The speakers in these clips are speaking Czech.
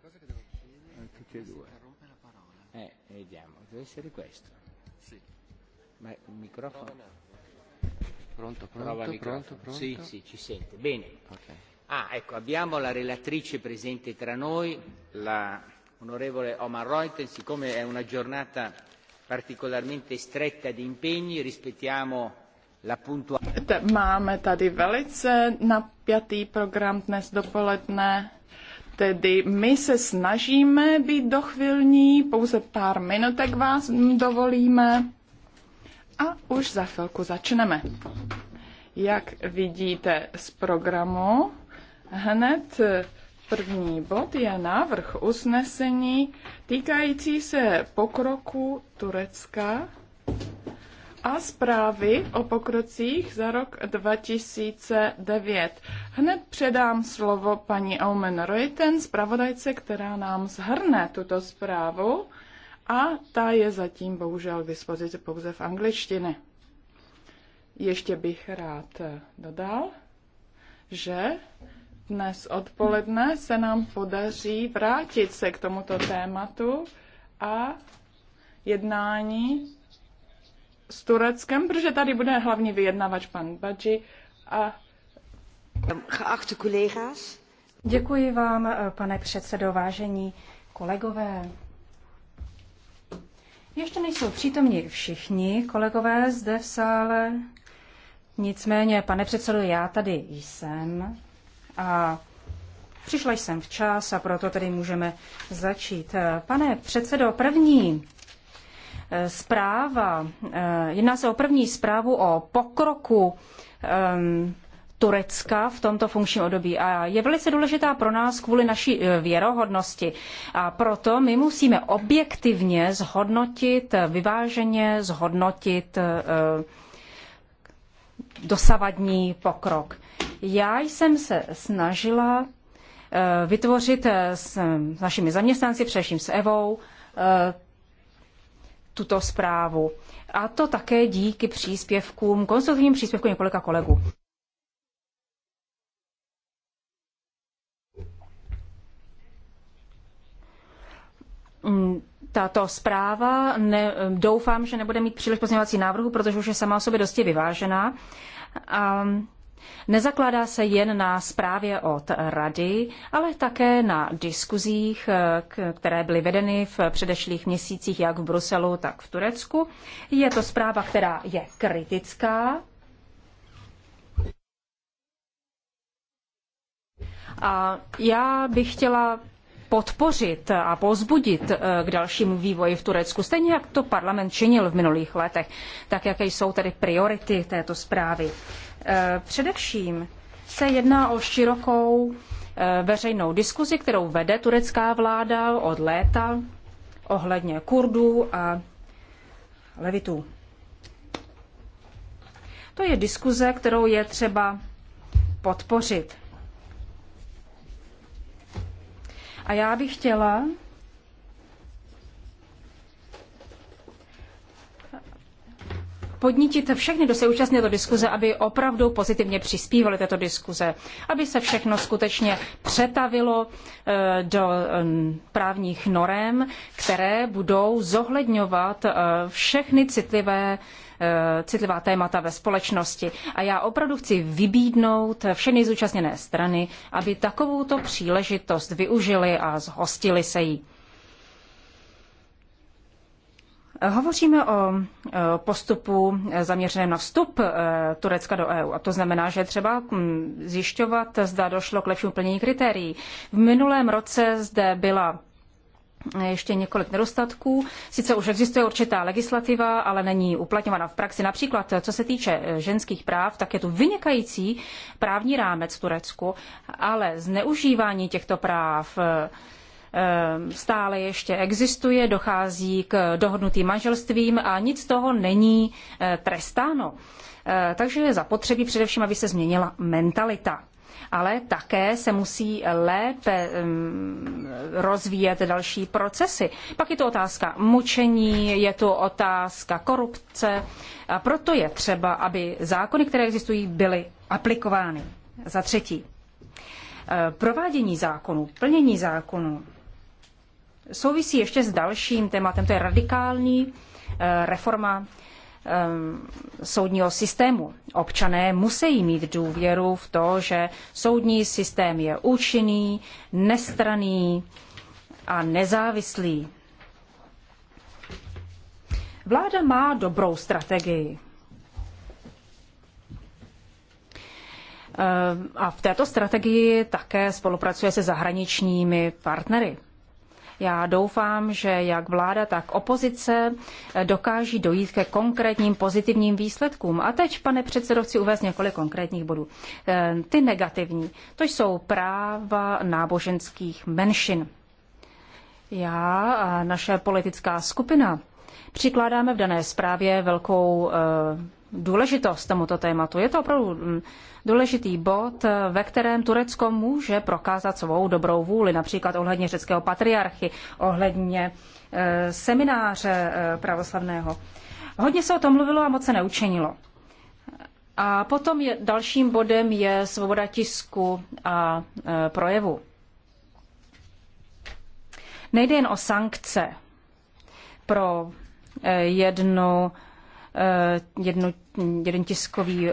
cosa che devo chiedere eh, tutti e due. interrompe la parola. Eh, vediamo, deve essere questo. Sì. Ma il microfono. Pronto, pronto, Prova pronto, pronto, pronto. Sì, sì, ci sente. Bene. Okay. Ah, ecco, abbiamo la relatrice presente tra noi, la onorevole Omar Reuten, siccome è una giornata particolarmente stretta di impegni, rispettiamo la puntualità Máme tady velice napjatý program dnes dopoledne. Tedy my se snažíme být dochvilní, pouze pár minutek vás dovolíme a už za chvilku začneme. Jak vidíte z programu, hned První bod je návrh usnesení týkající se pokroku Turecka a zprávy o pokrocích za rok 2009. Hned předám slovo paní Aumen Reuten, zpravodajce, která nám zhrne tuto zprávu a ta je zatím bohužel k dispozici pouze v angličtině. Ještě bych rád dodal, že dnes odpoledne se nám podaří vrátit se k tomuto tématu a jednání s Tureckem, protože tady bude hlavní vyjednavač pan Badži. A... Geachte collega's. Děkuji vám, eh, pane předsedo, vážení kolegové. Ještě nejsou přítomni všichni kolegové zde v sále. Nicméně, pane předsedo, já tady jsem a přišla jsem včas a proto tady můžeme začít. Eh, pane předsedo, první zpráva, eh, jedná se o první zprávu o pokroku ehm, Turecka v tomto funkčním období a je velice důležitá pro nás kvůli naší eh, věrohodnosti. A proto my musíme objektivně zhodnotit, eh, vyváženě zhodnotit dosavadní pokrok. Já jsem se snažila vytvořit s našimi zaměstnanci, především s Evou, tuto zprávu. A to také díky příspěvkům, konstruktivním příspěvkům několika kolegů. Mm, tato zpráva, ne, doufám, že nebude mít příliš pozměňovací návrhu, protože už je sama o sobě dosti vyvážená. A Nezakládá se jen na zprávě od rady, ale také na diskuzích, eh, které byly vedeny v předešlých měsících jak v Bruselu, tak v Turecku. Je to zpráva, která je kritická. A já bych chtěla podpořit a pozbudit eh, k dalšímu vývoji v Turecku, stejně jak to parlament činil v minulých letech, tak jaké jsou tedy priority této zprávy. Eh, především se jedná o širokou eh, veřejnou diskuzi, kterou vede turecká vláda od léta ohledně Kurdů a levitů. To je diskuze, kterou je třeba podpořit. A já bych chtěla podnítit všechny, kdo se účastní této diskuze, aby opravdu pozitivně přispívali této diskuze, aby se všechno skutečně přetavilo eh, do právních norem, které budou zohledňovat eh, všechny citlivé eh, citlivá témata ve společnosti. A já opravdu chci vybídnout všechny zúčastněné strany, aby takovouto příležitost využili a zhostili se jí. Hovoříme o eh, postupu eh, zaměřeném na vstup eh, Turecka do EU. A to znamená, že třeba hm, zjišťovat, zda došlo k lepšímu plnění kritérií. V minulém roce zde byla ještě několik nedostatků. Sice už existuje určitá legislativa, ale není uplatňována v praxi. Například, co se týče ženských práv, tak je tu vynikající právní rámec v Turecku, ale zneužívání těchto práv Ehm, stále ještě existuje, dochází k dohodnutým manželstvím a nic z toho není eh, trestáno. Eh, takže je zapotřebí především, aby se změnila mentalita ale také se musí lépe ehm, rozvíjet další procesy. Pak je to otázka mučení, je to otázka korupce a proto je třeba, aby zákony, které existují, byly aplikovány. Za třetí, ehm, provádění zákonů, plnění zákonů souvisí ještě s dalším tématem, to je radikální eh, reforma eh, soudního systému. Občané musí mít důvěru v to, že soudní systém je účinný, nestraný a nezávislý. Vláda má dobrou strategii. Eh, a v této strategii také spolupracuje se zahraničními partnery. Já doufám, že jak vláda, tak opozice eh, dokáží dojít ke konkrétním pozitivním výsledkům. A teď, pane předsedo, chci uvést několik konkrétních bodů. Eh, ty negativní, to jsou práva náboženských menšin. Já a naše politická skupina přikládáme v dané zprávě velkou eh, důležitost tomuto tématu. Je to opravdu mm, důležitý bod, ve kterém Turecko může prokázat svou dobrou vůli, například ohledně řeckého patriarchy, ohledně e, semináře e, pravoslavného. Hodně se o tom mluvilo a moc se neučinilo. A potom je, dalším bodem je svoboda tisku a e, projevu. Nejde jen o sankce pro e, jednu e, Eh, jedno, jeden tiskový,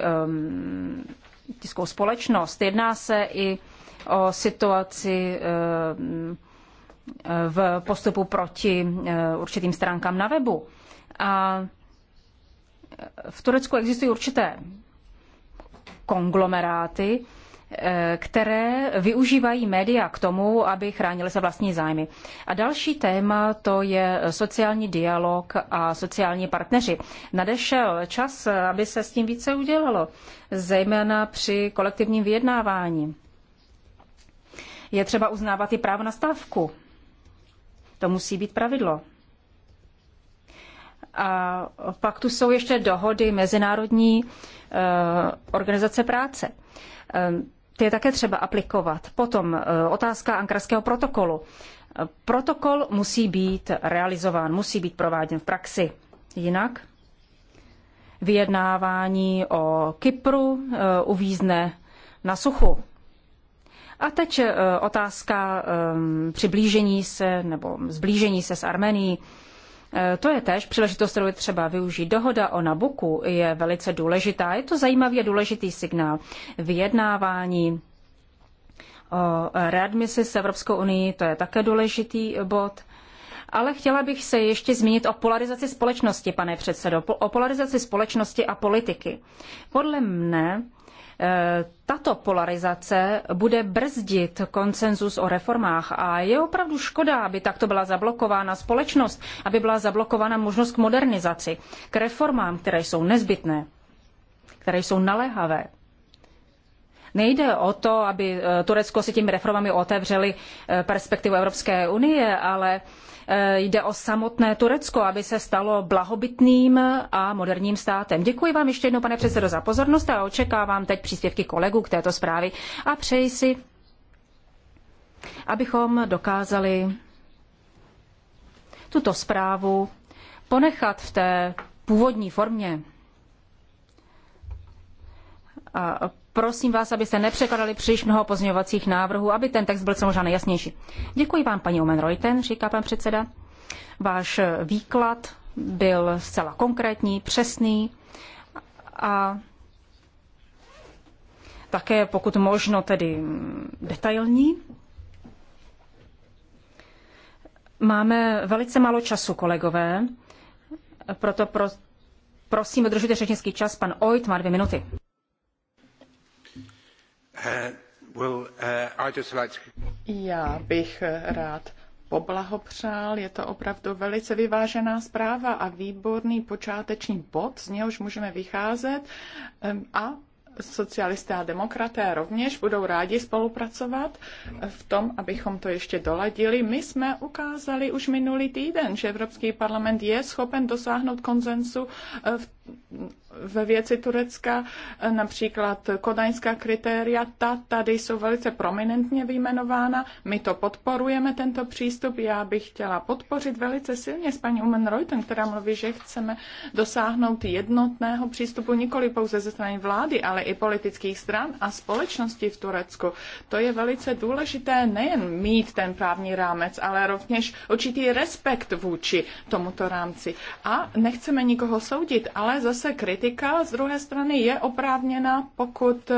tiskovou společnost. Jedná se i o situaci eh, v postupu proti eh, určitým stránkám na webu. A v Turecku existují určité konglomeráty, Eh, které využívají média k tomu, aby chránili se vlastní zájmy. A další téma to je sociální dialog a sociální partneři. Nadešel čas, aby se s tím více udělalo, zejména při kolektivním vyjednávání. Je třeba uznávat i právo na stávku. To musí být pravidlo. A pak tu jsou ještě dohody Mezinárodní eh, organizace práce. Eh, ty je také třeba aplikovat. Potom e, otázka ankarského protokolu. E, protokol musí být realizován, musí být prováděn v praxi. Jinak vyjednávání o Kypru e, uvízne na suchu. A teď otázka přiblížení se nebo zblížení se s Armenií. Eh, to je též příležitost, kterou je třeba využít. Dohoda o Nabuku je velice důležitá. Je to zajímavý a důležitý signál. Vyjednávání o readmisi s Evropskou unii, to je také důležitý bod. Ale chtěla bych se ještě zmínit o polarizaci společnosti, pane předsedo, o polarizaci společnosti a politiky. Podle mne tato polarizace bude brzdit konsenzus o reformách a je opravdu škoda, aby takto byla zablokována společnost, aby byla zablokována možnost k modernizaci, k reformám, které jsou nezbytné, které jsou naléhavé. Nejde o to, aby eh, Turecko si těmi reformami otevřeli eh, perspektivu Evropské unie, ale Eh, jde o samotné Turecko, aby se stalo blahobytným a moderním státem. Děkuji vám ještě jednou, pane předsedo, za pozornost a očekávám teď příspěvky kolegů k této zprávě a přeji si, abychom dokázali tuto zprávu ponechat v té původní formě a prosím vás, abyste nepřekladali příliš mnoho pozměňovacích návrhů, aby ten text byl co možná nejasnější. Děkuji vám, paní Omen Reuten, říká pan předseda. Váš výklad byl zcela konkrétní, přesný a také pokud možno tedy detailní. Máme velice málo času, kolegové, proto pro, prosím, dodržujte řečnický čas. Pan Ojt má dvě minuty. Uh, uh, Já bych rád poblahopřál. Je to opravdu velice vyvážená zpráva a výborný počáteční bod, z něhož můžeme vycházet. Um, a socialisté a demokraté rovněž budou rádi spolupracovat v tom, abychom to ještě doladili. My jsme ukázali už minulý týden, že Evropský parlament je schopen dosáhnout konsenzu uh, v ve věci Turecka, eh, například kodaňská kritéria, ta tady jsou velice prominentně vyjmenována. My to podporujeme, tento přístup. Já bych chtěla podpořit velice silně s paní Umen Reuten, která mluví, že chceme dosáhnout jednotného přístupu nikoli pouze ze strany vlády, ale i politických stran a společností v Turecku. To je velice důležité nejen mít ten právní rámec, ale rovněž určitý respekt vůči tomuto rámci. A nechceme nikoho soudit, ale zase kritéria kritika z druhé strany je oprávněná, pokud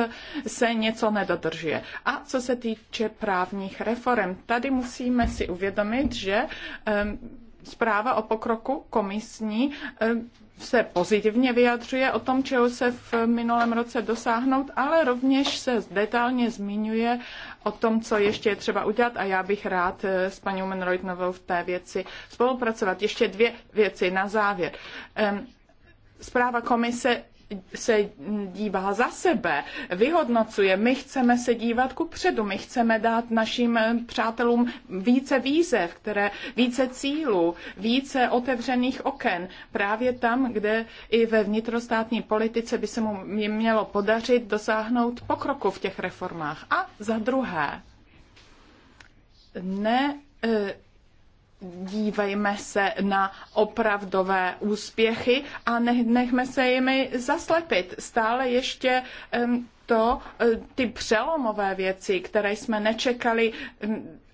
se něco nedodržuje. A co se týče právních reform, tady musíme si uvědomit, že ehm, zpráva o pokroku komisní ehm, se pozitivně vyjadřuje o tom, čeho se v minulém roce dosáhnout, ale rovněž se detailně zmiňuje o tom, co ještě je třeba udělat a já bych rád eh, s paní Umenrojtnovou v té věci spolupracovat. Ještě dvě věci na závěr. Ehm, Zpráva komise se dívá za sebe, vyhodnocuje. My chceme se dívat ku předu, my chceme dát našim přátelům více výzev, které, více cílů, více otevřených oken. Právě tam, kde i ve vnitrostátní politice by se mu mělo podařit dosáhnout pokroku v těch reformách. A za druhé, ne eh, dívejme se na opravdové úspěchy a nechme se jimi zaslepit. Stále ještě to, e, ty přelomové věci, které jsme nečekali,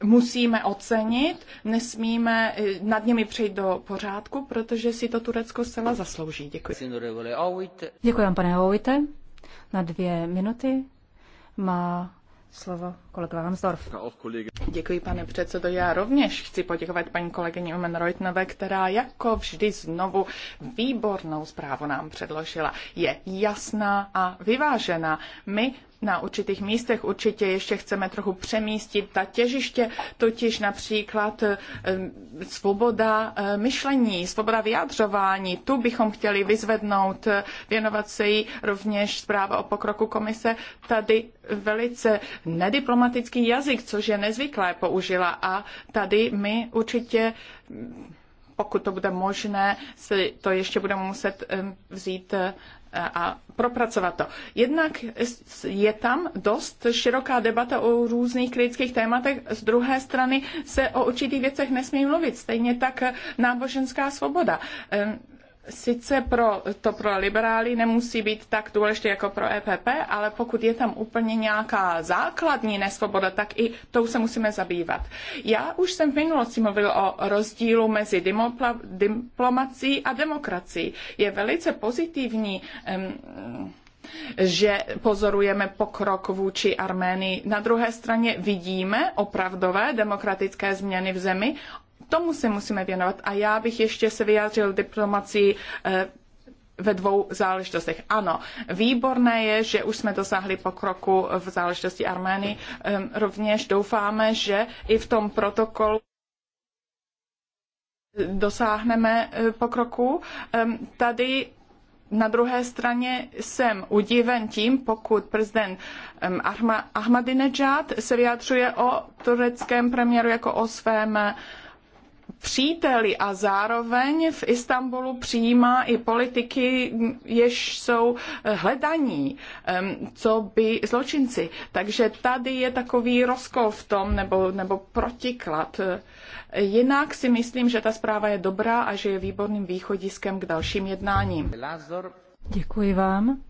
musíme ocenit, nesmíme e, nad nimi přejít do pořádku, protože si to Turecko zcela zaslouží. Děkuji. Děkuji vám, pane Hovite. Na dvě minuty má slovo Děkuji, pane předsedo. Já rovněž chci poděkovat paní kolegyni Umen Reutnové, která jako vždy znovu výbornou zprávu nám předložila. Je jasná a vyvážená. My na určitých místech určitě ještě chceme trochu přemístit ta těžiště, totiž například eh, svoboda eh, myšlení, svoboda vyjadřování. Tu bychom chtěli vyzvednout, eh, věnovat se jí rovněž zpráva o pokroku komise. Tady velice nediplomatická diplomatický jazyk, což je nezvyklé použila a tady my určitě pokud to bude možné, si to ještě budeme muset vzít e, a propracovat to. Jednak je tam dost široká debata o různých kritických tématech, z druhé strany se o určitých věcech nesmí mluvit, stejně tak e, náboženská svoboda sice pro, to pro liberály nemusí být tak důležité jako pro EPP, ale pokud je tam úplně nějaká základní nesvoboda, tak i tou se musíme zabývat. Já už jsem v minulosti mluvil o rozdílu mezi dimopla, diplomací a demokracií. Je velice pozitivní. Um, že pozorujeme pokrok vůči Arménii. Na druhé straně vidíme opravdové demokratické změny v zemi, tomu se musíme věnovat. A já bych ještě se vyjádřil diplomacii eh, ve dvou záležitostech. Ano, výborné je, že už jsme dosáhli pokroku v záležitosti Armény. Ehm, rovněž doufáme, že i v tom protokolu dosáhneme eh, pokroku. Ehm, tady na druhé straně jsem udíven tím, pokud prezident ehm, Ahmadinejad se vyjadřuje o tureckém premiéru jako o svém příteli a zároveň v Istanbulu přijímá i politiky, jež jsou eh, hledaní, co by zločinci. Takže tady je takový rozkol v tom, nebo, nebo protiklad. Jinak si myslím, že ta zpráva je dobrá a že je výborným východiskem k dalším jednáním. Děkuji vám.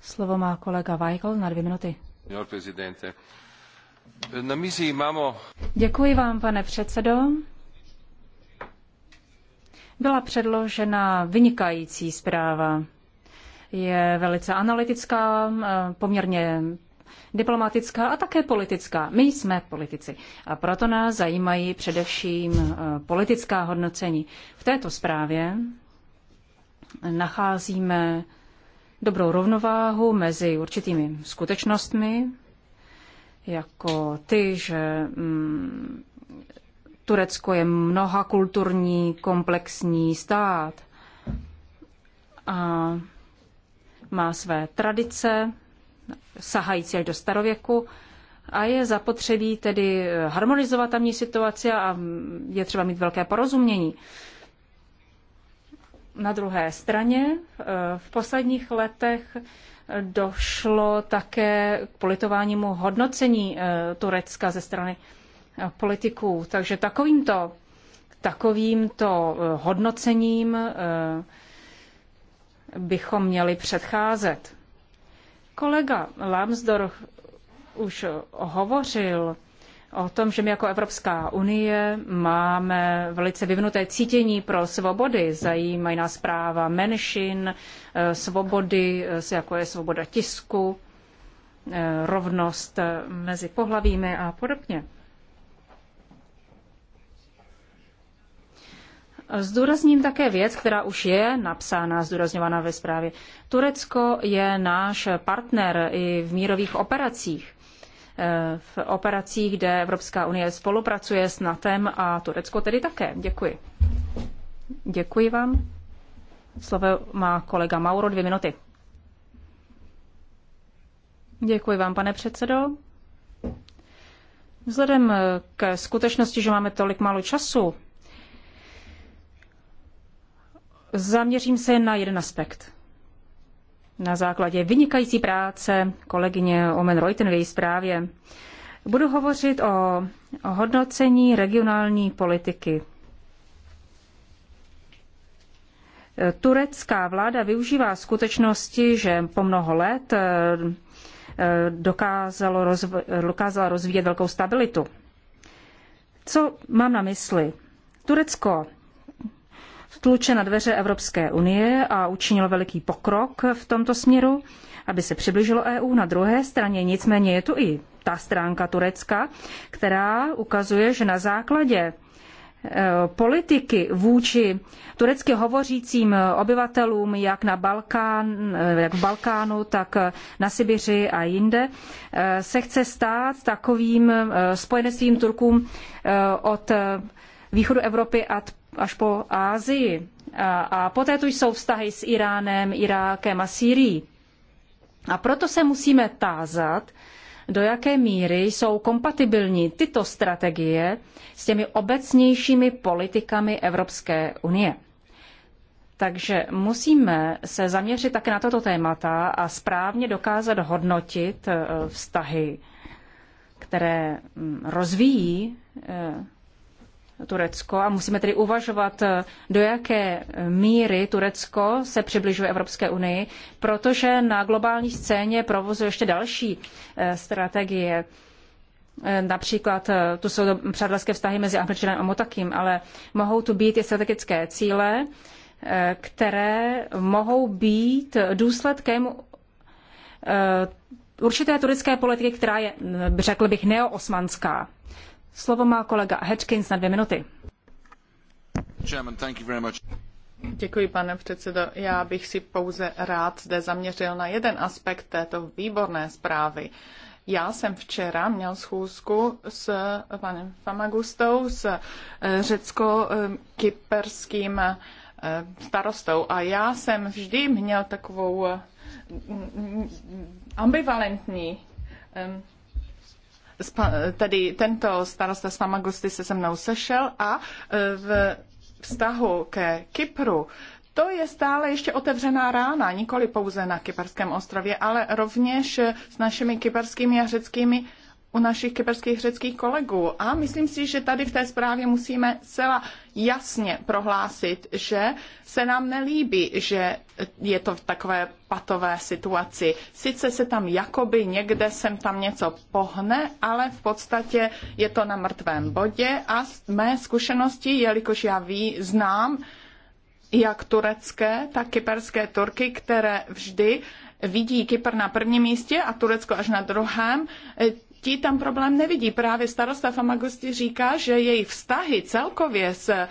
Slovo má kolega Weichel na dvě minuty. Signor Presidente, Děkuji vám, pane předsedo. Byla předložena vynikající zpráva. Je velice analytická, eh, poměrně diplomatická a také politická. My jsme politici a proto nás zajímají především eh, politická hodnocení. V této zprávě nacházíme dobrou rovnováhu mezi určitými skutečnostmi, jako ty, že mm, Turecko je mnoha kulturní komplexní stát a má své tradice, sahající až do starověku, a je zapotřebí tedy harmonizovat tamní situaci a je třeba mít velké porozumění. Na druhé straně eh, v posledních letech došlo také k politovánímu hodnocení eh, Turecka ze strany eh, politiků. Takže takovýmto, takovýmto eh, hodnocením bychom měli předcházet. Kolega Lambsdorff už hovořil o tom, že my jako Evropská unie máme velice vyvnuté cítění pro svobody. Zajímají nás práva menšin, eh, svobody, eh, jako je svoboda tisku, eh, rovnost mezi pohlavími a podobně. Zdůrazním také věc, která už je napsána, zdůrazňovaná ve zprávě. Turecko je náš partner i v mírových operacích v operacích, kde Evropská unie spolupracuje s NATEM a Turecko tedy také. Děkuji. Děkuji vám. Slovo má kolega Mauro, dvě minuty. Děkuji vám, pane předsedo. Vzhledem k skutečnosti, že máme tolik málo času, zaměřím se na jeden aspekt na základě vynikající práce kolegyně Omen Reuten v její zprávě. Budu hovořit o hodnocení regionální politiky. Turecká vláda využívá skutečnosti, že po mnoho let eh, eh, dokázalo rozv- dokázala rozvíjet velkou stabilitu. Co mám na mysli? Turecko tluče na dveře Evropské unie a učinilo veliký pokrok v tomto směru, aby se přiblížilo EU. Na druhé straně nicméně je tu i ta stránka Turecka, která ukazuje, že na základě e, politiky vůči turecky hovořícím obyvatelům jak na Balkán, jak v Balkánu, tak na Sibiři a jinde, e, se chce stát takovým e, spojenectvím Turkům od východu Evropy a až po Ázii. A, a poté tu jsou vztahy s Iránem, Irákem a Sýrií. A proto se musíme tázat, do jaké míry jsou kompatibilní tyto strategie s těmi obecnějšími politikami Evropské unie. Takže musíme se zaměřit také na toto témata a správně dokázat hodnotit eh, vztahy, které mm, rozvíjí eh, Turecko a musíme tedy uvažovat, eh, do jaké eh, míry Turecko se přibližuje Evropské unii, protože na globální scéně provozuje ještě další eh, strategie. Například tu jsou přátelské vztahy mezi Angličanem a Motakým, ale mohou tu být i strategické cíle, které mohou být důsledkem určité turecké politiky, která je, řekl bych, neoosmanská. Slovo má kolega Hedgkins na dvě minuty. Děkuji, pane předsedo. Já bych si pouze rád zde zaměřil na jeden aspekt této výborné zprávy. Já jsem včera měl schůzku s panem Famagustou, s eh, řecko-kyperským eh, starostou a já jsem vždy měl takovou eh, ambivalentní tedy tento starosta z Famagusty se se mnou sešel a e, v vztahu ke Kypru to je stále ještě otevřená rána, nikoli pouze na Kyperském ostrově, ale rovněž s našimi kyperskými a řeckými u našich kyperských řeckých kolegů. A myslím si, že tady v té zprávě musíme zcela jasně prohlásit, že se nám nelíbí, že je to v takové patové situaci. Sice se tam jakoby někde sem tam něco pohne, ale v podstatě je to na mrtvém bodě a z mé zkušenosti, jelikož já ví, znám jak turecké, tak kyperské Turky, které vždy vidí Kypr na prvním místě a Turecko až na druhém, ti tam problém nevidí. Právě starosta Famagusti říká, že jejich vztahy celkově s eh,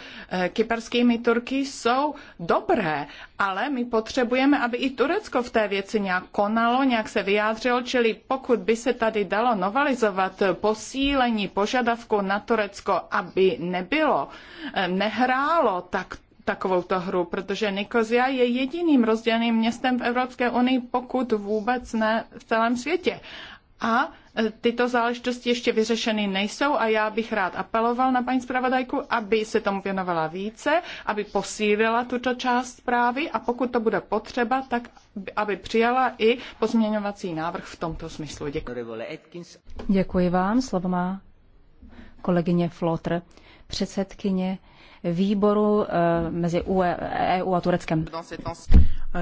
kyperskými Turky jsou dobré, ale my potřebujeme, aby i Turecko v té věci nějak konalo, nějak se vyjádřilo, čili pokud by se tady dalo novalizovat posílení požadavku na Turecko, aby nebylo, eh, nehrálo tak takovouto hru, protože Nikozia je jediným rozděleným městem v Evropské unii, pokud vůbec ne v celém světě. A e, tyto záležitosti ještě vyřešeny nejsou a já bych rád apeloval na paní zpravodajku, aby se tomu věnovala více, aby posílila tuto část zprávy a pokud to bude potřeba, tak aby přijala i pozměňovací návrh v tomto smyslu. Děkuji. Děkuji vám. Slovo má kolegyně Flotr, předsedkyně výboru e, mezi EU e, a Tureckem.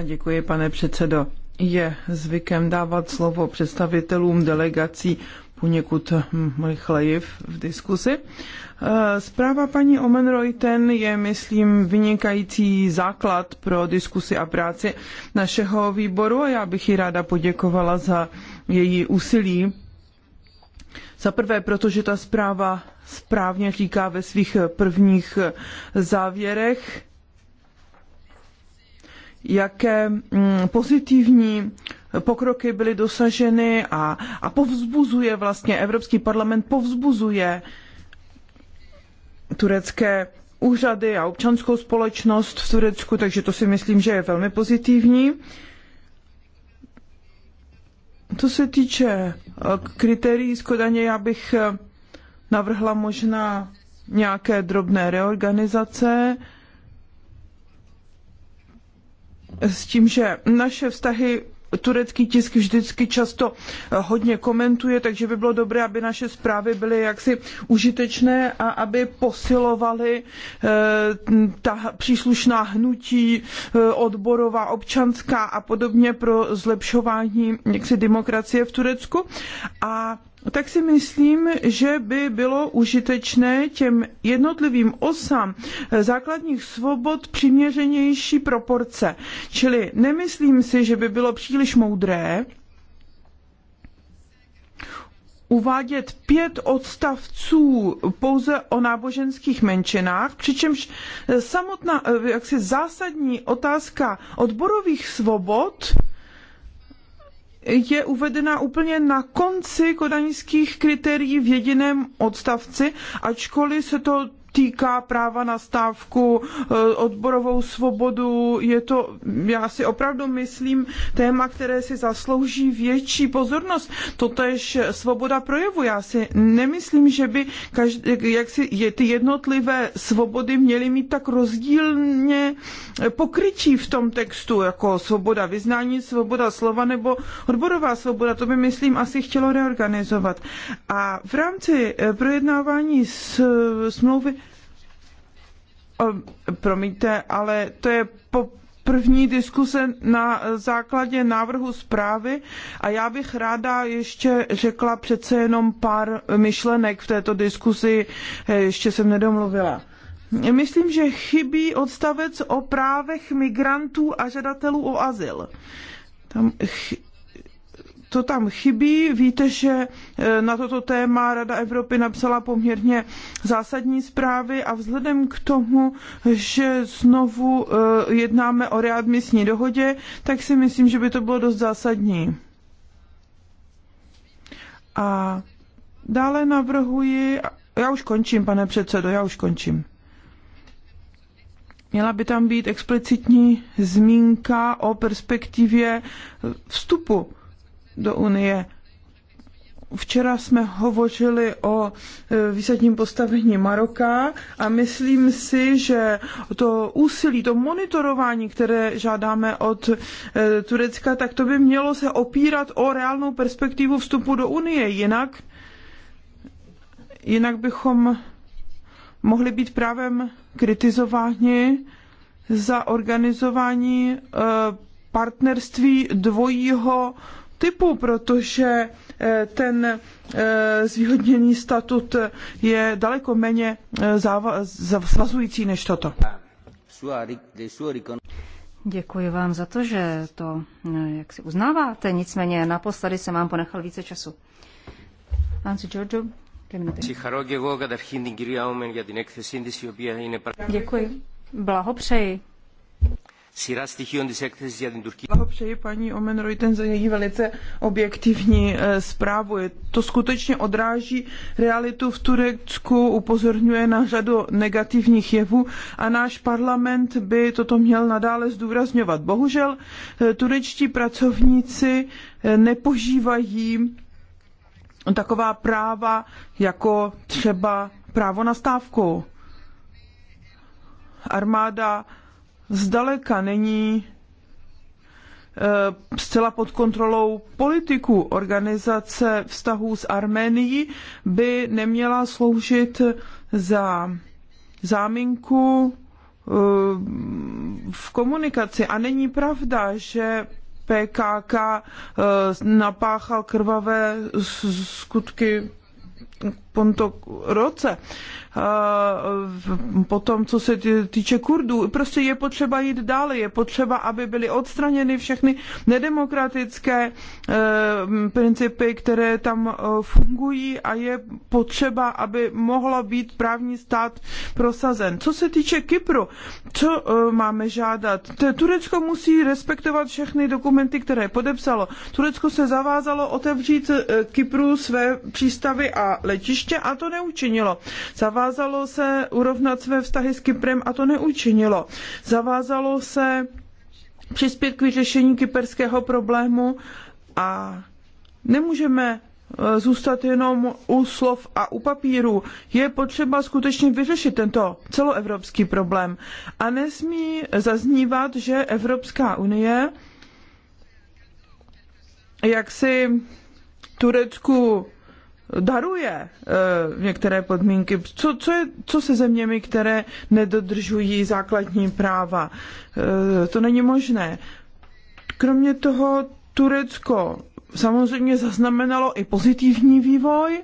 Děkuji, pane předsedo je zvykem dávat slovo představitelům delegací poněkud hm, rychleji v diskusi. Eh, zpráva paní Omenreuten je, myslím, vynikající základ pro diskusi a práci našeho výboru a já bych ji ráda poděkovala za její úsilí. Za prvé, protože ta zpráva správně říká ve svých prvních eh, závěrech, jaké mm, pozitivní pokroky byly dosaženy a, a povzbuzuje vlastně, Evropský parlament povzbuzuje turecké úřady a občanskou společnost v Turecku, takže to si myslím, že je velmi pozitivní. Co se týče eh, kritérií z Kodaně, já bych eh, navrhla možná nějaké drobné reorganizace, s tím, že naše vztahy turecký tisk vždycky často eh, hodně komentuje, takže by bylo dobré, aby naše zprávy byly jaksi užitečné a aby posilovaly eh, ta příslušná hnutí eh, odborová, občanská a podobně pro zlepšování jaksi demokracie v Turecku. A No tak si myslím, že by bylo užitečné těm jednotlivým osám eh, základních svobod přiměřenější proporce. Čili nemyslím si, že by bylo příliš moudré uvádět pět odstavců pouze o náboženských menšinách, přičemž eh, samotná, eh, jaksi zásadní otázka odborových svobod je uvedena úplně na konci kodaňských kritérií v jediném odstavci, ačkoliv se to týká práva na stávku, eh, odborovou svobodu. Je to, já si opravdu myslím, téma, které si zaslouží větší pozornost. Totež svoboda projevu. Já si nemyslím, že by každý, jak si, je, ty jednotlivé svobody měly mít tak rozdílně eh, pokrytí v tom textu, jako svoboda vyznání, svoboda slova nebo odborová svoboda. To by, myslím, asi chtělo reorganizovat. A v rámci eh, projednávání s, smlouvy promiňte, ale to je po první diskuse na základě návrhu zprávy a já bych ráda ještě řekla přece jenom pár myšlenek v této diskusi, eh, ještě jsem nedomluvila. Myslím, že chybí odstavec o právech migrantů a žadatelů o azyl. Tam to tam chybí. Víte, že e, na toto téma Rada Evropy napsala poměrně zásadní zprávy a vzhledem k tomu, že znovu e, jednáme o readmisní dohodě, tak si myslím, že by to bylo dost zásadní. A dále navrhuji, já už končím, pane předsedo, já už končím. Měla by tam být explicitní zmínka o perspektivě vstupu do Unie. Včera jsme hovořili o e, výsadním postavení Maroka a myslím si, že to úsilí, to monitorování, které žádáme od e, Turecka, tak to by mělo se opírat o reálnou perspektivu vstupu do Unie. Jinak, jinak bychom mohli být právem kritizováni za organizování e, partnerství dvojího typu, protože eh, ten eh, zvýhodněný statut je daleko méně eh, svazující než toto. Děkuji vám za to, že to jak si uznáváte, nicméně naposledy jsem vám ponechal více času. Anci Giorgio, Děkuji. Blahopřeji Blahopřeji paní Omen Reuten za její velice objektivní eh, zprávu. To skutečně odráží realitu v Turecku, upozorňuje na řadu negativních jevů a náš parlament by toto měl nadále zdůrazňovat. Bohužel eh, turečtí pracovníci eh, nepožívají taková práva jako třeba právo na stávku. Armáda zdaleka není eh, zcela pod kontrolou politiků. Organizace vztahů s Arménií by neměla sloužit za záminku eh, v komunikaci. A není pravda, že PKK eh, napáchal krvavé skutky tomto roce. Potom, co se týče Kurdů, prostě je potřeba jít dále, je potřeba, aby byly odstraněny všechny nedemokratické e, principy, které tam e, fungují a je potřeba, aby mohlo být právní stát prosazen. Co se týče Kypru, co e, máme žádat? Turecko musí respektovat všechny dokumenty, které podepsalo. Turecko se zavázalo otevřít Kypru své přístavy a letiště letiště a to neučinilo. Zavázalo se urovnat své vztahy s Kyprem a to neučinilo. Zavázalo se přispět k vyřešení kyperského problému a nemůžeme e, zůstat jenom u slov a u papíru. Je potřeba skutečně vyřešit tento celoevropský problém. A nesmí zaznívat, že Evropská unie jak si Turecku daruje eh, některé podmínky. Co, co, je, co se zeměmi, které nedodržují základní práva? Eh, to není možné. Kromě toho Turecko samozřejmě zaznamenalo i pozitivní vývoj,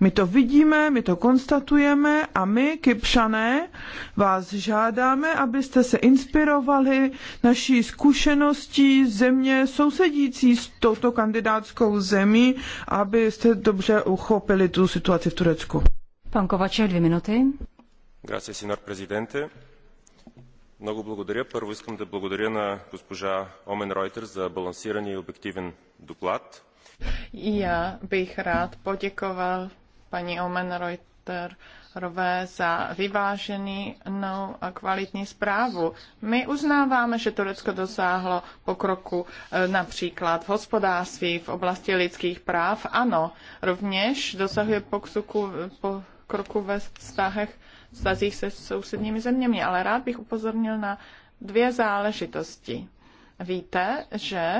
my to vidíme, my to konstatujeme a my, Kypšané, vás žádáme, abyste se inspirovali naší zkušeností země sousedící s touto kandidátskou zemí, abyste dobře uchopili tu situaci v Turecku. Pan Kovače, dvě minuty. Grazie, signor Presidente. Много благодаря. Първо искам да благодаря на госпожа Омен Ройтер за балансирания и обективен доклад. Já bych rád poděkoval paní Omen Reuterové za vyvážený no a kvalitní zprávu. My uznáváme, že Turecko dosáhlo pokroku e, například v hospodářství, v oblasti lidských práv. Ano, rovněž dosahuje pokroku, pokroku ve vztahech vztazích se sousedními zeměmi, ale rád bych upozornil na dvě záležitosti. Víte, že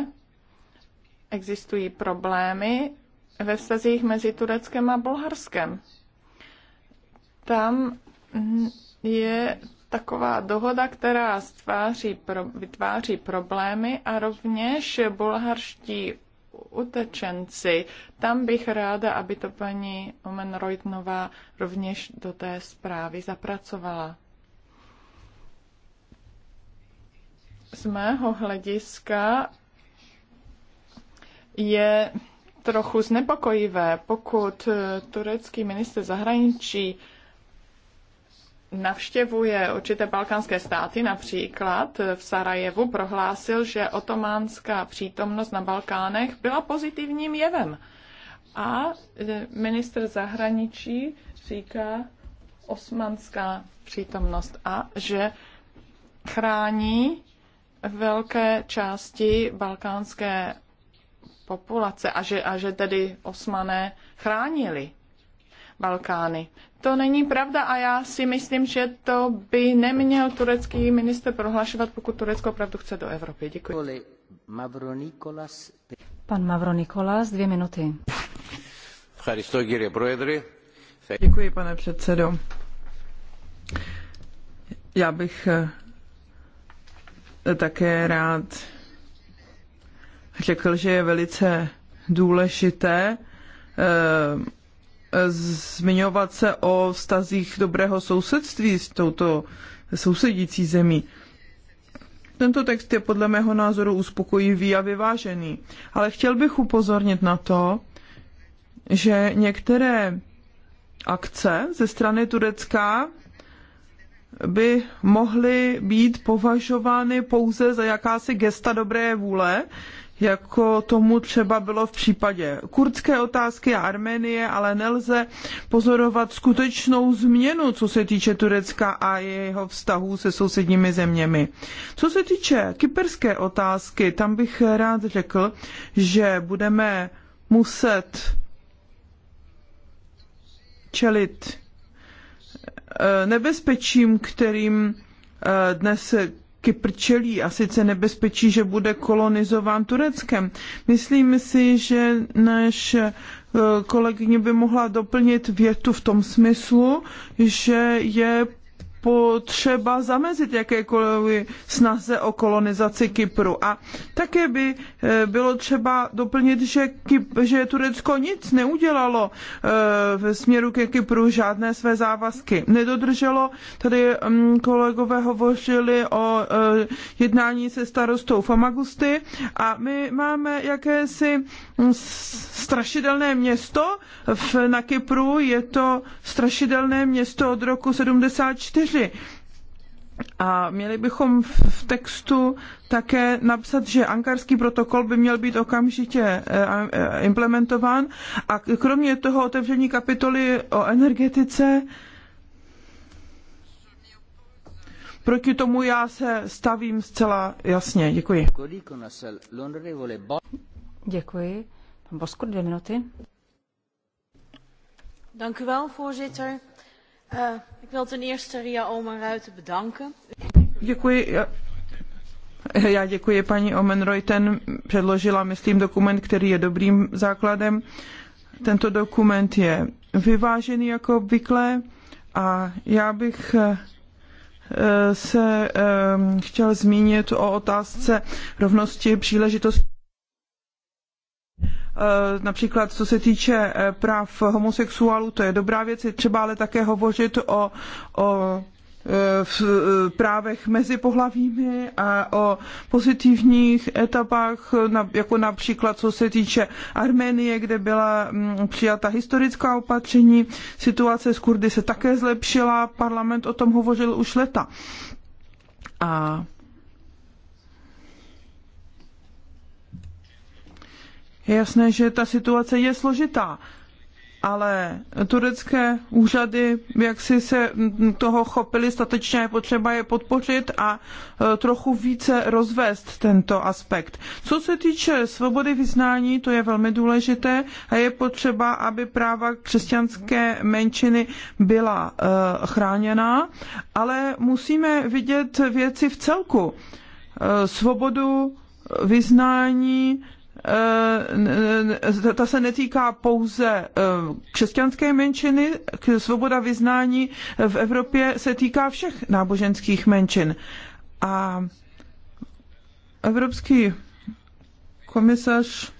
existují problémy ve vztazích mezi Tureckem a Bulharskem. Tam je taková dohoda, která stváří pro, vytváří problémy a rovněž bulharští utečenci. Tam bych ráda, aby to paní Omen Reutnová rovněž do té zprávy zapracovala. Z mého hlediska je trochu znepokojivé, pokud eh, turecký minister zahraničí navštěvuje určité balkánské státy, například eh, v Sarajevu prohlásil, že otománská přítomnost na Balkánech byla pozitivním jevem. A eh, minister zahraničí říká osmanská přítomnost a že chrání velké části balkánské populace a že, a že tedy osmané chránili Balkány. To není pravda a já si myslím, že to by neměl turecký minister prohlašovat, pokud Turecko opravdu chce do Evropy. Děkuji. Pan Nikolas, dvě minuty. Děkuji, pane předsedo. Já bych eh, také rád řekl, že je velice důležité eh, zmiňovat se o vztazích dobrého sousedství s touto sousedící zemí. Tento text je podle mého názoru uspokojivý a vyvážený, ale chtěl bych upozornit na to, že některé akce ze strany Turecka by mohly být považovány pouze za jakási gesta dobré vůle, jako tomu třeba bylo v případě kurdské otázky a Arménie, ale nelze pozorovat skutečnou změnu, co se týče Turecka a jeho vztahů se sousedními zeměmi. Co se týče kyperské otázky, tam bych rád řekl, že budeme muset čelit eh, nebezpečím, kterým eh, dnes Kypr čelí a sice nebezpečí, že bude kolonizován Tureckem. Myslím si, že náš eh, kolegyně by mohla doplnit větu v tom smyslu, že je potřeba zamezit jakékoliv snaze o kolonizaci Kypru. A také by eh, bylo třeba doplnit, že, Kyp, že Turecko nic neudělalo eh, ve směru ke Kypru, žádné své závazky nedodrželo. Tady mm, kolegové hovořili o eh, jednání se starostou Famagusty a my máme jakési mm, strašidelné město na Kypru. Je to strašidelné město od roku 74 čtyři. A měli bychom v textu také napsat, že ankarský protokol by měl být okamžitě eh, eh, implementován a kromě toho otevření kapitoly o energetice Proti tomu já se stavím zcela jasně. Děkuji. Děkuji. Pan Bosko, dvě minuty. Děkuji, u voorzitter. Uh, Ik wil ten eerste Ria Omen-Ruiten bedanken. Děkuji. Já děkuji paní Reuten, Předložila, myslím, dokument, který je dobrým základem. Tento dokument je vyvážený jako obvykle a já bych eh, se eh, chtěl zmínit o otázce rovnosti příležitosti. Eh, například co se týče eh, práv homosexuálů, to je dobrá věc, je třeba ale také hovořit o, o eh, v právech mezi pohlavími a o pozitivních etapách, jako například co se týče Arménie, kde byla mm, přijata historická opatření. Situace s Kurdy se také zlepšila, parlament o tom hovořil už leta. A Je jasné, že ta situace je složitá, ale turecké úřady jak si se toho chopili statečně, je potřeba je podpořit a e, trochu více rozvést tento aspekt. Co se týče svobody vyznání, to je velmi důležité a je potřeba, aby práva křesťanské menšiny byla e, chráněna, ale musíme vidět věci v celku. E, svobodu vyznání, Eh, ta se netýká pouze eh, křesťanské menšiny, svoboda vyznání v Evropě se týká všech náboženských menšin. A evropský komisař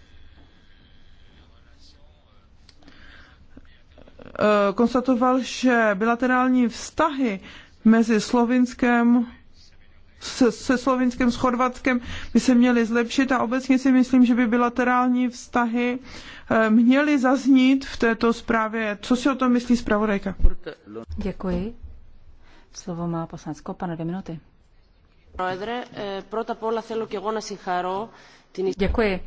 eh, konstatoval, že bilaterální vztahy mezi Slovinskem se, se Slovinskem, s Chorvatskem by se měly zlepšit a obecně si myslím, že by bilaterální vztahy eh, měly zaznít v této zprávě. Co si o tom myslí zpravodajka? Děkuji. Slovo má poslanec Kopan, dvě minuty. Eh, Děkuji.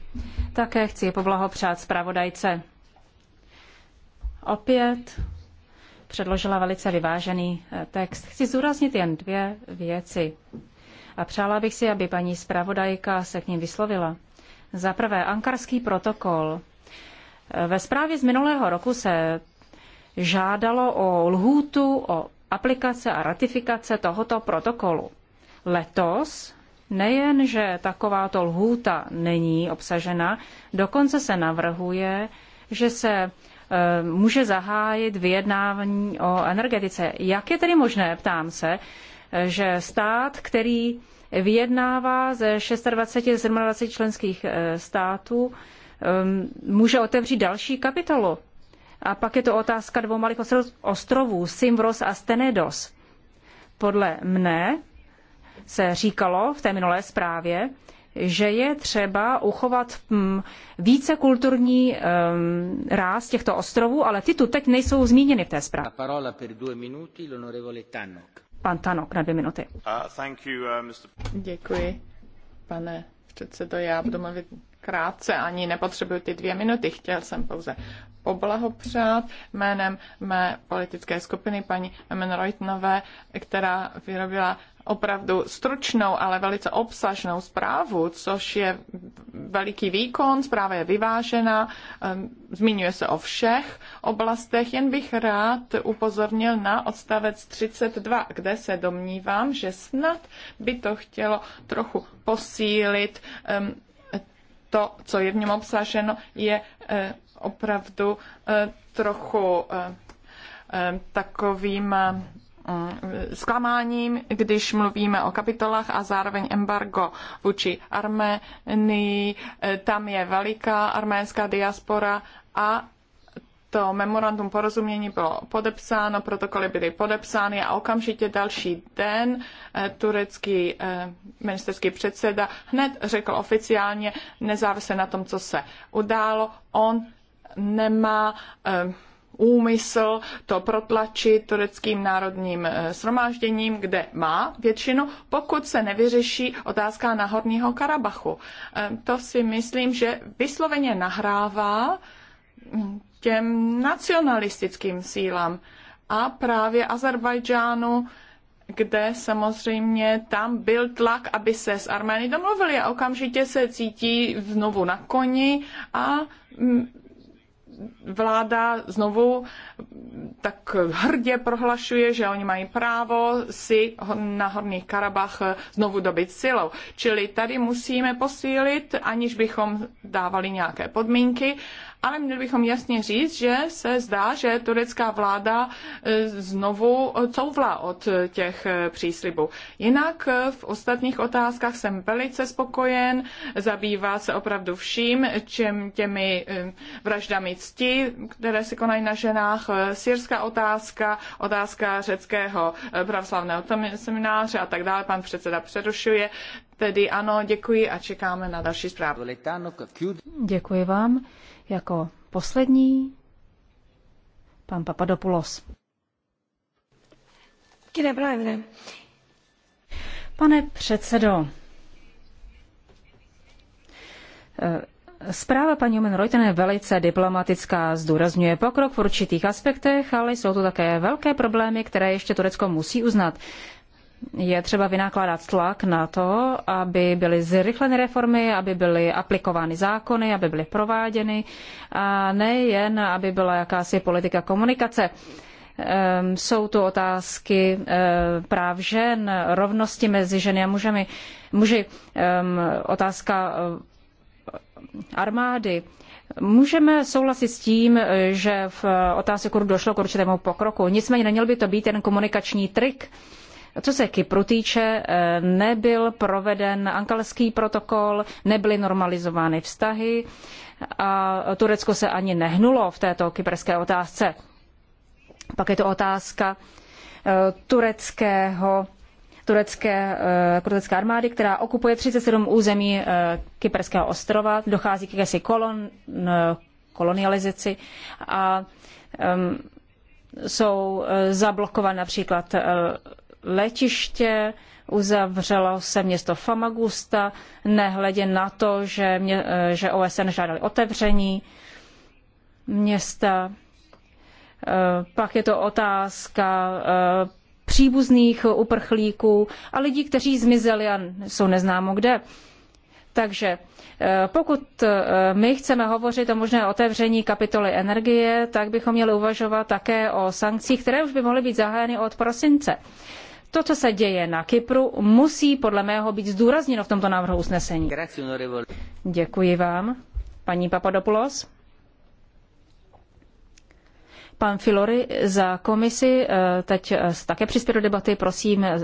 Také chci poblahopřát zpravodajce. Opět předložila velice vyvážený eh, text. Chci zúraznit jen dvě věci a přála bych si, aby paní zpravodajka se k ním vyslovila. Za prvé, ankarský protokol. Ve zprávě z minulého roku se žádalo o lhůtu, o aplikace a ratifikace tohoto protokolu. Letos nejen, že takováto lhůta není obsažena, dokonce se navrhuje, že se e, může zahájit vyjednávání o energetice. Jak je tedy možné, ptám se, že stát, který vyjednává ze 26 27 členských eh, států, eh, může otevřít další kapitolu. A pak je to otázka dvou malých ostrovů, Simvros a Stenedos. Podle mne se říkalo v té minulé zprávě, že je třeba uchovat hm, více kulturní um, ráz těchto ostrovů, ale ty tu teď nejsou zmíněny v té zprávě pan na dvě minuty. Uh, uh, Děkuji, pane předsedo. Já budu mluvit krátce, ani nepotřebuji ty dvě minuty. Chtěl jsem pouze poblahopřát jménem mé politické skupiny paní Emen Reutnové, která vyrobila opravdu stručnou, ale velice obsažnou zprávu, což je veliký výkon, zpráva je vyvážená, zmiňuje se o všech oblastech, jen bych rád upozornil na odstavec 32, kde se domnívám, že snad by to chtělo trochu posílit to, co je v něm obsaženo, je eh, opravdu eh, trochu eh, takovým Eh, zklamáním, když mluvíme o kapitolách a zároveň embargo vůči Arménii. Eh, tam je veliká arménská diaspora a to memorandum porozumění bylo podepsáno, protokoly byly podepsány a okamžitě další den eh, turecký ministerský předseda hned řekl oficiálně, nezávisle na tom, co se událo, on nemá úmysl to protlačit tureckým národním eh, shromážděním, kde má většinu, pokud se nevyřeší otázka na horního Karabachu. Eh, to si myslím, že vysloveně nahrává hm, těm nacionalistickým sílám a právě Azerbajdžánu, kde samozřejmě tam byl tlak, aby se s Armény domluvili a okamžitě se cítí znovu na koni a hm, vláda znovu tak hrdě prohlašuje, že oni mají právo si na Horních Karabach znovu dobit silou. Čili tady musíme posílit, aniž bychom dávali nějaké podmínky, ale měli bychom jasně říct, že se zdá, že turecká vláda e, znovu couvla od těch e, příslibů. Jinak e, v ostatních otázkách jsem velice spokojen, zabývá se opravdu vším, čem těmi vraždami cti, které se konají na ženách, syrská otázka, otázka řeckého pravoslavného semináře a tak dále. Pan předseda přerušuje. Tedy ano, děkuji a čekáme na další zprávu. Děkuji vám. Jako poslední pan Papadopoulos. Pane předsedo, eh, Zpráva paní Omen Reutern je velice diplomatická, zdůrazňuje pokrok v určitých aspektech, ale jsou tu také velké problémy, které ještě Turecko musí uznat je třeba vynákládat tlak na to, aby byly zrychleny reformy, aby byly aplikovány zákony, aby byly prováděny a nejen, aby byla jakási politika komunikace. Ehm, jsou tu otázky ehm, práv žen, rovnosti mezi ženy a mužemi, muži, ehm, otázka armády. Můžeme souhlasit s tím, že v eh, otázce kurdu došlo k určitému pokroku, nicméně neměl by to být ten komunikační trik, co se Kypru týče, eh, nebyl proveden ankalský protokol, nebyly normalizovány vztahy a Turecko se ani nehnulo v této kyperské otázce. Pak je to otázka eh, tureckého turecké, eh, turecké armády, která okupuje 37 území Kyperského ostrova, dochází k jakési kolon, kolonializaci a um, jsou zablokovány například letiště, uzavřelo se město Famagusta, nehledě na to, že, mě, eh, že OSN žádali otevření města. Eh, pak je to otázka eh, příbuzných uprchlíků a lidí, kteří zmizeli a jsou neznámo kde. Takže pokud my chceme hovořit o možné otevření kapitoly energie, tak bychom měli uvažovat také o sankcích, které už by mohly být zahájeny od prosince. To, co se děje na Kypru, musí podle mého být zdůrazněno v tomto návrhu usnesení. Děkuji vám, paní Papadopoulos. Pan Filory za komisi eh, teď eh, také přispěl do debaty. Prosím, eh,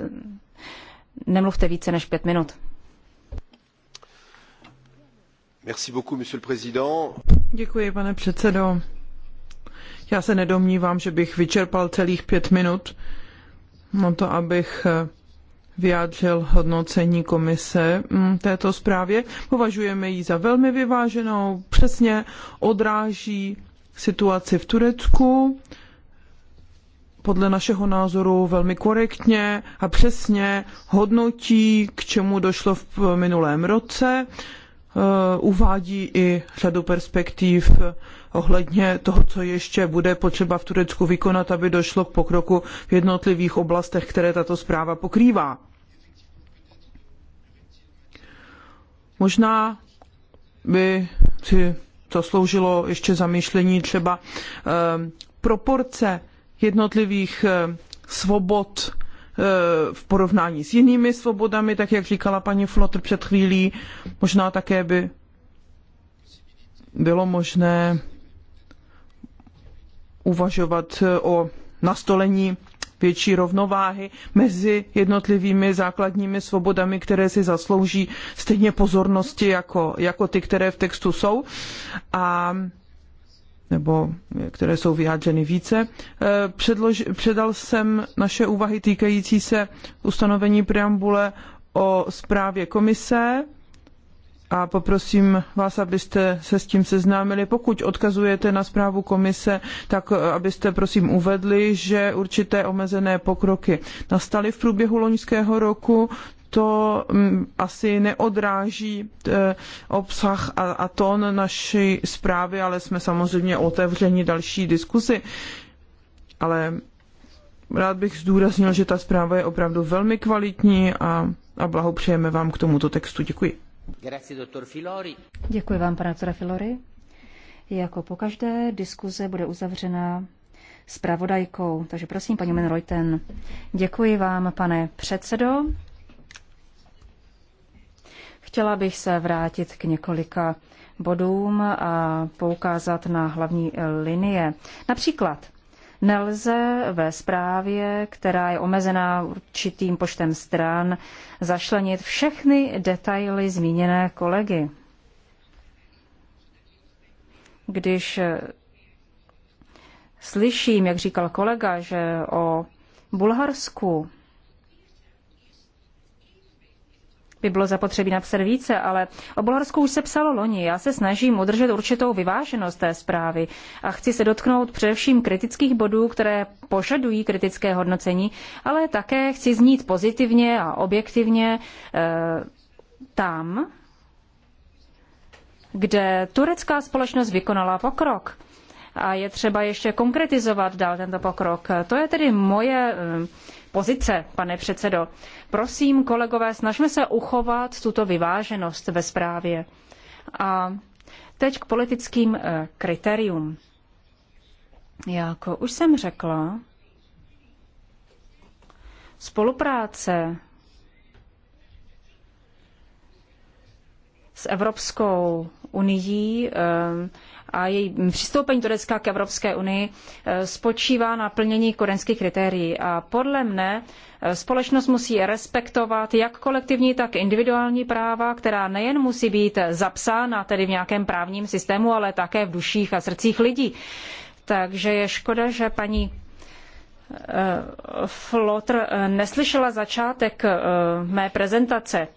nemluvte více než pět minut. Děkuji, pane předsedo. Já se nedomnívám, že bych vyčerpal celých pět minut No to, abych eh, vyjádřil hodnocení komise mm, této zprávě. Považujeme ji za velmi vyváženou, přesně odráží situaci v Turecku, podle našeho názoru velmi korektně a přesně hodnotí, k čemu došlo v minulém roce, eh, uvádí i řadu perspektiv ohledně toho, co ještě bude potřeba v Turecku vykonat, aby došlo k pokroku v jednotlivých oblastech, které tato zpráva pokrývá. Možná by si to sloužilo ještě zamýšlení třeba eh, proporce jednotlivých eh, svobod eh, v porovnání s jinými svobodami, tak jak říkala paní Flotr před chvílí, možná také by bylo možné uvažovat eh, o nastolení větší rovnováhy mezi jednotlivými základními svobodami, které si zaslouží stejně pozornosti jako, jako ty, které v textu jsou, a, nebo eh, které jsou vyjádřeny více. Eh, předlož, předal jsem naše úvahy týkající se ustanovení preambule o zprávě komise a poprosím vás, abyste se s tím seznámili. Pokud odkazujete na zprávu komise, tak eh, abyste prosím uvedli, že určité omezené pokroky nastaly v průběhu loňského roku, to mm, asi neodráží eh, obsah a, tón naší zprávy, ale jsme samozřejmě otevřeni další diskusi. Ale rád bych zdůraznil, že ta zpráva je opravdu velmi kvalitní a, a blahopřejeme vám k tomuto textu. Děkuji. Děkuji vám, pane doktore Filori. Jako každé diskuze bude uzavřena zpravodajkou. Takže prosím, paní Menrojten. Děkuji vám, pane předsedo. Chtěla bych se vrátit k několika bodům a poukázat na hlavní linie. Například Nelze ve zprávě, která je omezená určitým počtem stran, zašlenit všechny detaily zmíněné kolegy. Když slyším, jak říkal kolega, že o Bulharsku by bylo zapotřebí napsat více, ale o Bulharsku už se psalo loni. Já se snažím udržet určitou vyváženost té zprávy a chci se dotknout především kritických bodů, které požadují kritické hodnocení, ale také chci znít pozitivně a objektivně e, tam, kde turecká společnost vykonala pokrok. A je třeba ještě konkretizovat dál tento pokrok. To je tedy moje E, pozice, pane předsedo. Prosím, kolegové, snažme se uchovat tuto vyváženost ve zprávě. A teď k politickým eh, kritériům. Jako už jsem řekla, spolupráce s Evropskou unii eh, a její přistoupení Turecka k Evropské unii eh, spočívá na plnění korenských kritérií. A podle mne eh, společnost musí respektovat jak kolektivní, tak individuální práva, která nejen musí být zapsána tedy v nějakém právním systému, ale také v duších a srdcích lidí. Takže je škoda, že paní eh, Flotr neslyšela začátek mé prezentace.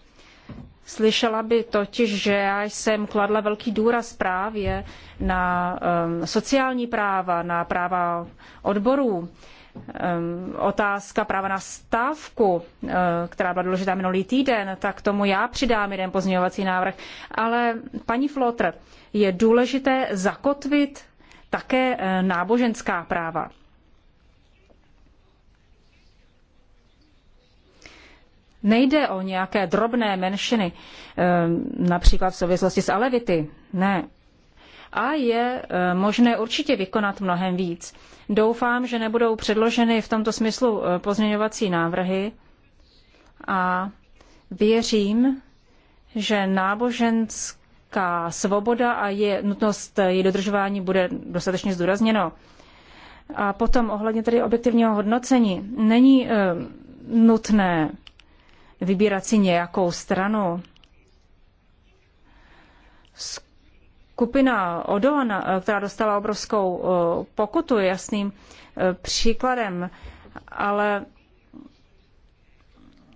Slyšela by totiž, že já jsem kladla velký důraz právě na um, sociální práva, na práva odborů. Um, otázka práva na stávku, uh, která byla důležitá minulý týden, tak tomu já přidám jeden pozměňovací návrh. Ale paní Flotr, je důležité zakotvit také eh, náboženská práva. Nejde o nějaké drobné menšiny, eh, například v souvislosti s alevity. Ne. A je eh, možné určitě vykonat mnohem víc. Doufám, že nebudou předloženy v tomto smyslu eh, pozměňovací návrhy a věřím, že náboženská svoboda a je nutnost její dodržování bude dostatečně zdůrazněno. A potom ohledně tedy objektivního hodnocení není e, nutné vybírat si nějakou stranu. Skupina Odon, eh, která dostala obrovskou eh, pokutu, je jasným eh, příkladem, ale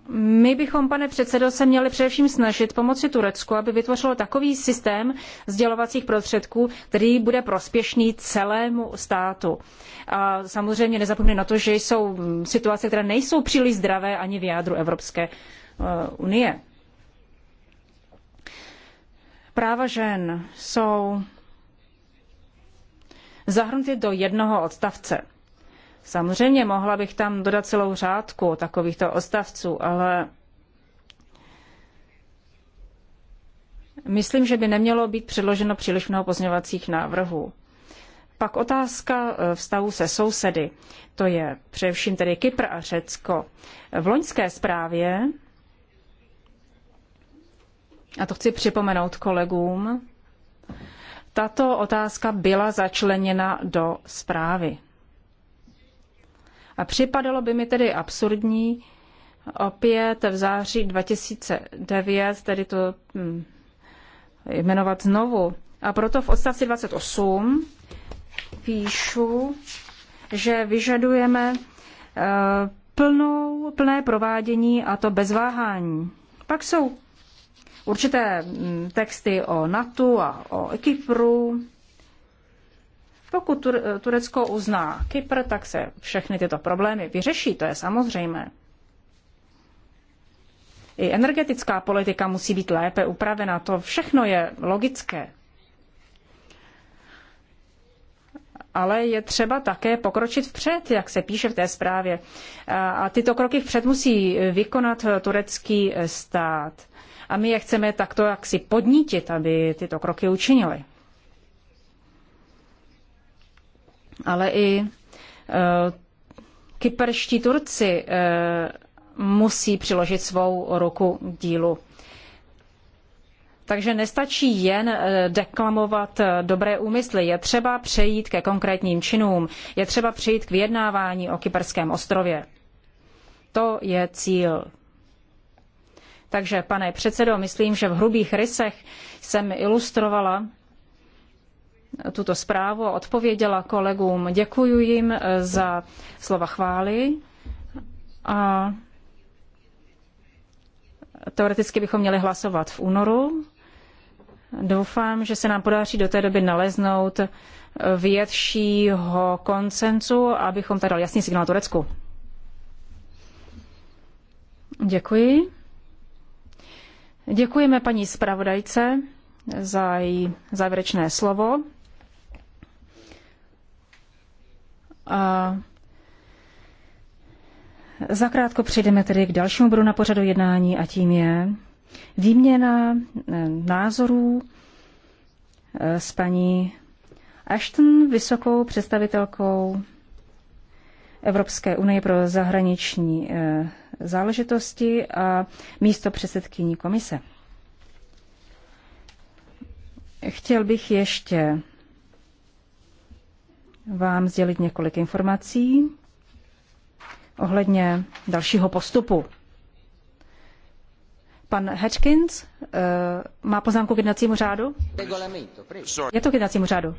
my bychom, pane předsedo, se měli především snažit pomoci Turecku, aby vytvořilo takový systém sdělovacích prostředků, který bude prospěšný celému státu. A samozřejmě nezapomně na to, že jsou situace, které nejsou příliš zdravé ani v jádru Evropské eh, unie. Práva žen jsou zahrnuty do jednoho odstavce. Samozřejmě mohla bych tam dodat celou řádku takovýchto ostavců, ale myslím, že by nemělo být předloženo příliš mnoho pozměňovacích návrhů. Pak otázka eh, vztahu se sousedy, to je především tedy Kypr a Řecko. V loňské zprávě, a to chci připomenout kolegům, tato otázka byla začleněna do zprávy. A připadalo by mi tedy absurdní opět v září 2009 tedy to hm, jmenovat znovu. A proto v odstavci 28 píšu, že vyžadujeme e, plnou, plné provádění a to bez váhání. Pak jsou určité hm, texty o NATO a o Kypru, pokud Turecko uzná Kypr, tak se všechny tyto problémy vyřeší, to je samozřejmé. I energetická politika musí být lépe upravena, to všechno je logické. ale je třeba také pokročit vpřed, jak se píše v té zprávě. A tyto kroky vpřed musí vykonat turecký stát. A my je chceme takto jaksi podnítit, aby tyto kroky učinili. ale i eh, kyperští Turci eh, musí přiložit svou ruku k dílu. Takže nestačí jen eh, deklamovat dobré úmysly, je třeba přejít ke konkrétním činům, je třeba přejít k vyjednávání o Kyperském ostrově. To je cíl. Takže, pane předsedo, myslím, že v hrubých rysech jsem ilustrovala tuto zprávu a odpověděla kolegům. Děkuji jim eh, za slova chvály a teoreticky bychom měli hlasovat v únoru. Doufám, že se nám podaří do té doby naleznout eh, většího koncensu, abychom tady dal jasný signál Turecku. Děkuji. Děkujeme paní zpravodajce za její závěrečné slovo. A zakrátko přejdeme tedy k dalšímu bodu na pořadu jednání a tím je výměna eh, názorů eh, s paní Ashton, vysokou představitelkou Evropské unie pro zahraniční eh, záležitosti a místo předsedkyní komise. Chtěl bych ještě vám sdělit několik informací ohledně dalšího postupu. Pan Hedgkins eh, má poznámku k jednacímu řádu? Je to k jednacímu řádu.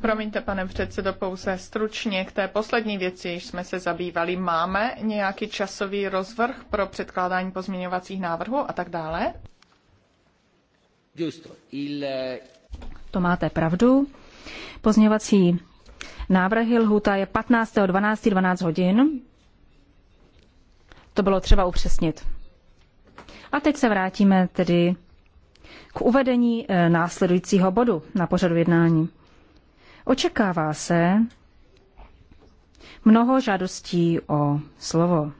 Promiňte, pane předsedo, pouze stručně k té poslední věci, již jsme se zabývali. Máme nějaký časový rozvrh pro předkládání pozměňovacích návrhů a tak dále? To máte pravdu. Pozměňovací návrhy. Lhuta je 12. 12 hodin. To bylo třeba upřesnit. A teď se vrátíme tedy k uvedení eh, následujícího bodu na pořadu jednání. Očekává se mnoho žádostí o slovo.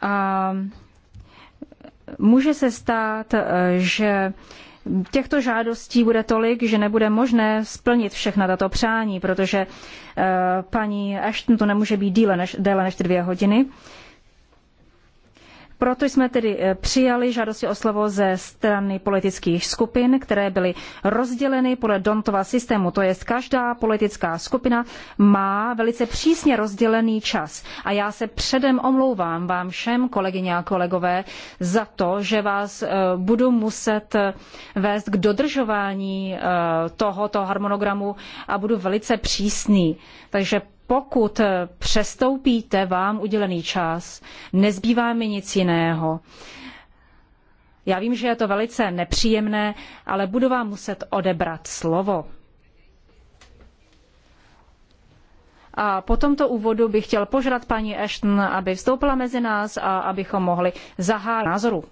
A může se stát, eh, že Těchto žádostí bude tolik, že nebude možné splnit všechna tato přání, protože eh, paní Ashton to nemůže být díle než, déle než dvě hodiny. Uh, proto jsme tedy eh, přijali žádosti o slovo ze strany politických skupin, které byly rozděleny podle Dontova systému. To je, každá politická skupina má velice přísně rozdělený čas. A já se předem omlouvám vám všem, kolegyně a kolegové, za to, že vás eh, budu muset eh, vést k dodržování tohoto harmonogramu a budu velice přísný. Takže pokud eh, přestoupíte vám udělený čas, nezbývá mi nic jiného. Já vím, že je to velice nepříjemné, ale budu vám muset odebrat slovo. A po tomto úvodu bych chtěl požádat paní Ashton, aby vstoupila mezi nás a abychom mohli zahájit názoru.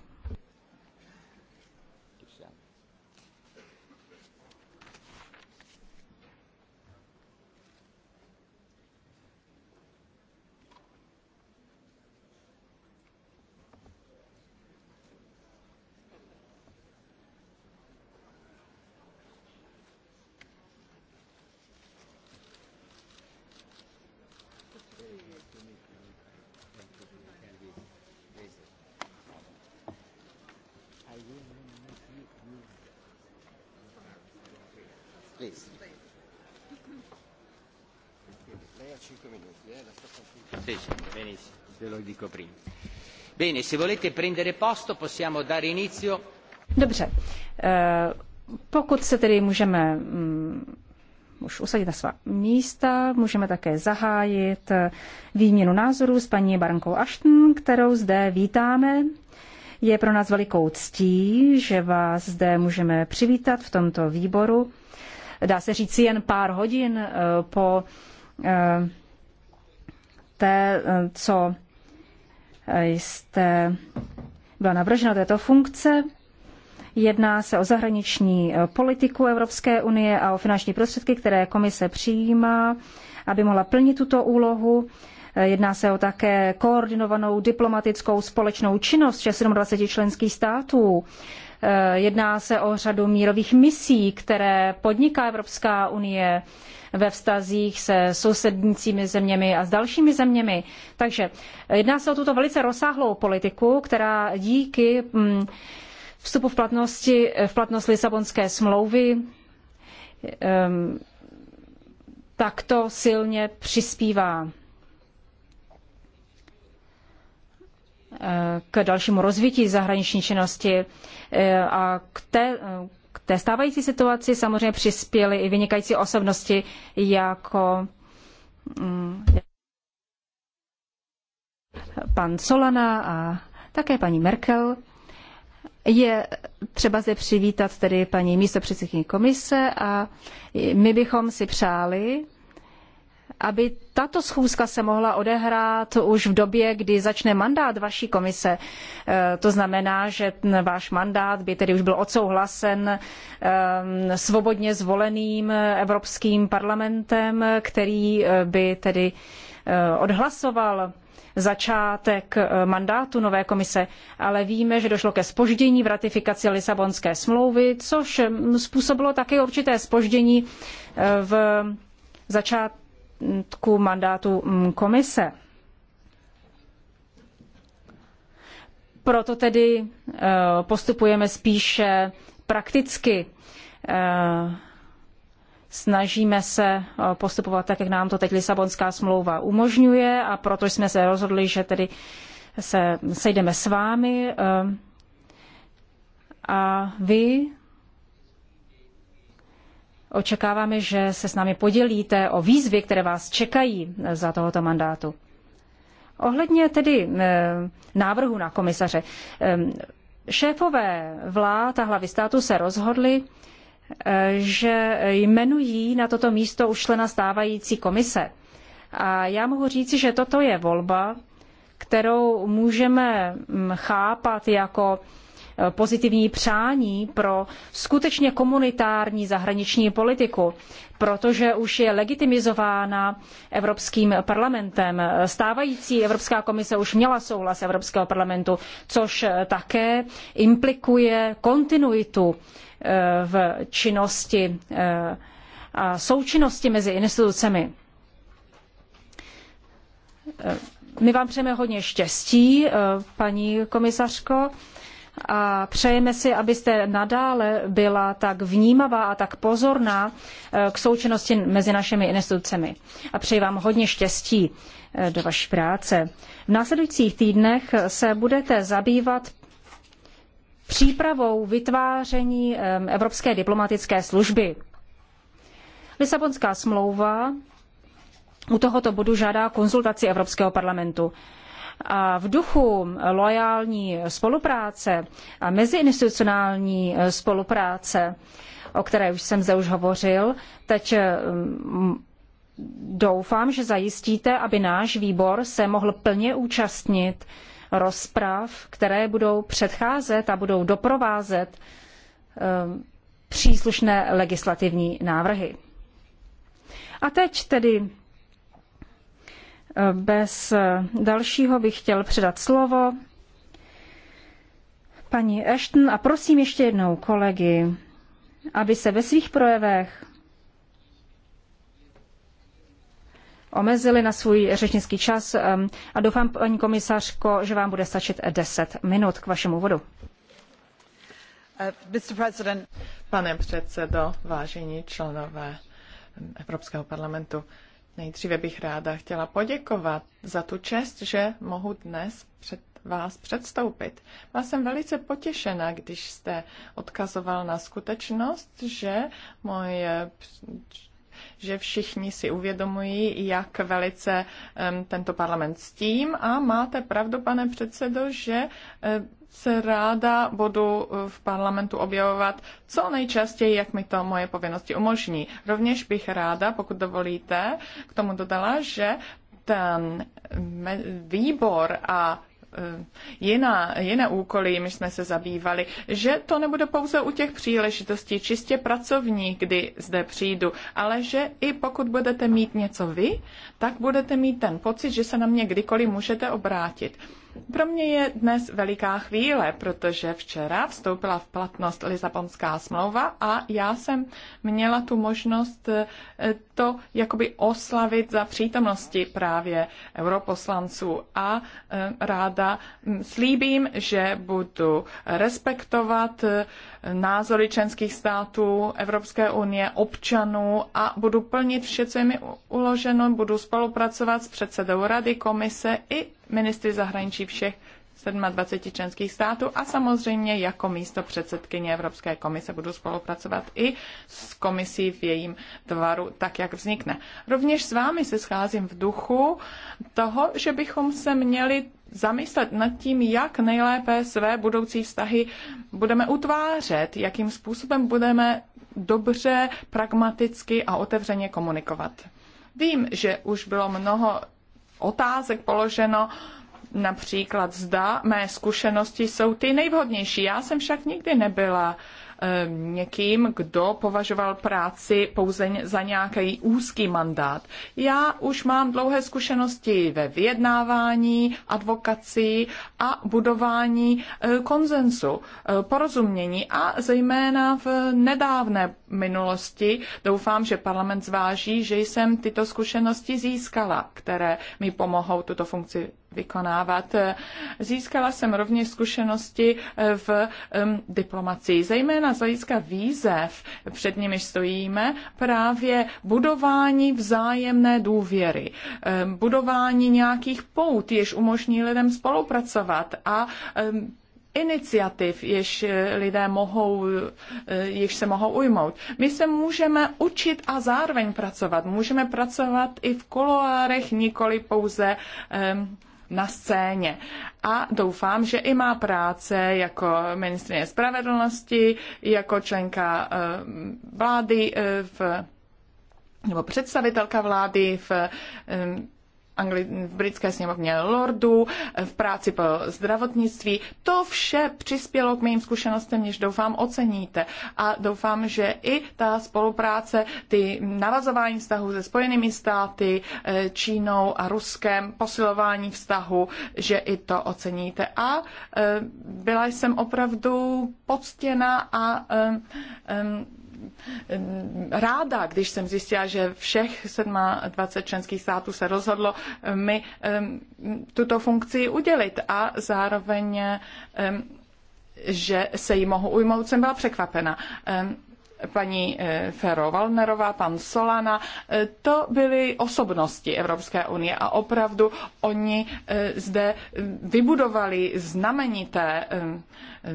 Dobře, eh, pokud se tedy můžeme um, už usadit na svá místa, můžeme také zahájit eh, výměnu názorů s paní Barankou Ashton, kterou zde vítáme. Je pro nás velikou ctí, že vás zde můžeme přivítat v tomto výboru dá se říci, jen pár hodin eh, po eh, té, eh, co jste byla navržena této funkce. Jedná se o zahraniční politiku Evropské unie a o finanční prostředky, které komise přijímá, aby mohla plnit tuto úlohu. Jedná se o také koordinovanou diplomatickou společnou činnost 26 členských států Eh, jedná se o řadu mírových misí, které podniká Evropská unie ve vztazích se sousednícími zeměmi a s dalšími zeměmi. Takže eh, jedná se o tuto velice rozsáhlou politiku, která díky mm, vstupu v, platnosti, eh, v platnost Lisabonské smlouvy mm, takto silně přispívá k dalšímu rozvití zahraniční činnosti e, a k té, k té stávající situaci samozřejmě přispěly i vynikající osobnosti jako mm, pan Solana a také paní Merkel. Je třeba zde přivítat tedy paní místopředsedkyni komise a my bychom si přáli, aby tato schůzka se mohla odehrát už v době, kdy začne mandát vaší komise. E, to znamená, že váš mandát by tedy už byl odsouhlasen e, svobodně zvoleným Evropským parlamentem, který e, by tedy odhlasoval začátek mandátu nové komise, ale víme, že došlo ke zpoždění v ratifikaci Lisabonské smlouvy, což způsobilo také určité zpoždění v začátku zbytku mandátu mm, komise. Proto tedy eh, postupujeme spíše prakticky. Eh, snažíme se eh, postupovat tak, jak nám to teď Lisabonská smlouva umožňuje a proto jsme se rozhodli, že tedy se sejdeme s vámi a vy Očekáváme, že se s námi podělíte o výzvy, které vás čekají za tohoto mandátu. Ohledně tedy eh, návrhu na komisaře. Eh, šéfové vlád a hlavy státu se rozhodli, eh, že jmenují na toto místo už člena stávající komise. A já mohu říci, že toto je volba, kterou můžeme mm, chápat jako pozitivní přání pro skutečně komunitární zahraniční politiku, protože už je legitimizována Evropským parlamentem. Stávající Evropská komise už měla souhlas Evropského parlamentu, což také implikuje kontinuitu eh, v činnosti eh, a součinnosti mezi institucemi. Eh, my vám přejeme hodně štěstí, paní komisařko a přejeme si, abyste nadále byla tak vnímavá a tak pozorná eh, k součinnosti mezi našimi institucemi. A přeji vám hodně štěstí eh, do vaší práce. V následujících týdnech se budete zabývat přípravou vytváření eh, Evropské diplomatické služby. Lisabonská smlouva u tohoto bodu žádá konzultaci Evropského parlamentu v duchu loajální spolupráce a meziinstitucionální e, spolupráce, o které už jsem zde už hovořil, teď e, doufám, že zajistíte, aby náš výbor se mohl plně účastnit rozprav, které budou předcházet a budou doprovázet e, příslušné legislativní návrhy. A teď tedy bez dalšího bych chtěl předat slovo paní Ashton a prosím ještě jednou kolegy, aby se ve svých projevech omezili na svůj řečnický čas a doufám, paní komisařko, že vám bude stačit 10 minut k vašemu vodu. Uh, Pane předsedo, vážení členové Evropského parlamentu, Nejdříve bych ráda chtěla poděkovat za tu čest, že mohu dnes před vás předstoupit. Byla jsem velice potěšena, když jste odkazoval na skutečnost, že moje že všichni si uvědomují, jak velice um, tento parlament s tím a máte pravdu, pane předsedo, že um, se ráda budu v parlamentu objevovat co nejčastěji, jak mi to moje povinnosti umožní. Rovněž bych ráda, pokud dovolíte, k tomu dodala, že ten výbor a e, jiná, jiné úkoly, jimiž jsme se zabývali, že to nebude pouze u těch příležitostí čistě pracovní, kdy zde přijdu, ale že i pokud budete mít něco vy, tak budete mít ten pocit, že se na mě kdykoliv můžete obrátit. Pro mě je dnes veliká chvíle, protože včera vstoupila v platnost Lisabonská smlouva a já jsem měla tu možnost eh, to jakoby oslavit za přítomnosti právě europoslanců a eh, ráda hm, slíbím, že budu respektovat eh, názory členských států Evropské unie, občanů a budu plnit vše, co je mi uloženo, budu spolupracovat s předsedou Rady, komise i ministry zahraničí všech 27 členských států a samozřejmě jako místo předsedkyně Evropské komise budu spolupracovat i s komisí v jejím tvaru, tak jak vznikne. Rovněž s vámi se scházím v duchu toho, že bychom se měli zamyslet nad tím, jak nejlépe své budoucí vztahy budeme utvářet, jakým způsobem budeme dobře, pragmaticky a otevřeně komunikovat. Vím, že už bylo mnoho otázek položeno, například zda mé zkušenosti jsou ty nejvhodnější. Já jsem však nikdy nebyla uh, Eh, někým, kdo považoval práci pouze za nějaký úzký mandát. Já už mám dlouhé zkušenosti ve vyjednávání, advokací a budování eh, konzensu, eh, porozumění a zejména v nedávné minulosti doufám, že parlament zváží, že jsem tyto zkušenosti získala, které mi pomohou tuto funkci vykonávat. Získala jsem rovněž zkušenosti eh, v um, diplomacii, zejména z hlediska výzev, před nimi stojíme, právě budování vzájemné důvěry, um, budování nějakých pout, jež umožní lidem spolupracovat a um, iniciativ, jež eh, lidé mohou, eh, jež se mohou ujmout. My se můžeme učit a zároveň pracovat. Můžeme pracovat i v koloárech, nikoli pouze um, na scéně. A doufám, že i má práce jako ministrině spravedlnosti, jako členka eh, vlády eh, v nebo představitelka vlády v eh, angli- v britské sněmovně lordů, eh, v práci po zdravotnictví. To vše přispělo k mým zkušenostem, než doufám oceníte. A doufám, že i ta spolupráce, ty navazování vztahů se Spojenými státy, eh, Čínou a Ruskem, posilování vztahu, že i to oceníte. A eh, byla jsem opravdu poctěna a um, um, Eh, ráda, když jsem zjistila, že všech 27 členských států se rozhodlo eh, mi eh, tuto funkci udělit a zároveň, že se jí mohu ujmout, jsem byla překvapena paní Fero Valnerová, pan Solana, to byly osobnosti Evropské unie a opravdu oni zde vybudovali znamenité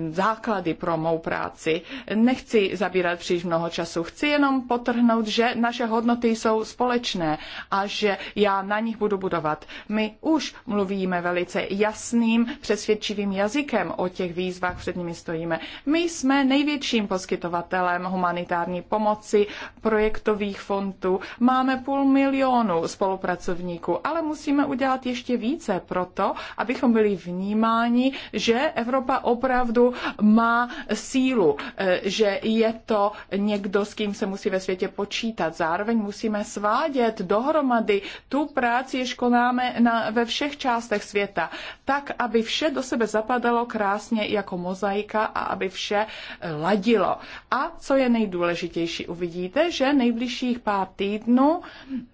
základy pro mou práci. Nechci zabírat příliš mnoho času, chci jenom potrhnout, že naše hodnoty jsou společné a že já na nich budu budovat. My už mluvíme velice jasným, přesvědčivým jazykem o těch výzvách, před nimi stojíme. My jsme největším poskytovatelem humanitární pomoci, projektových fondů. Máme půl milionu spolupracovníků, ale musíme udělat ještě více pro to, abychom byli vnímáni, že Evropa opravdu opravdu má sílu, eh, že je to někdo, s kým se musí ve světě počítat. Zároveň musíme svádět dohromady tu práci, jež konáme na, ve všech částech světa, tak, aby vše do sebe zapadalo krásně jako mozaika a aby vše eh, ladilo. A co je nejdůležitější, uvidíte, že nejbližších pár týdnů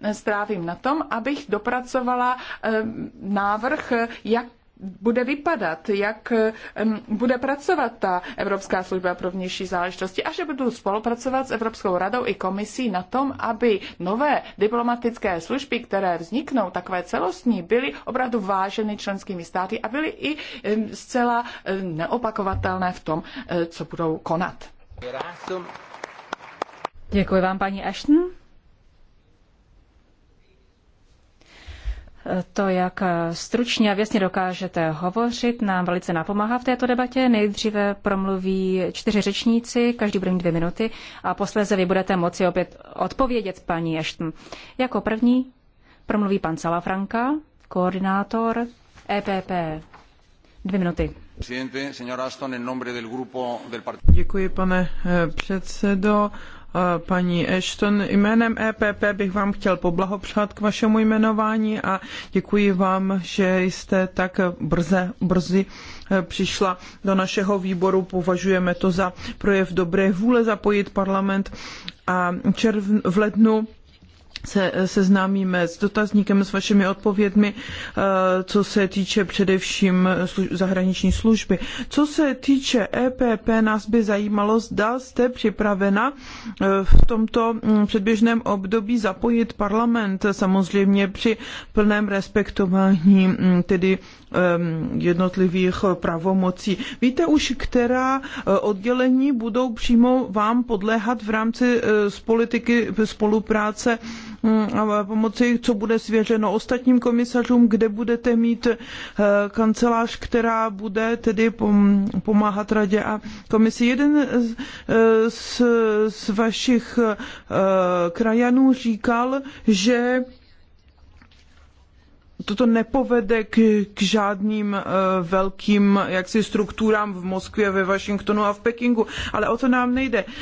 eh, strávím na tom, abych dopracovala návrh, jak bude vypadat, jak bude pracovat ta Evropská služba pro vnější záležitosti a že budou spolupracovat s Evropskou radou i komisí na tom, aby nové diplomatické služby, které vzniknou, takové celostní, byly opravdu váženy členskými státy a byly i zcela neopakovatelné v tom, eh, co budou konat. Děkuji vám, paní Ashton. to, jak stručně a věcně dokážete hovořit, nám velice napomáhá v této debatě. Nejdříve promluví čtyři řečníci, každý bude mít dvě minuty a posléze vy budete moci opět odpovědět paní Ešten. Jako první promluví pan Salafranka, koordinátor EPP. Dvě minuty. Děkuji, pane eh, předsedo paní Ashton. Jménem EPP bych vám chtěl poblahopřát k vašemu jmenování a děkuji vám, že jste tak brze, brzy e, přišla do našeho výboru. Považujeme to za projev dobré vůle zapojit parlament a červ, v lednu se eh, seznámíme s dotazníkem, s vašimi odpovědmi, eh, co se týče především eh, zahraniční služby. Co se týče EPP, nás by zajímalo, zda jste připravena v tomto mm, předběžném období zapojit parlament, samozřejmě při plném respektování mm, tedy jednotlivých pravomocí. Víte už, která oddělení budou přímo vám podléhat v rámci z politiky spolupráce Mm, pomoci, co bude svěřeno ostatním komisařům, kde budete mít eh, kancelář, která bude tedy pomáhat radě a komisi. Jeden z, eh, z vašich eh, krajanů říkal, že toto nepovede k, k žádným uh, velkým jaksi strukturám v Moskvě, ve Washingtonu a v Pekingu, ale o to nám nejde. Uh,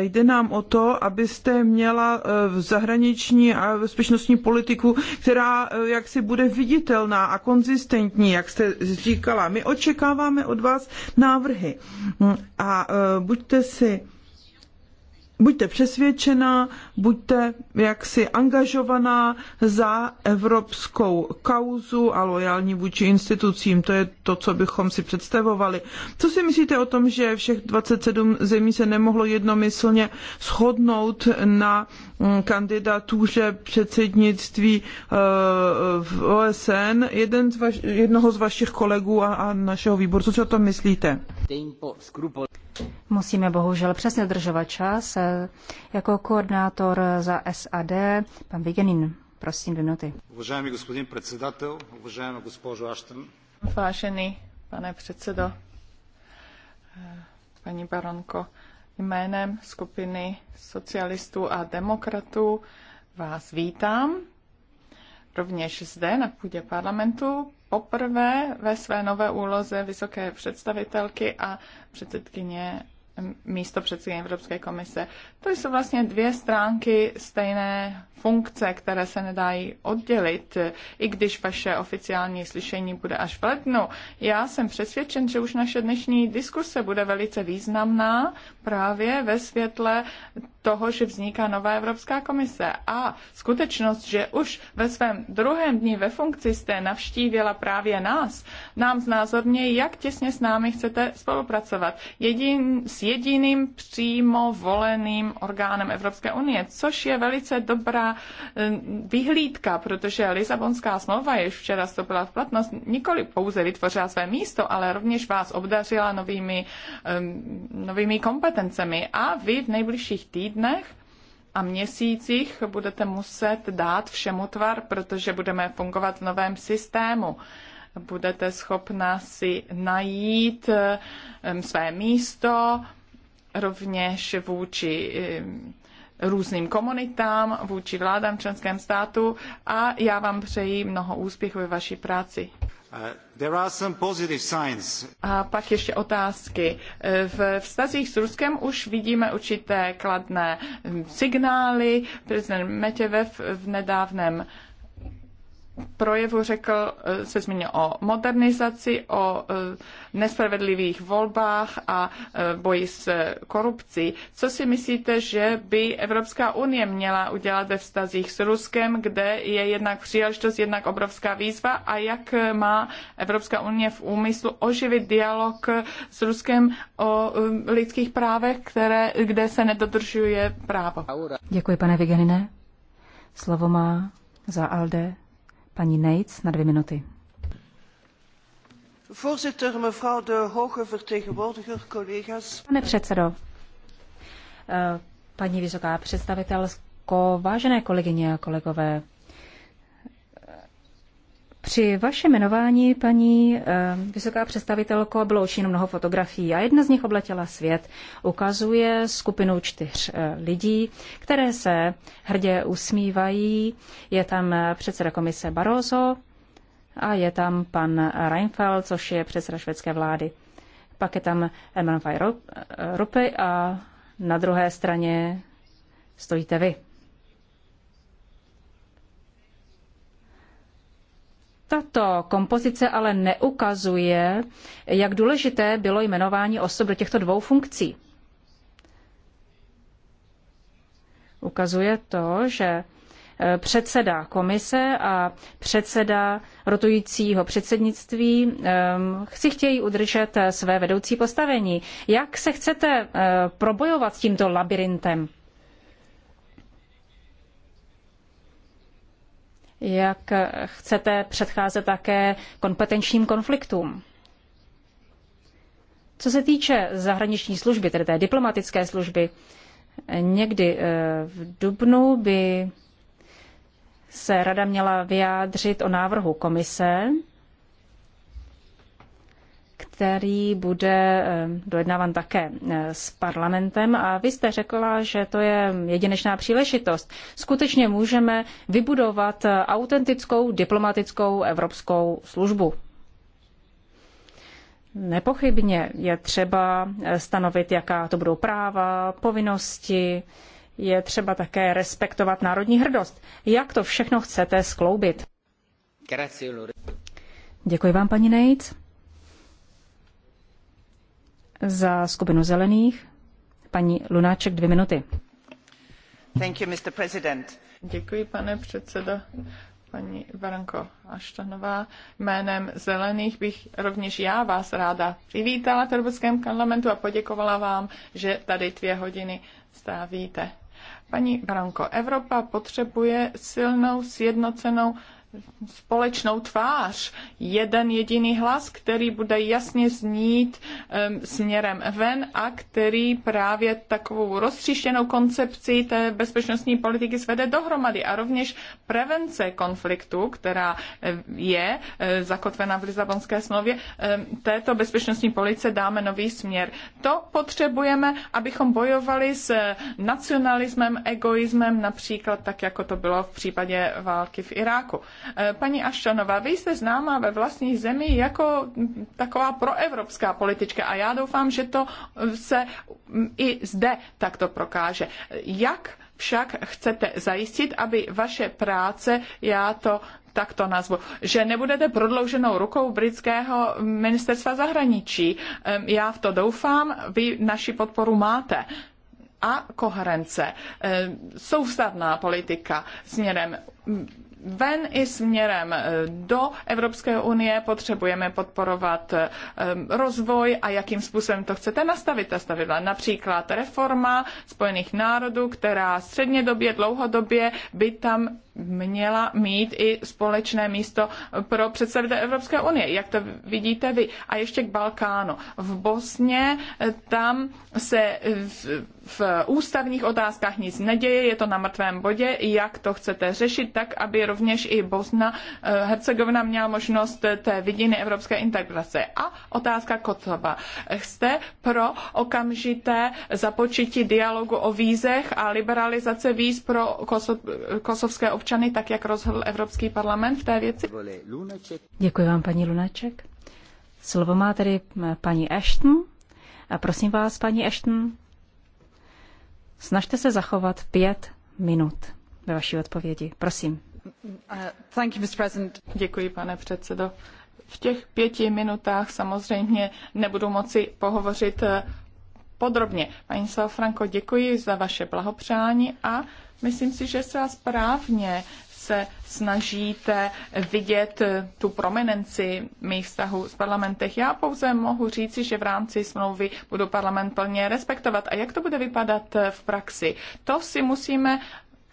jde nám o to, abyste měla uh, zahraniční a bezpečnostní politiku, která uh, jaksi bude viditelná a konzistentní, jak jste říkala. My očekáváme od vás návrhy mm, a uh, buďte si buďte přesvědčená, buďte jaksi angažovaná za evropskou kauzu a lojální vůči institucím. To je to, co bychom si představovali. Co si myslíte o tom, že všech 27 zemí se nemohlo jednomyslně shodnout na mm, kandidatuře předsednictví eh, v OSN jeden z vaš, jednoho z vašich kolegů a, a našeho výboru? Co si o tom myslíte? Musíme bohužel přesně držovat čas. Jako koordinátor za SAD, pan Vigenin, prosím, dvě minuty. Vážený gospodin předsedatel, uvažujeme gospožu Ashton. Vážený pane předsedo, paní baronko, jménem skupiny socialistů a demokratů vás vítám rovněž zde na půdě parlamentu poprvé ve své nové úloze vysoké představitelky a předsedkyně místo předsedkyně Evropské komise. To jsou vlastně dvě stránky stejné funkce, které se nedají oddělit, i když vaše oficiální slyšení bude až v lednu. Já jsem přesvědčen, že už naše dnešní diskuse bude velice významná právě ve světle toho, že vzniká nová Evropská komise. A skutečnost, že už ve svém druhém dní ve funkci jste navštívila právě nás, nám znázorně, jak těsně s námi chcete spolupracovat. Jedin, s jediným přímo voleným orgánem Evropské unie, což je velice dobrá Eh, vyhlídka, protože Lisabonská smlouva, jež včera vstoupila v platnost, nikoli pouze vytvořila své místo, ale rovněž vás obdařila novými, eh, novými kompetencemi. A vy v nejbližších týdnech a měsících budete muset dát všemu tvar, protože budeme fungovat v novém systému budete schopna si najít eh, své místo, rovněž vůči různým komunitám, vůči vládám v členském státu a já vám přeji mnoho úspěchů ve vaší práci. Uh, a pak ještě otázky. Uh, v vztazích s Ruskem už vidíme určité kladné signály. Prezident Metěvev v nedávném projevu řekl, e, se zmínil o modernizaci, o e, nespravedlivých volbách a e, boji s korupcí. Co si myslíte, že by Evropská unie měla udělat ve vztazích s Ruskem, kde je jednak příležitost, jednak obrovská výzva a jak má Evropská unie v úmyslu oživit dialog s Ruskem o lidských právech, které, kde se nedodržuje právo? Děkuji, pane Vigenine. Slovo má za Alde Paní Nejc na dvě minuty. Pane předsedo, eh, paní vysoká představitelko, vážené kolegyně a kolegové, při vašem jmenování, paní eh, vysoká představitelko, bylo učiněno mnoho fotografií a jedna z nich obletěla svět. Ukazuje skupinu čtyř eh, lidí, které se hrdě usmívají. Je tam eh, předseda komise Barroso a je tam pan Reinfeld, což je předseda švédské vlády. Pak je tam Emmanuel Rupe a na druhé straně stojíte vy. Tato kompozice ale neukazuje, jak důležité bylo jmenování osob do těchto dvou funkcí. Ukazuje to, že e, předseda komise a předseda rotujícího předsednictví e, si chtějí udržet e, své vedoucí postavení. Jak se chcete probojovat s tímto labirintem? jak chcete předcházet také kompetenčním konfliktům. Co se týče zahraniční služby, tedy té diplomatické služby, někdy eh, v dubnu by se rada měla vyjádřit o návrhu komise který bude eh, dojednávan také eh, s parlamentem. A vy jste řekla, že to je jedinečná příležitost. Skutečně můžeme vybudovat eh, autentickou diplomatickou evropskou službu. Nepochybně je třeba stanovit, jaká to budou práva, povinnosti, je třeba také respektovat národní hrdost. Jak to všechno chcete skloubit? Děkuji vám, paní Nejc. Za skupinu zelených paní Lunáček dvě minuty. Thank you, Mr. President. Děkuji, pane předsedo. Paní Varanko Aštanová, jménem Zelených bych rovněž já vás ráda přivítala v Evropském parlamentu a poděkovala vám, že tady dvě hodiny stávíte. Paní Varanko, Evropa potřebuje silnou, sjednocenou společnou tvář, jeden jediný hlas, který bude jasně znít um, směrem ven a který právě takovou rozstříštěnou koncepci té bezpečnostní politiky svede dohromady a rovněž prevence konfliktu, která je zakotvena v Lisabonské smlouvě, um, této bezpečnostní police dáme nový směr. To potřebujeme, abychom bojovali s nacionalismem, egoismem, například tak, jako to bylo v případě války v Iráku Eh, paní Aščanová, vy jste známá ve vlastní zemi jako taková proevropská politička a já doufám, že to se i zde takto prokáže. Jak však chcete zajistit, aby vaše práce, já to tak to nazvu, že nebudete prodlouženou rukou britského ministerstva zahraničí. Já v to doufám, vy naši podporu máte. A koherence, soustavná politika směrem ven i směrem eh, do Evropské unie potřebujeme podporovat eh, rozvoj a jakým způsobem to chcete nastavit ta stavidla. Například reforma Spojených národů, která střednědobě, dlouhodobě by tam měla mít i společné místo pro představitele Evropské unie, jak to vidíte vy. A ještě k Balkánu. V Bosně eh, tam se v, v ústavních otázkách nic neděje, je to na mrtvém bodě, jak to chcete řešit, tak aby rovněž i Bosna eh, Hercegovina měla možnost té vidiny evropské integrace. A otázka Kotova. Jste pro okamžité započití dialogu o vízech a liberalizace víz pro kosovské občany? občany, tak jak rozhodl Evropský parlament v té věci. Děkuji vám, paní Lunaček. Slovo má tedy paní Ashton. A prosím vás, paní Ashton, snažte se zachovat pět minut ve vaší odpovědi. Prosím. Thank you, Mr. President. Děkuji, pane předsedo. V těch pěti minutách samozřejmě nebudu moci pohovořit eh, podrobně. Paní Salfranko, děkuji za vaše blahopřání a Myslím si, že se správně se snažíte vidět eh, tu prominenci mých vztahů s parlamentech. Já pouze mohu říci, že v rámci smlouvy budu parlament plně respektovat. A jak to bude vypadat eh, v praxi? To si musíme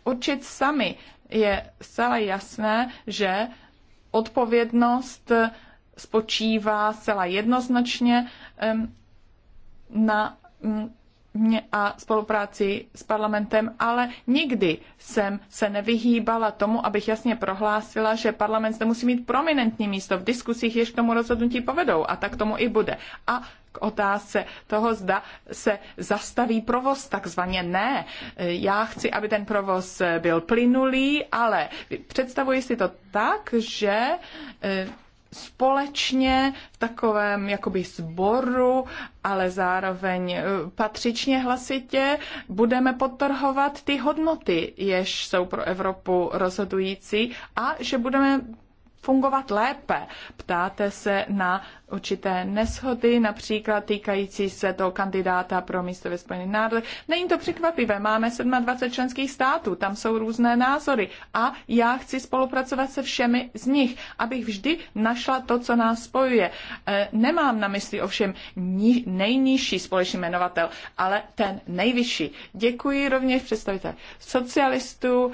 určit sami. Je zcela jasné, že odpovědnost eh, spočívá zcela jednoznačně na mm, a spolupráci s parlamentem, ale nikdy jsem se nevyhýbala tomu, abych jasně prohlásila, že parlament zde musí mít prominentní místo v diskusích, jež k tomu rozhodnutí povedou a tak tomu i bude. A k otázce toho, zda se zastaví provoz, takzvaně ne. Já chci, aby ten provoz byl plynulý, ale představuji si to tak, že eh, společně v takovém jakoby sboru, ale zároveň eh, patřičně hlasitě budeme podtrhovat ty hodnoty, jež jsou pro Evropu rozhodující a že budeme fungovat lépe. Ptáte se na určité neshody, například týkající se toho kandidáta pro místo ve Spojených národech. Není to překvapivé, máme 27 členských států, tam jsou různé názory a já chci spolupracovat se všemi z nich, abych vždy našla to, co nás spojuje. E, nemám na mysli ovšem nejnižší společný jmenovatel, ale ten nejvyšší. Děkuji rovněž představitel socialistů,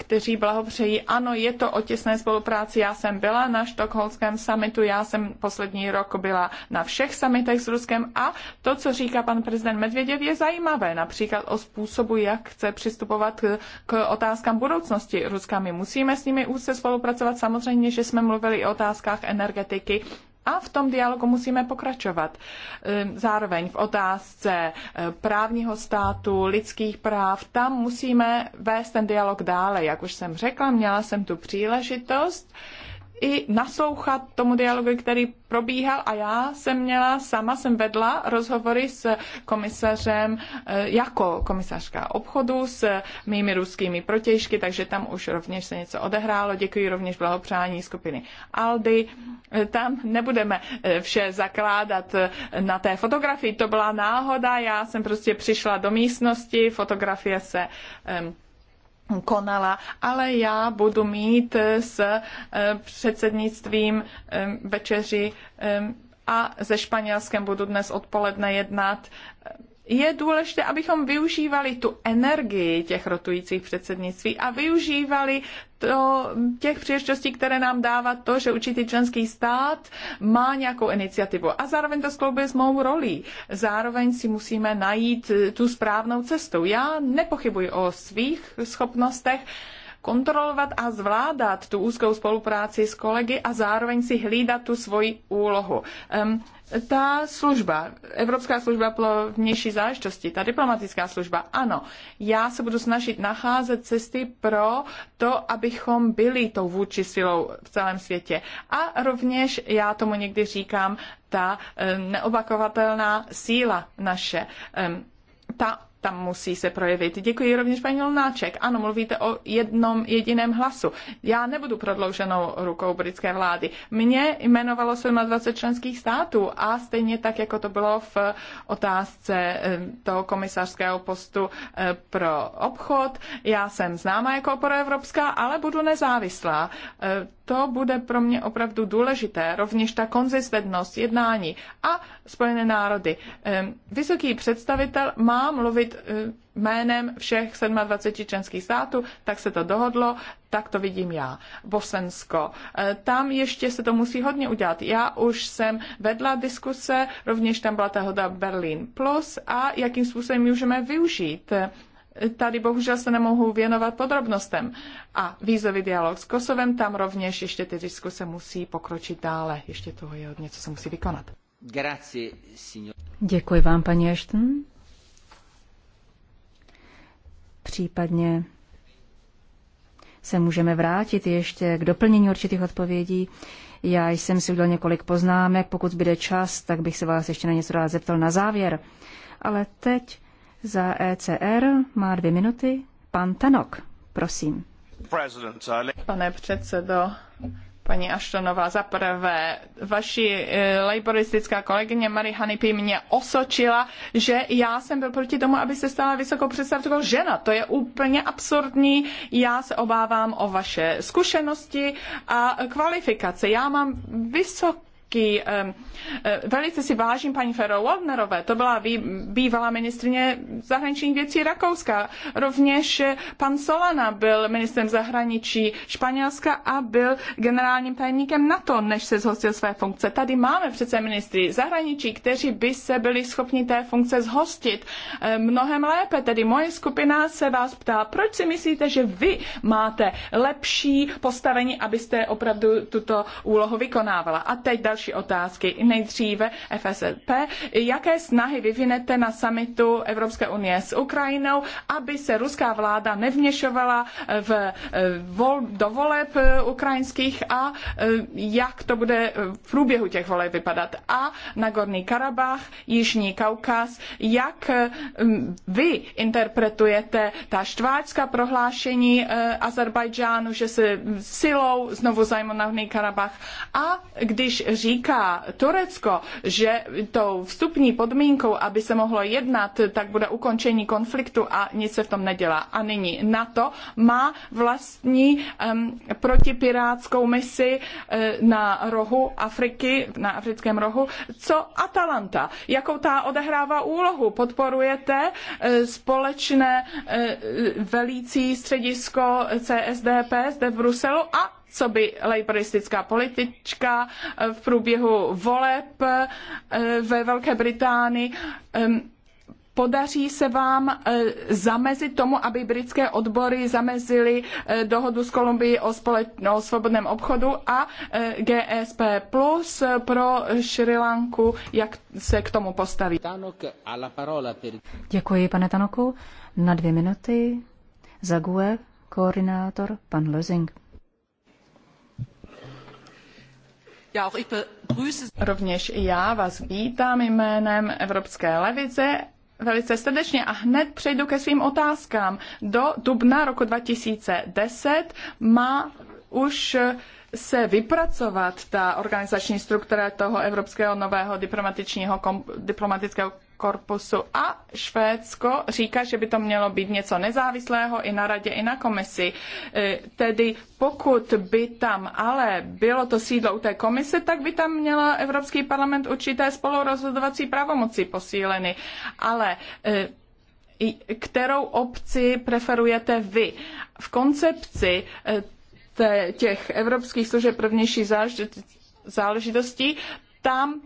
kteří blahopřejí. Ano, je to o těsné spolupráci. Já jsem byla na štokholmském summitu, já jsem poslední rok byla na všech summitech s Ruskem a to, co říká pan prezident Medvěděv, je zajímavé. Například o způsobu, jak chce přistupovat k, k otázkám budoucnosti Ruska. My musíme s nimi úzce spolupracovat. Samozřejmě, že jsme mluvili o otázkách energetiky, a v tom dialogu musíme pokračovat. Ehm, zároveň v otázce eh, právního státu, lidských práv, tam musíme vést ten dialog dále. Jak už jsem řekla, měla jsem tu příležitost i naslouchat tomu dialogu, který probíhal a já jsem měla, sama jsem vedla rozhovory s komisařem eh, jako komisařka obchodu s mými ruskými protějšky, takže tam už rovněž se něco odehrálo. Děkuji rovněž blahopřání skupiny Aldy. Eh, tam nebudeme eh, vše zakládat na té fotografii, to byla náhoda, já jsem prostě přišla do místnosti, fotografie se konala, ale já budu mít eh, s eh, předsednictvím eh, večeři a ze Španělskem budu dnes odpoledne jednat je důležité, abychom využívali tu energii těch rotujících předsednictví a využívali to, těch příležitostí, které nám dává to, že určitý členský stát má nějakou iniciativu. A zároveň to skloubuje s mou rolí. Zároveň si musíme najít tu správnou cestu. Já nepochybuji o svých schopnostech, kontrolovat a zvládat tu úzkou spolupráci s kolegy a zároveň si hlídat tu svoji úlohu. Um, ta služba, Evropská služba pro vnější záležitosti, ta diplomatická služba, ano, já se budu snažit nacházet cesty pro to, abychom byli tou vůči silou v celém světě. A rovněž, já tomu někdy říkám, ta neobakovatelná síla naše, ta tam musí se projevit. Děkuji rovněž paní Lunáček. Ano, mluvíte o jednom jediném hlasu. Já nebudu prodlouženou rukou britské vlády. Mně jmenovalo 27 členských států a stejně tak, jako to bylo v otázce eh, toho komisařského postu eh, pro obchod. Já jsem známa jako proevropská, ale budu nezávislá. Eh, to bude pro mě opravdu důležité, rovněž ta konzistentnost jednání a Spojené národy. Vysoký představitel má mluvit mluvit eh, jménem všech 27 členských států, tak se to dohodlo, tak to vidím já. Bosensko. Eh, tam ještě se to musí hodně udělat. Já už jsem vedla diskuse, rovněž tam byla ta hoda Berlin Plus a jakým způsobem můžeme využít eh, tady bohužel se nemohu věnovat podrobnostem. A vízový dialog s Kosovem, tam rovněž ještě ty diskuse musí pokročit dále. Ještě toho je hodně, co se musí vykonat. Děkuji vám, paní Ashton. Případně se můžeme vrátit ještě k doplnění určitých odpovědí. Já jsem si udělal několik poznámek, pokud bude čas, tak bych se vás ještě na něco rád zeptal na závěr. Ale teď za ECR má dvě minuty pan Tanok, prosím. Pane předsedo, paní Aštonová. Za prvé, vaši e, laboristická kolegyně Marie Hanipy mě osočila, že já jsem byl proti tomu, aby se stala vysokou představitelkou žena. To je úplně absurdní. Já se obávám o vaše zkušenosti a kvalifikace. Já mám vysokou velký, eh, velice si vážím paní Ferro Waldnerové, to byla bývalá ministrině zahraničních věcí Rakouska. Rovněž eh, pan Solana byl ministrem zahraničí Španělska a byl generálním tajemníkem NATO, než se zhostil své funkce. Tady máme přece ministry zahraničí, kteří by se byli schopni té funkce zhostit eh, mnohem lépe. Tedy moje skupina se vás ptá, proč si myslíte, že vy máte lepší postavení, abyste opravdu tuto úlohu vykonávala. A teď další další otázky. Nejdříve FSP. Jaké snahy vyvinete na samitu Evropské unie s Ukrajinou, aby se ruská vláda nevměšovala eh, v, eh, vol, do voleb eh, ukrajinských a jak to bude v průběhu těch voleb vypadat? A Nagorný Karabach, Jižní Kaukaz, jak vy interpretujete ta štváčská prohlášení Azerbajdžánu, že se silou znovu zajmou Nagorný Karabach a když říkáte, říká Turecko, že tou vstupní podmínkou, aby se mohlo jednat, tak bude ukončení konfliktu a nic se v tom nedělá. A nyní NATO má vlastní um, protipirátskou misi uh, na rohu Afriky, na africkém rohu, co Atalanta. Jakou ta odehrává úlohu? Podporujete uh, společné uh, velící středisko CSDP zde v Bruselu a co by laboristická politička eh, v průběhu voleb eh, ve Velké Británii ehm, podaří se vám eh, zamezit tomu, aby britské odbory zamezily dohodu s Kolumbií o, o svobodném obchodu a GSP plus pro Sri Lanku, jak se k tomu postaví. Děkuji, pane Tanoku. Na dvě minuty zaguje koordinátor pan Lozing. Rovněž i já vás vítám jménem Evropské levice velice srdečně a hned přejdu ke svým otázkám. Do dubna roku 2010 má už se vypracovat ta organizační struktura toho Evropského nového diplomatického korpusu. A Švédsko říká, že by to mělo být něco nezávislého i na radě, i na komisi. E, tedy pokud by tam ale bylo to sídlo u té komise, tak by tam měla Evropský parlament určité spolurozhodovací pravomoci posíleny. Ale e, kterou obci preferujete vy? V koncepci e, těch evropských služeb pro vnější záležitostí tam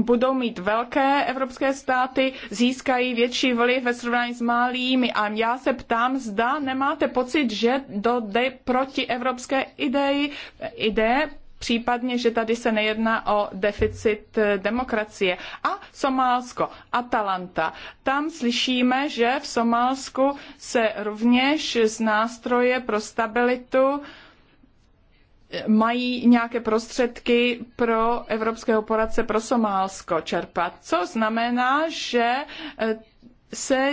budou mít velké evropské státy, získají větší vliv ve srovnání s malými. A já se ptám, zda nemáte pocit, že jde proti evropské ideji, ide? případně, že tady se nejedná o deficit eh, demokracie. A Somálsko, Atalanta. Tam slyšíme, že v Somálsku se rovněž z nástroje pro stabilitu mají nějaké prostředky pro evropského poradce pro Somálsko čerpat, co znamená, že eh, se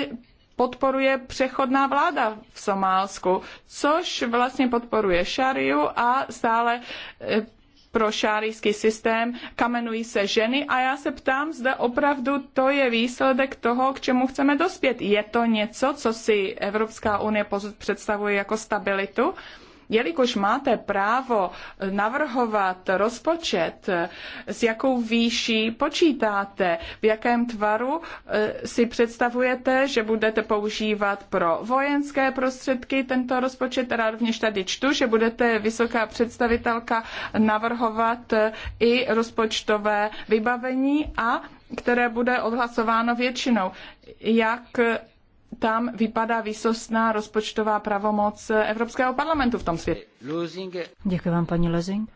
podporuje přechodná vláda v Somálsku, což vlastně podporuje šariu a stále eh, pro šárijský systém, kamenují se ženy a já se ptám, zda opravdu to je výsledek toho, k čemu chceme dospět. Je to něco, co si Evropská unie představuje jako stabilitu? Uh, Jelikož máte právo navrhovat rozpočet, s jakou výší počítáte, v jakém tvaru eh, si představujete, že budete používat pro vojenské prostředky tento rozpočet, rád rovněž tady čtu, že budete vysoká představitelka navrhovat eh, i rozpočtové vybavení a které bude odhlasováno většinou. Jak tam vypadá výsostná rozpočtová pravomoc Evropského parlamentu v tom světě. Děkuji vám, paní Lezing,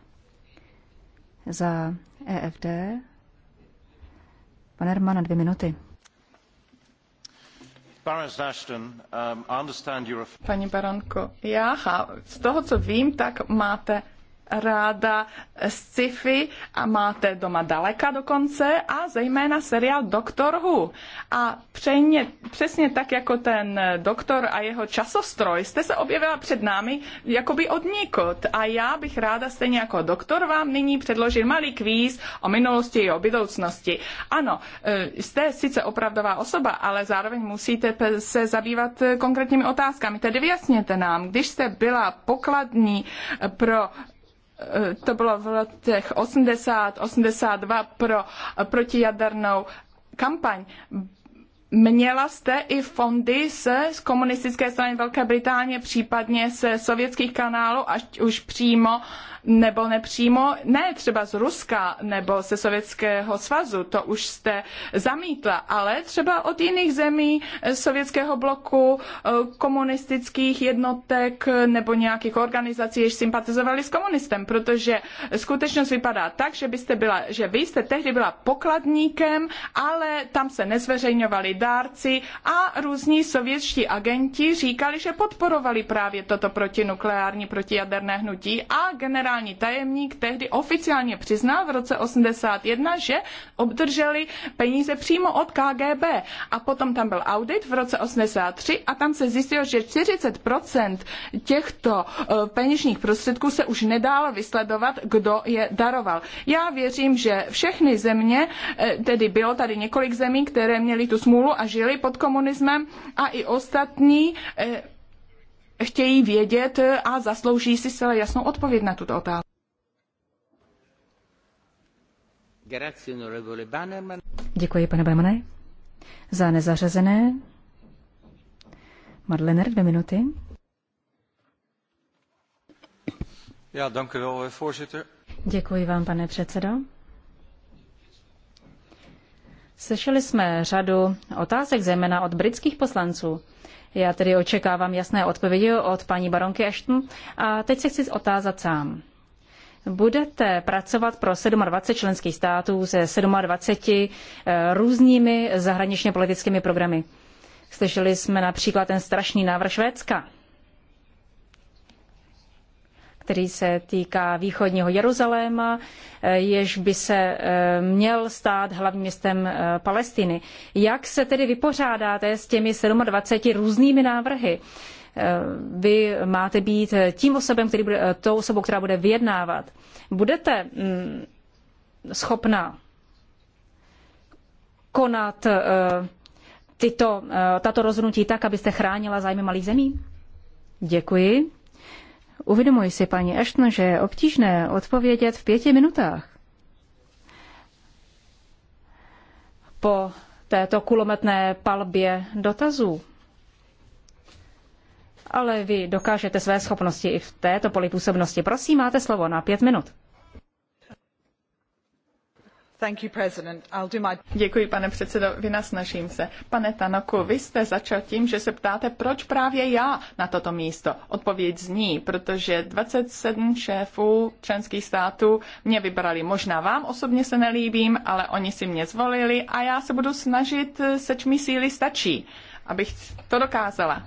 za EFD. Pane Hermana, dvě minuty. Um, paní baronko, já z toho, co vím, tak máte ráda sci-fi a máte doma daleka dokonce a zejména seriál Doktor Who. A přejmě, přesně tak jako ten doktor a jeho časostroj jste se objevila před námi jakoby od nikot. A já bych ráda stejně jako doktor vám nyní předložil malý kvíz o minulosti i o budoucnosti. Ano, e, jste sice opravdová osoba, ale zároveň musíte se zabývat e, konkrétními otázkami. Tedy vyjasněte nám, když jste byla pokladní e, pro to bylo v letech 80, 82 pro protijadernou kampaň Měla jste i fondy se, z komunistické strany Velké Británie, případně se sovětských kanálů, ať už přímo nebo nepřímo, ne třeba z Ruska nebo se Sovětského svazu, to už jste zamítla, ale třeba od jiných zemí eh, sovětského bloku, eh, komunistických jednotek nebo nějakých organizací, jež sympatizovali s komunistem, protože skutečnost vypadá tak, že byste byla, že vy jste tehdy byla pokladníkem, ale tam se nezveřejňovali dárci a různí sovětští agenti říkali, že podporovali právě toto protinukleární, protijaderné hnutí a generální tajemník tehdy oficiálně přiznal v roce 81, že obdrželi peníze přímo od KGB. A potom tam byl audit v roce 83 a tam se zjistilo, že 40% těchto eh, peněžních prostředků se už nedálo vysledovat, kdo je daroval. Já věřím, že všechny země, eh, tedy bylo tady několik zemí, které měly tu smůlu, a žili pod komunismem a i ostatní eh, chtějí vědět a zaslouží si celé jasnou odpověď na tuto otázku. Děkuji, pane Bemane. Za nezařazené Madlener, dvě minuty. Děkuji vám, pane předsedo. Slyšeli jsme řadu otázek, zejména od britských poslanců. Já tedy očekávám jasné odpovědi od paní baronky Ashton a teď se chci otázat sám. Budete pracovat pro 27 členských států se 27 eh, různými zahraničně politickými programy. Slyšeli jsme například ten strašný návrh Švédska který se týká východního Jeruzaléma, eh, jež by se eh, měl stát hlavním městem eh, Palestiny. Jak se tedy vypořádáte s těmi 27 různými návrhy? Vy máte být tím osobem, který bude, tou osobou, která bude vyjednávat. Budete mm, schopna konat tyto, tato rozhodnutí tak, abyste chránila zájmy malých zemí? Děkuji. Uvědomuji si, paní Ashton, že je obtížné odpovědět v pěti minutách. Po této kulometné palbě dotazů. Ale vy dokážete své schopnosti i v této polipůsobnosti. Prosím, máte slovo na pět minut. Děkuji, pane předsedající vynasnažím se. Pane tannocku vy jste začal tím, že se ptáte, proč právě já na toto místo. Odpověď zní, protože 27 šéfů členských států mě vybrali. Možná vám osobně se nelíbím, ale oni si mě zvolili a já se budu snažit, seč mi síly stačí, abych to dokázala.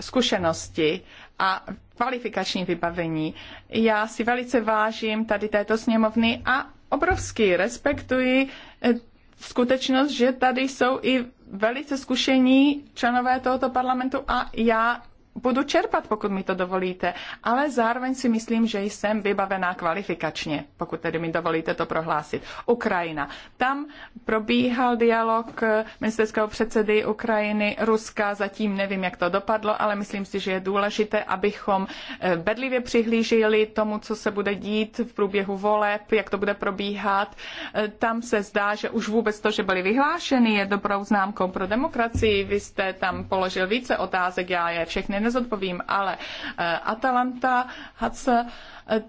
Zkušenosti a kvalifikační vybavení. Já si velice vážím tady této sněmovny a obrovský respektuji eh, skutečnost, že tady jsou i velice zkušení členové tohoto parlamentu a já budu čerpat, pokud mi to dovolíte, ale zároveň si myslím, že jsem vybavená kvalifikačně, pokud tedy mi dovolíte to prohlásit. Ukrajina. Tam probíhal dialog eh, ministerského předsedy Ukrajiny, Ruska, zatím nevím, jak to dopadlo, ale myslím si, že je důležité, abychom eh, bedlivě přihlíželi tomu, co se bude dít v průběhu voleb, jak to bude probíhat. Eh, tam se zdá, že už vůbec to, že byly vyhlášeny, je dobrou známkou pro demokracii. Vy jste tam položil více otázek, já je všechny nezodpovím, ale eh, Atalanta, HC, eh,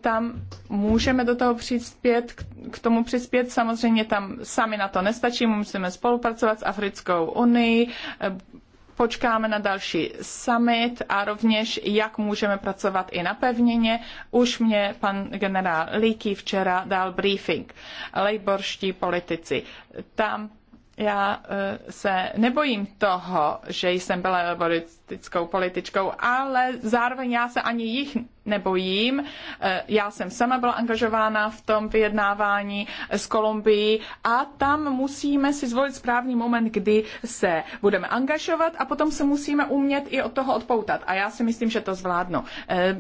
tam můžeme do toho přispět, k tomu přispět, samozřejmě tam sami na to nestačí, musíme spolupracovat s Africkou unii, eh, počkáme na další summit a rovněž, jak můžeme pracovat i na pevněně. Už mě pan generál Líký včera dal briefing. Lejborští politici. Tam já eh, se nebojím toho, že jsem byla laboristickou političkou, ale zároveň já se ani jich nebojím. Eh, já jsem sama byla angažována v tom vyjednávání s Kolumbií a tam musíme si zvolit správný moment, kdy se budeme angažovat a potom se musíme umět i od toho odpoutat. A já si myslím, že to zvládnu. Eh,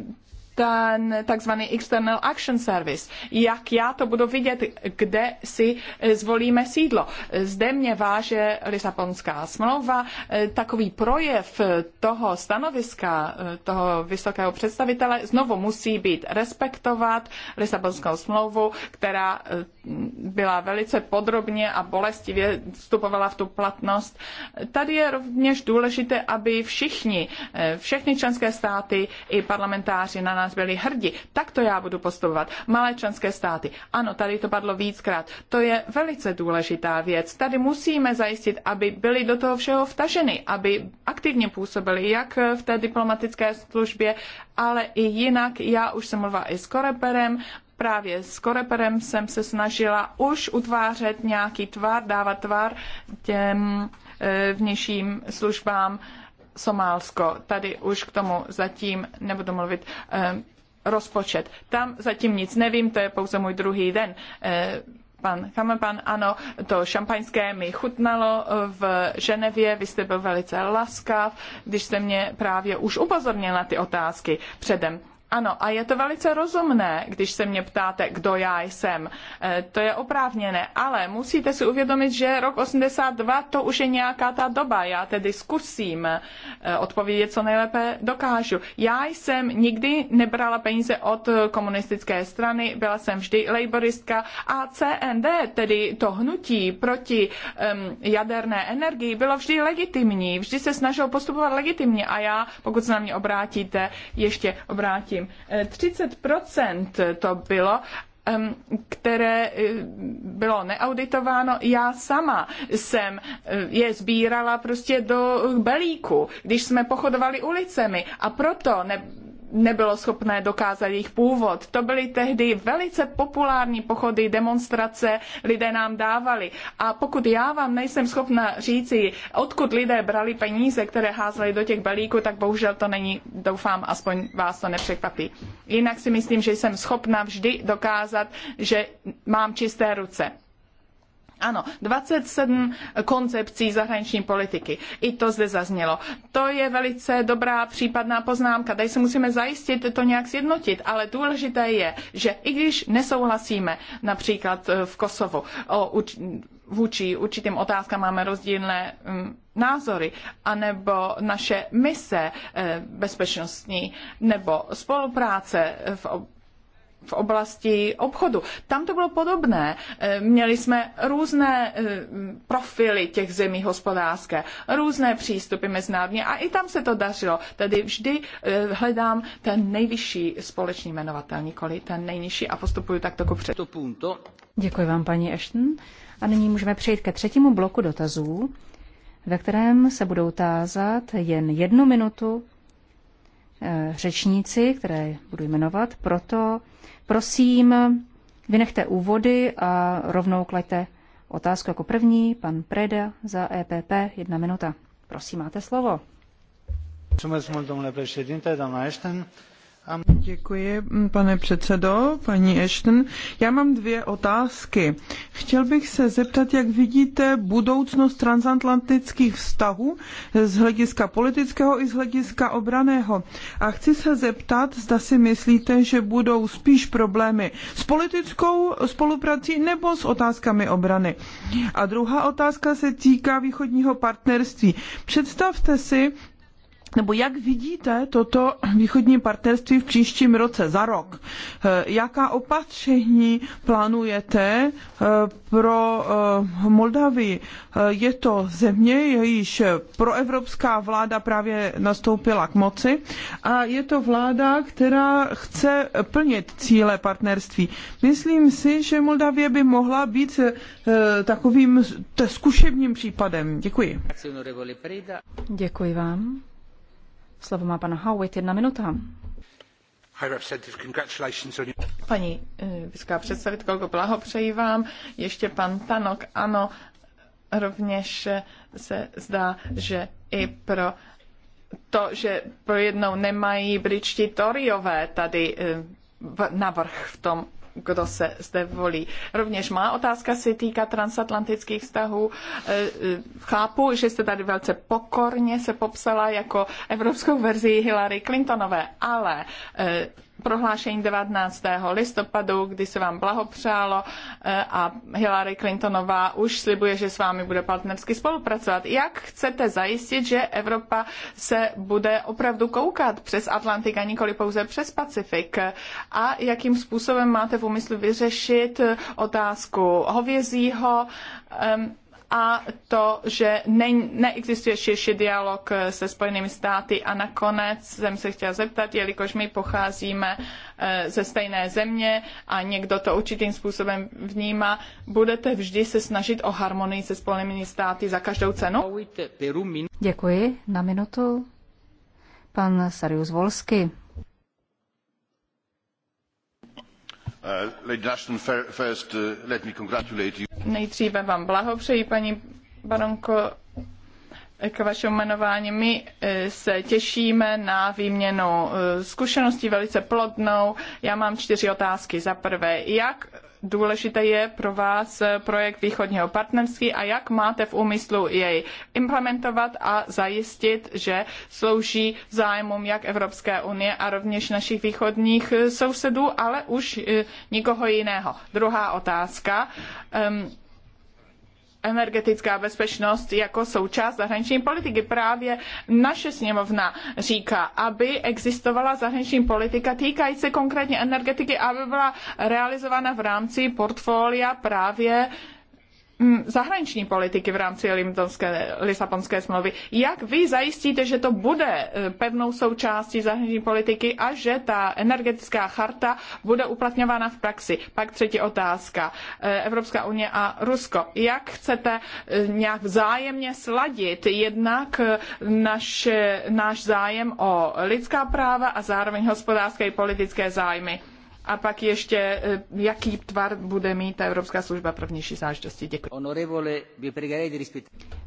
ten takzvaný External Action Service. Jak já to budu vidět, kde si eh, zvolíme sídlo. Zde mě váže Lisabonská smlouva. Eh, takový projev eh, toho stanoviska, toho vysokého představitele, znovu musí být respektovat Lisabonskou smlouvu, která byla velice podrobně a bolestivě vstupovala v tu platnost. Tady je rovněž důležité, aby všichni, všechny členské státy i parlamentáři na nás nás byli hrdi. Tak to já budu postupovat. Malé členské státy. Ano, tady to padlo víckrát. To je velice důležitá věc. Tady musíme zajistit, aby byli do toho všeho vtaženy, aby aktivně působili jak v té diplomatické službě, ale i jinak. Já už jsem mluvila i s Koreperem, právě s Koreperem jsem se snažila už utvářet nějaký tvar, dávat tvar těm eh, vnějším službám Somálsko, tady už k tomu zatím nebudu mluvit, eh, rozpočet. Tam zatím nic nevím, to je pouze můj druhý den. Eh, pan Kamepan, ano, to šampaňské mi chutnalo eh, v Ženevě, vy jste byl velice laskav, když jste mě právě už upozornil na ty otázky předem. Ano, a je to velice rozumné, když se mě ptáte, kdo já jsem. E, to je oprávněné, ale musíte si uvědomit, že rok 82 to už je nějaká ta doba. Já tedy zkusím e, odpovědět, co nejlépe dokážu. Já jsem nikdy nebrala peníze od komunistické strany, byla jsem vždy laboristka a CND, tedy to hnutí proti um, jaderné energii, bylo vždy legitimní. Vždy se snažilo postupovat legitimně a já, pokud se na mě obrátíte, ještě obrátím nevím, 30% eh, to bylo které eh, bylo neauditováno. Já sama jsem eh, je sbírala prostě do belíku, když jsme pochodovali ulicemi a proto ne, nebylo schopné dokázat jejich původ. To byly tehdy velice populární pochody, demonstrace, lidé nám dávali. A pokud já vám nejsem schopna říci, odkud lidé brali peníze, které házeli do těch balíků, tak bohužel to není, doufám, aspoň vás to nepřekvapí. Jinak si myslím, že jsem schopna vždy dokázat, že mám čisté ruce. Ano, 27 koncepcí zahraniční politiky. I to zde zaznělo. To je velice dobrá případná poznámka. Tady se musíme zajistit to nějak sjednotit, ale důležité je, že i když nesouhlasíme například eh, v Kosovu o, vůči určitým otázkám máme rozdílné hm, názory, anebo naše mise eh, bezpečnostní, nebo spolupráce v v oblasti obchodu. Tam to bylo podobné. Eh, měli jsme různé eh, profily těch zemí hospodářské, různé přístupy mezinárodně a i tam se to dařilo. Tedy vždy eh, hledám ten nejvyšší společný jmenovatel, nikoli ten nejnižší a postupuju takto kupředu. Děkuji vám, paní Ashton. A nyní můžeme přejít ke třetímu bloku dotazů, ve kterém se budou tázat jen jednu minutu Eh, řečníci, které budu jmenovat, proto prosím, vynechte úvody a rovnou klejte otázku jako první. Pan Preda za EPP, jedna minuta. Prosím, máte slovo. Ashton. Děkuji, pane předsedo, paní Ashton. Já mám dvě otázky. Chtěl bych se zeptat, jak vidíte budoucnost transatlantických vztahů z hlediska politického i z hlediska obraného. A chci se zeptat, zda si myslíte, že budou spíš problémy s politickou spoluprací nebo s otázkami obrany. A druhá otázka se týká východního partnerství. Představte si, nebo jak vidíte toto východní partnerství v příštím roce za rok? Eh, jaká opatření plánujete eh, pro eh, Moldavii? Je to země, jejíž proevropská vláda právě nastoupila k moci a je to vláda, která chce plnit cíle partnerství. Myslím si, že Moldavie by mohla být takovým zkušebním případem. Děkuji. Děkuji vám. Slovo má pan Howitt, jedna minuta. Paní eh, vysoká představitelko, blahopřeji vám. Ještě pan Tanok, ano, rovněž se zdá, že i pro to, že pro jednou nemají britští Toriové tady eh, navrch v tom kdo se zde volí. Rovněž má otázka se týká transatlantických vztahů. E, e, chápu, že jste tady velice pokorně se popsala jako evropskou verzi Hillary Clintonové, ale e, prohlášení 19. listopadu, kdy se vám blahopřálo eh, a Hillary Clintonová už slibuje, že s vámi bude partnersky spolupracovat. Jak chcete zajistit, že Evropa se bude opravdu koukat přes Atlantik a nikoli pouze přes Pacifik? A jakým způsobem máte v úmyslu vyřešit eh, otázku hovězího? a to, že ne, neexistuje širší dialog eh, se Spojenými státy. A nakonec jsem se chtěla zeptat, jelikož my pocházíme eh, ze stejné země a někdo to určitým způsobem vnímá, budete vždy se snažit o harmonii se Spojenými státy za každou cenu? Děkuji. Na minutu pan Sarius Volsky. Uh, uh, Nejdříve vám blahopřeji, paní baronko, k vašemu jmenování. My eh, se těšíme na výměnu eh, zkušeností velice plodnou. Já mám čtyři otázky. Za prvé, jak důležité je pro vás eh, projekt východního partnerství a jak máte v úmyslu jej implementovat a zajistit, že slouží zájmům jak Evropské unie a rovněž našich východních eh, sousedů, ale už eh, nikoho jiného. Druhá otázka. Um, energetická bezpečnost jako součást zahraniční politiky. Právě naše sněmovna říká, aby existovala zahraniční politika týkající se konkrétně energetiky, aby byla realizována v rámci portfolia právě Mm, zahraniční politiky v rámci Lisabonské smlouvy. Jak vy zajistíte, že to bude e, pevnou součástí zahraniční politiky a že ta energetická charta bude uplatňována v praxi? Pak třetí otázka. E, Evropská unie a Rusko. Jak chcete e, nějak vzájemně sladit jednak naš, náš zájem o lidská práva a zároveň hospodářské i politické zájmy? A pak ještě, eh, jaký tvar bude mít Evropská služba pro vnější záležitosti. Děkuji.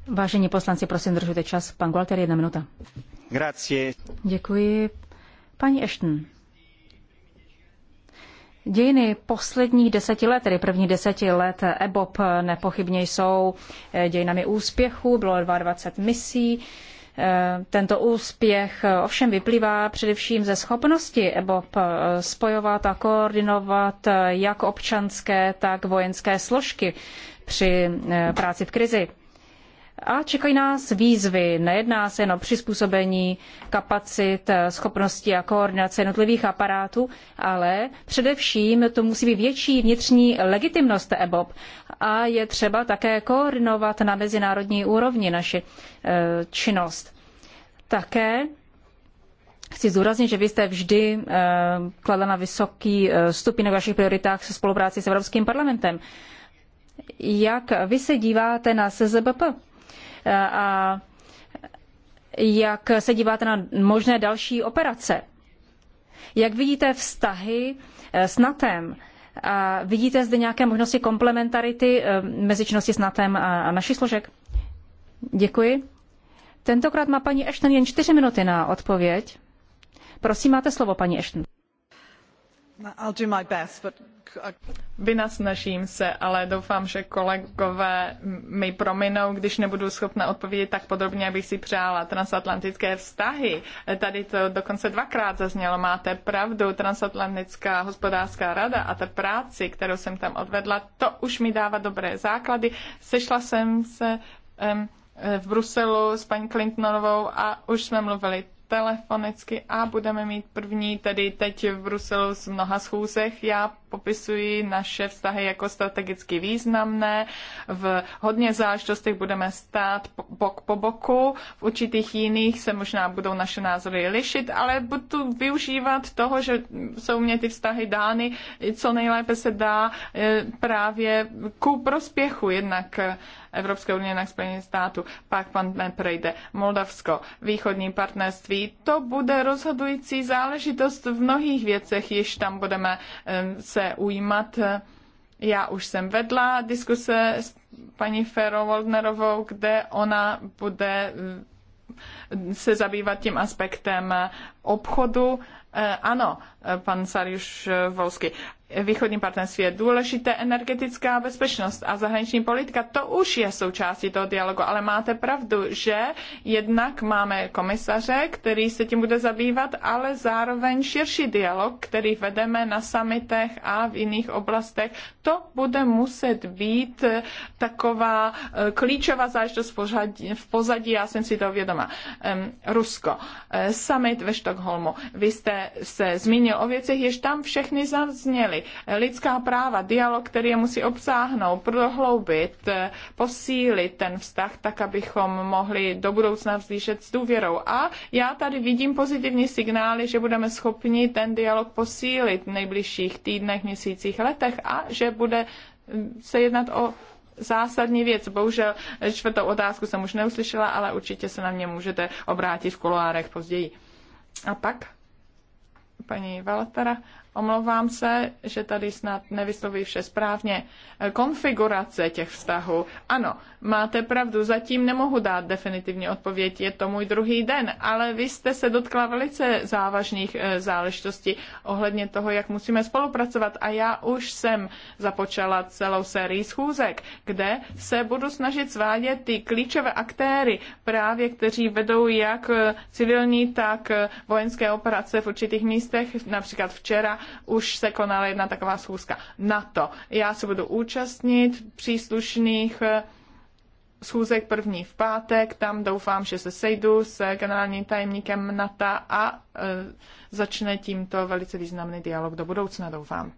Vážení poslanci, prosím, držujte čas. Pan Gualter, jedna minuta. Grazie. Děkuji. Paní Ashton, Dějiny posledních deseti let, tedy první deseti let EBOP, nepochybně jsou eh, dějinami úspěchu, bylo 22 misí Eh, tento úspěch eh, ovšem vyplývá především ze schopnosti EBOP eh, spojovat a koordinovat jak občanské, tak vojenské složky při práci v krizi. A čekají nás výzvy. Nejedná se jen o přizpůsobení kapacit, eh, schopností a koordinace jednotlivých aparátů, ale především to musí být větší vnitřní legitimnost EBOB. A je třeba také koordinovat na mezinárodní úrovni naši eh, činnost. Také chci zdůraznit, že vy jste vždy eh, kladla na vysoký stupeň v vašich prioritách se spolupráci s Evropským parlamentem. Jak vy se díváte na SZBP? Eh, a jak se díváte na možné další operace. Jak vidíte vztahy eh, s NATEM? A vidíte zde nějaké možnosti komplementarity eh, mezi činnosti s NATEM a našich složek? Děkuji. Tentokrát má paní Ashton jen čtyři minuty na odpověď. Prosím, máte slovo, paní Ashton. I'll do my best, but vynasnažím se, ale doufám, že kolegové mi prominou, když nebudu schopna odpovědět tak podrobně, abych si přála. Transatlantické vztahy, tady to dokonce dvakrát zaznělo, máte pravdu, Transatlantická hospodářská rada a ta práci, kterou jsem tam odvedla, to už mi dává dobré základy. Sešla jsem se um, v Bruselu s paní Clintonovou a už jsme mluvili telefonicky a budeme mít první tedy teď v Bruselu z mnoha schůzech. Já popisuji naše vztahy jako strategicky významné. V hodně záležitostech budeme stát bok po boku, v určitých jiných se možná budou naše názory lišit, ale budu využívat toho, že jsou mě ty vztahy dány, co nejlépe se dá e, právě ku prospěchu jednak Evropské unie na Spojených státu, pak pan Prejde, Moldavsko, východní partnerství, to bude rozhodující záležitost v mnohých věcech, již tam budeme se ujímat. Já už jsem vedla diskuse s paní Fero Waldnerovou, kde ona bude se zabývat tím aspektem obchodu. E, ano, pan Sariusz Volsky východní partnerství je důležité, energetická bezpečnost a zahraniční politika, to už je součástí toho dialogu, ale máte pravdu, že jednak máme komisaře, který se tím bude zabývat, ale zároveň širší dialog, který vedeme na samitech a v jiných oblastech, to bude muset být taková eh, klíčová záležitost v pozadí, já jsem si to vědoma. Rusko, eh, summit ve Štokholmu, vy jste se zmínil o věcech, jež tam všechny zazněly lidská práva, dialog, který je musí obsáhnout, prohloubit, eh, posílit ten vztah tak, abychom mohli do budoucna vzlíšet s důvěrou. A já tady vidím pozitivní signály, že budeme schopni ten dialog posílit v nejbližších týdnech, měsících, letech a že bude mm, se jednat o zásadní věc. Bohužel eh, čtvrtou otázku jsem už neuslyšela, ale určitě se na mě můžete obrátit v koloárech později. A pak paní Valtara. Omlouvám se, že tady snad nevysloví vše správně. Eh, konfigurace těch vztahů. Ano, máte pravdu, zatím nemohu dát definitivní odpověď, je to můj druhý den, ale vy jste se dotkla velice závažných eh, záležitostí ohledně toho, jak musíme spolupracovat a já už jsem započala celou sérii schůzek, kde se budu snažit svádět ty klíčové aktéry, právě kteří vedou jak eh, civilní, tak vojenské operace v určitých místech, například včera už se konala jedna taková schůzka to. Já se budu účastnit příslušných eh, schůzek první v pátek, tam doufám, že se sejdu s generálním tajemníkem NATO a e, začne tímto velice významný dialog do budoucna, doufám.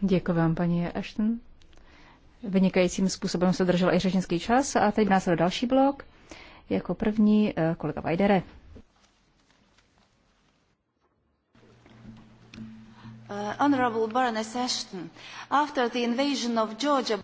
Děkuji vám, paní Ashton. Vynikajícím způsobem se držel i řečnický čas a teď nás do další blok. Jako první eh, kolega Vajdere. Uh,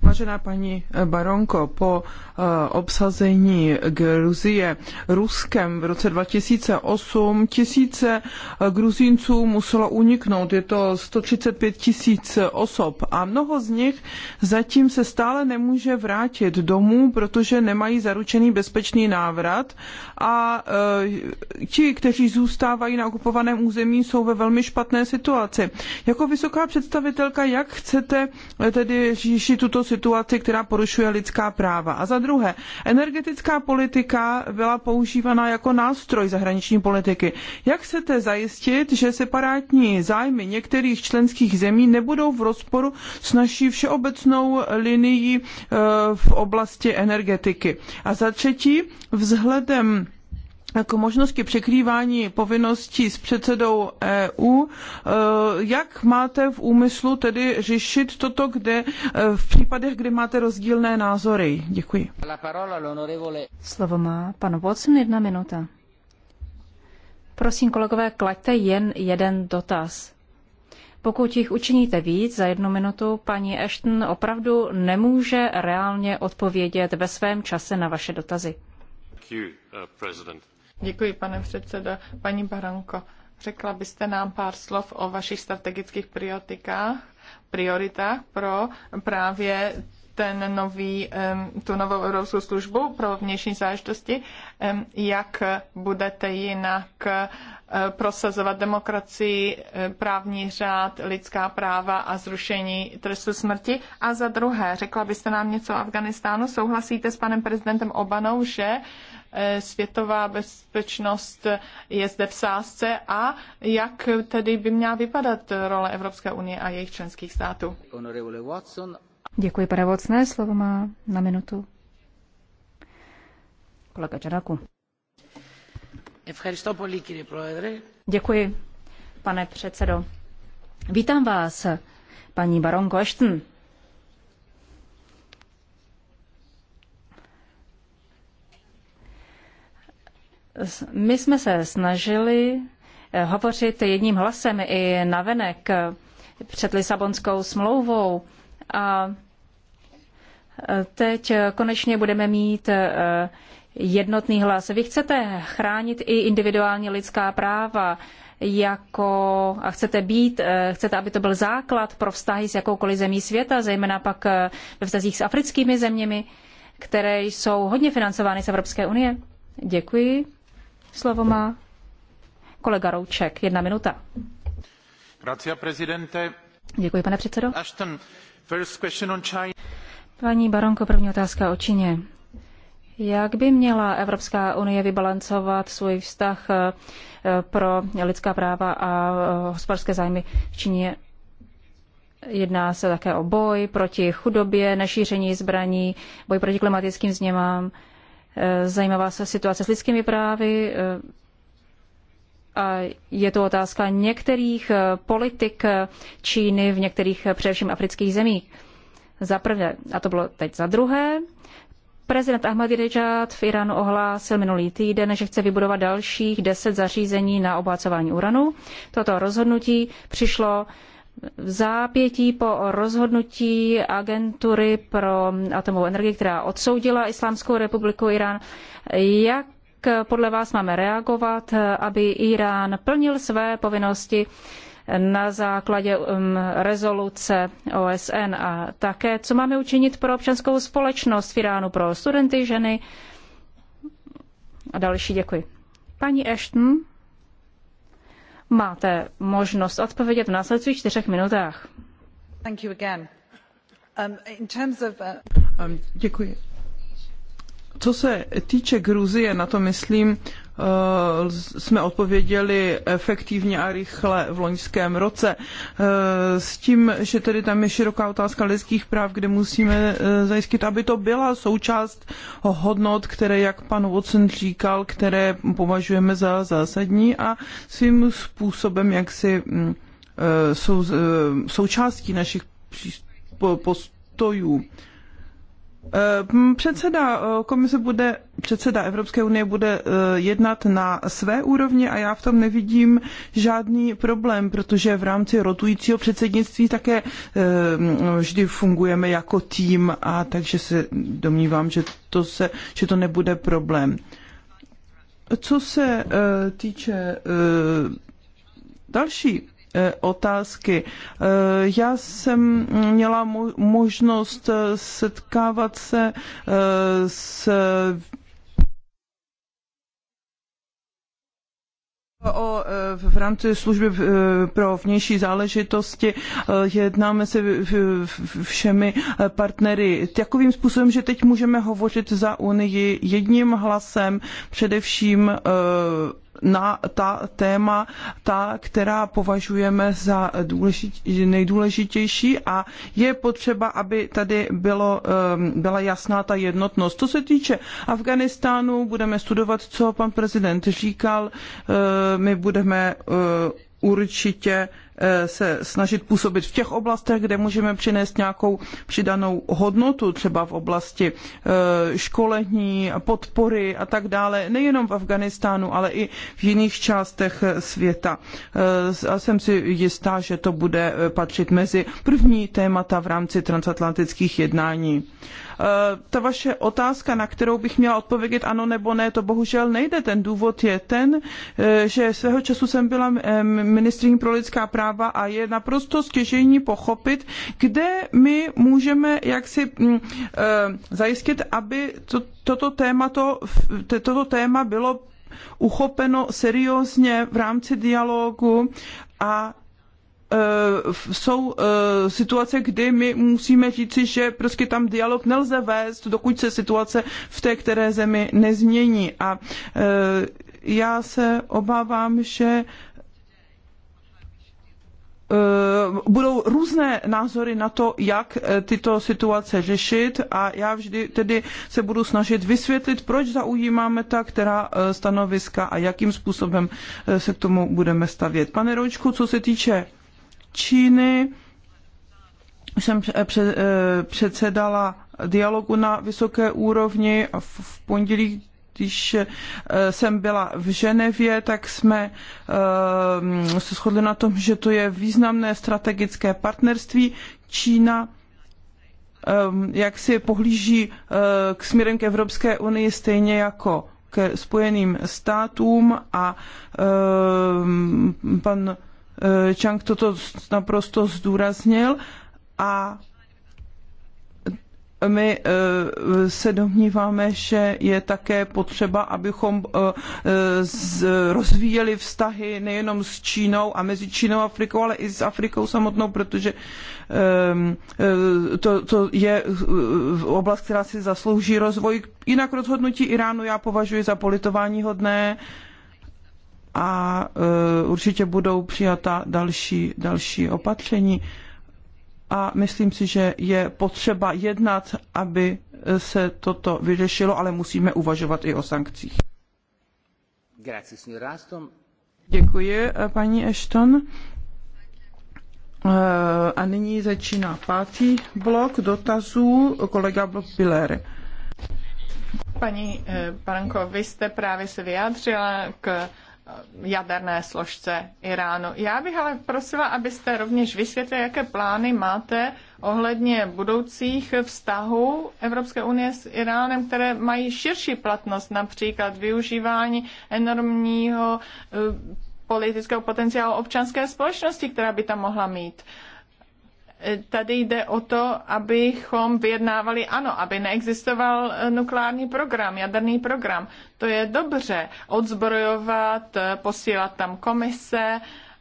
Vážená paní eh, Baronko, po eh, obsazení Gruzie Ruskem v roce 2008 tisíce eh, Gruzínců muselo uniknout. Je to 135 tisíc osob a mnoho z nich zatím se stále nemůže vrátit domů, protože nemají zaručený bezpečný návrat a ti, kteří zůstávají na okupovaném území, jsou ve velmi špatné situaci. Jako vysoká představitelka, jak chcete eh, tedy řešit tuto situaci, která porušuje lidská práva? A za druhé, energetická politika byla používána jako nástroj zahraniční politiky. Jak chcete zajistit, že separátní zájmy některých členských zemí nebudou v rozporu s naší všeobecnou linií eh, v oblasti energetiky? A za třetí, vzhledem k možnosti překrývání povinností s předsedou EU. E, jak máte v úmyslu tedy řešit toto, kde e, v případech, kdy máte rozdílné názory? Děkuji. Slovo má pan Watson, jedna minuta. Prosím, kolegové, klaďte jen jeden dotaz. Pokud jich učiníte víc za jednu minutu, paní Ashton opravdu nemůže reálně odpovědět ve svém čase na vaše dotazy. Thank uh, Děkuji, pane předsedo. Paní Baranko, řekla byste nám pár slov o vašich strategických prioritách, prioritách pro právě ten nový, tu novou evropskou službu pro vnější záležitosti, jak budete jinak eh, prosazovat demokracii, eh, právní řád, lidská práva a zrušení trestu smrti. A za druhé, řekla byste nám něco o Afganistánu, souhlasíte s panem prezidentem Obanou, že Eh, světová bezpečnost je zde v sázce a jak tedy by měla vypadat role Evropské unie a jejich členských států. Děkuji, pane Vocné. Slovo má na minutu kolega Čaraku. Děkuji, pane předsedo. Vítám vás, paní baronko Ashton. My jsme se snažili eh, hovořit jedním hlasem i navenek eh, před Lisabonskou smlouvou a eh, teď konečně budeme mít jednotný hlas. Vy chcete chránit i individuální lidská práva jako, a chcete být, chcete, aby to byl základ pro vztahy s jakoukoliv zemí světa, zejména pak ve vztazích s africkými zeměmi, které jsou hodně financovány z Evropské unie. Děkuji. Slovo má kolega Rouček. Jedna minuta. Grazie, Děkuji, pane předsedo. Ashton, first question on China. Paní Baronko, první otázka o Číně. Jak by měla Evropská unie vybalancovat svůj vztah eh, pro lidská práva a eh, hospodářské zájmy v Číně? Jedná se také o boj proti chudobě, nešíření zbraní, boj proti klimatickým změnám, Eh, zajímavá se situace s lidskými právy eh, a je to otázka některých eh, politik Číny v některých především afrických zemích. Za prvé, a to bylo teď za druhé, prezident Ahmadinejad v Iránu ohlásil minulý týden, že chce vybudovat dalších deset zařízení na obácování uranu. Toto rozhodnutí přišlo v zápětí po rozhodnutí agentury pro atomovou energii, která odsoudila Islámskou republiku Irán, jak podle vás máme reagovat, aby Irán plnil své povinnosti na základě um, rezoluce OSN a také, co máme učinit pro občanskou společnost v Iránu, pro studenty, ženy a další. Děkuji. Paní Ashton, Máte možnost odpovědět v následujících čtyřech minutách. Thank you again. Um, in terms of, uh... um, děkuji. Co se týče Gruzie, na to myslím Eh, jsme odpověděli efektivně a rychle v loňském roce. Eh, s tím, že tedy tam je široká otázka lidských práv, kde musíme eh, zajistit, aby to byla součást hodnot, které, jak pan Watson říkal, které považujeme za zásadní a svým způsobem, jak si mm, jsou součástí našich postojů. Eh, předseda eh, komise bude, předseda Evropské unie bude eh, jednat na své úrovni a já v tom nevidím žádný problém, protože v rámci rotujícího předsednictví také vždy fungujeme jako tým a takže se domnívám, že to, se, že to nebude problém. Co se týče další Eh, otázky. Eh, já jsem měla možnost eh, setkávat se s O, v rámci služby pro vnější záležitosti jednáme se všemi partnery takovým způsobem, že teď můžeme hovořit za Unii jedním hlasem, především na ta téma, ta, která považujeme za důležitě, nejdůležitější a je potřeba, aby tady bylo, ehm, byla jasná ta jednotnost. Co se týče Afganistánu, budeme studovat, co pan prezident říkal, ehm, my budeme ehm, určitě Eh, se snažit působit v těch oblastech, kde můžeme přinést nějakou přidanou hodnotu, třeba v oblasti eh, školení, podpory a tak dále, nejenom v Afghánistánu, ale i v jiných částech světa. Eh, a jsem si jistá, že to bude patřit mezi první témata v rámci transatlantických jednání. Eh, ta vaše otázka, na kterou bych měla odpovědět ano nebo ne, to bohužel nejde. Ten důvod je ten, eh, že svého času jsem byla eh, ministriní pro lidská práva a je naprosto stěžejní pochopit, kde my můžeme jaksi mm, zajistit, aby to, toto, téma to, toto téma bylo uchopeno seriózně v rámci dialogu a Eh, jsou eh, situace, kdy my musíme říci, že prostě tam dialog nelze vést, dokud se situace v té které zemi nezmění. A eh, já se obávám, že budou různé názory na to, jak tyto situace řešit a já vždy tedy se budu snažit vysvětlit, proč zaujímáme ta, která stanoviska a jakým způsobem se k tomu budeme stavět. Pane Ročku, co se týče Číny jsem eh, eh, předsedala dialogu na vysoké úrovni a v pondělí když eh, jsem byla v Ženevě, tak jsme se shodli na tom, že to je významné strategické partnerství. Čína jak si pohlíží k směrem k Evropské unii stejně jako ke Spojeným státům a pan Čang eh, toto naprosto zdůraznil a my eh, se domníváme, že je také potřeba, abychom eh, rozvíjeli vztahy nejenom s Čínou a mezi Čínou a Afrikou, ale i s Afrikou samotnou, protože ehm, to, to je oblast, která si zaslouží rozvoj. Jinak rozhodnutí Iránu já považuji za politování hodné a e, určitě budou přijata další, další opatření. A myslím si, že je potřeba jednat, aby se toto vyřešilo, ale musíme uvažovat i o sankcích. Děkuji, e, paní Ashton. E, a nyní začíná pátý blok dotazů kolega Blok-Piller. Paní Paranko, vy jste právě se vyjádřila k jaderné složce Iránu. Já bych ale prosila, abyste rovněž vysvětlili, jaké plány máte ohledně budoucích vztahů Evropské unie s Iránem, které mají širší platnost, například využívání enormního eh, politického potenciálu občanské společnosti, která by tam mohla mít. Uh, tady jde o to, abychom vyjednávali, ano, aby neexistoval nukleární program, jaderný program. To je dobře, odzbrojovat, posílat tam komise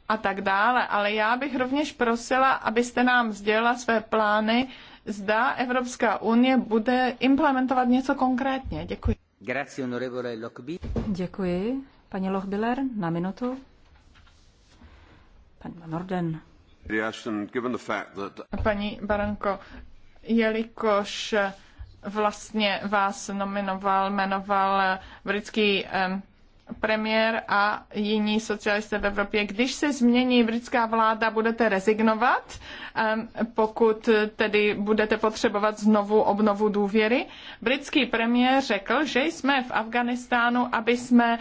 a tak dále, ale já bych rovněž prosila, abyste nám sdělila své plány, zda Evropská unie bude implementovat něco konkrétně. Děkuji. Děkuji. Paní Lochbiller, na minutu. Pan Norden. Paní Baranko, jelikož vlastně vás nominoval, jmenoval britský um, premiér a jiní socialisté v Evropě. Když se změní britská vláda, budete rezignovat, pokud tedy budete potřebovat znovu obnovu důvěry. Britský premiér řekl, že jsme v Afganistánu, aby jsme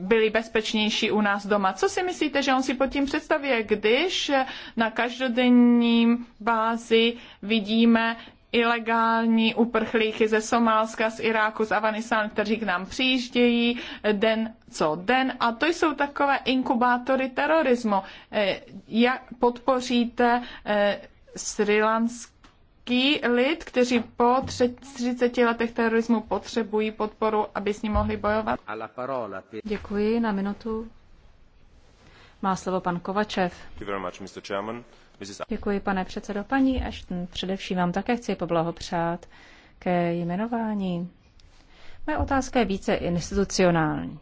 byli bezpečnější u nás doma. Co si myslíte, že on si pod tím představuje, když na každodenním bázi vidíme, ilegální uprchlíky ze Somálska, z Iráku, z Afganistánu, kteří k nám přijíždějí den co den. A to jsou takové inkubátory terorismu. Eh, jak podpoříte eh, srilanský lid, kteří po 30 letech terorismu potřebují podporu, aby s ním mohli bojovat? Děkuji na minutu má slovo pan Kovačev. Děkuji, pane předsedo. Paní Ashton, především vám také chci poblahopřát ke jmenování. Moje otázka je více institucionální.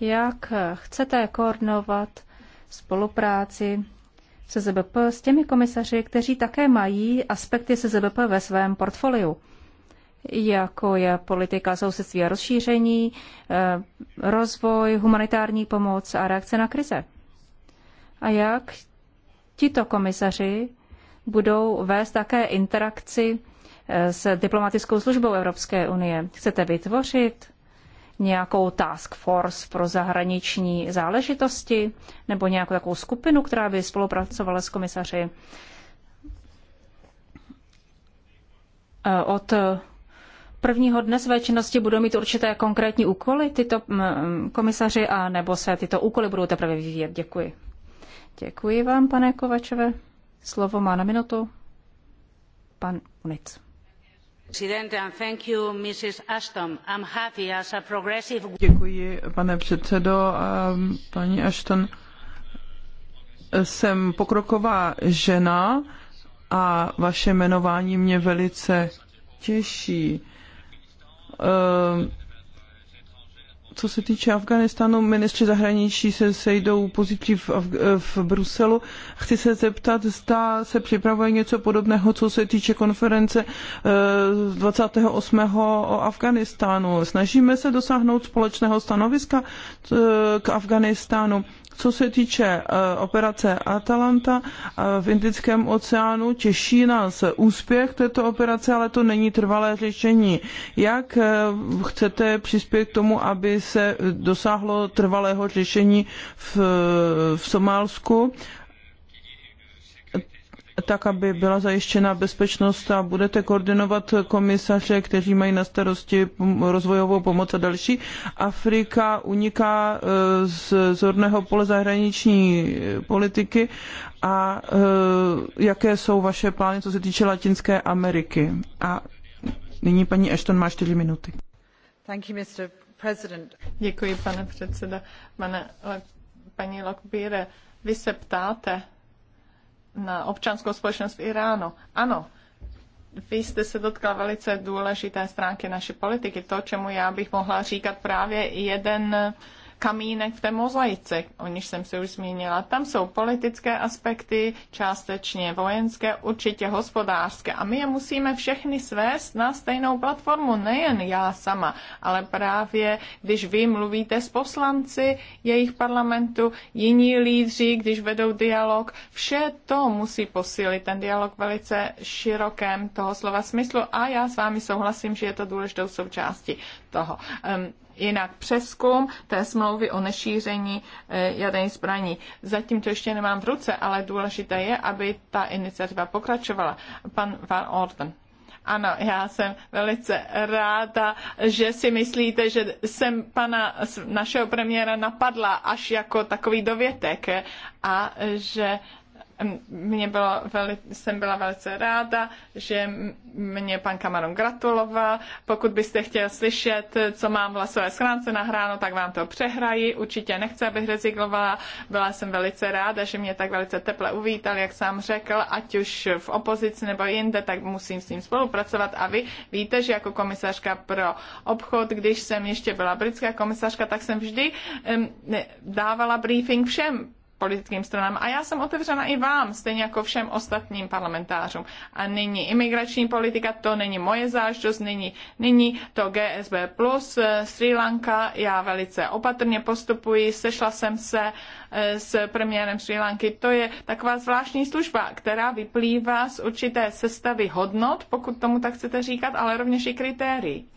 Jak chcete koordinovat spolupráci SZBP s těmi komisaři, kteří také mají aspekty SZBP ve svém portfoliu, jako je politika sousedství a rozšíření, eh, rozvoj, humanitární pomoc a reakce na krize? a jak tito komisaři budou vést také interakci eh, s diplomatickou službou Evropské unie. Chcete vytvořit nějakou task force pro zahraniční záležitosti nebo nějakou takovou skupinu, která by spolupracovala s komisaři eh, od prvního dne své činnosti budou mít určité konkrétní úkoly tyto mm, mm, komisaři a nebo se tyto úkoly budou teprve vyvíjet. Děkuji. Děkuji vám, pane Kovačeve. Slovo má na minutu pan Unic. Děkuji, pane předsedo. Paní Ashton, jsem pokroková žena a vaše jmenování mě velice těší. Ehm, co se týče Afganistánu, ministři zahraničí se sejdou pozítří v, v Bruselu. Chci se zeptat, zda se připravuje něco podobného, co se týče konference 28. Eh, o Afganistánu. Snažíme se dosáhnout společného stanoviska eh, k Afganistánu. Co se týče eh, operace Atalanta eh, v Indickém oceánu, těší nás úspěch této operace, ale to není trvalé řešení. Jak eh, chcete přispět k tomu, aby se dosáhlo trvalého řešení v, v Somálsku? tak, aby byla zajištěna bezpečnost a budete koordinovat komisaře, kteří mají na starosti rozvojovou pomoc a další. Afrika uniká e, z zorného pole zahraniční e, politiky a e, jaké jsou vaše plány, co se týče Latinské Ameriky. A nyní paní Ashton má čtyři minuty. Thank you, Mr. President. Děkuji, pane předseda. Pane, paní Lokbíre, vy se ptáte, na občanskou společnost v Iránu. Ano, vy jste se dotkla velice důležité stránky naší politiky. To, čemu já bych mohla říkat právě jeden kamínek v té mozaice, o níž jsem se už zmínila. Tam jsou politické aspekty, částečně vojenské, určitě hospodářské. A my je musíme všechny svést na stejnou platformu, nejen já sama, ale právě když vy mluvíte s poslanci jejich parlamentu, jiní lídři, když vedou dialog, vše to musí posílit ten dialog velice širokém toho slova smyslu. A já s vámi souhlasím, že je to důležitou součástí toho. Um, jinak přeskum té smlouvy o nešíření eh, jaderných zbraní. Zatím to ještě nemám v ruce, ale důležité je, aby ta iniciativa pokračovala. Pan Van Orden. Ano, já jsem velice ráda, že si myslíte, že jsem pana našeho premiéra napadla až jako takový dovětek a že mě bylo veli, jsem byla velice ráda, že mě pan Kamaron gratuloval. Pokud byste chtěl slyšet, co mám v hlasové schránce nahráno, tak vám to přehraji. Určitě nechce abych rezignovala. Byla jsem velice ráda, že mě tak velice teple uvítal, jak sám řekl, ať už v opozici nebo jinde, tak musím s ním spolupracovat. A vy víte, že jako komisařka pro obchod, když jsem ještě byla britská komisařka, tak jsem vždy um, dávala briefing všem politickým stranám. A já jsem otevřena i vám, stejně jako všem ostatním parlamentářům. A nyní imigrační politika, to není moje záležitost, není, není to GSB+, plus eh, Sri Lanka, já velice opatrně postupuji, sešla jsem se eh, s premiérem Sri Lanky, to je taková zvláštní služba, která vyplývá z určité sestavy hodnot, pokud tomu tak chcete říkat, ale rovněž i kritérií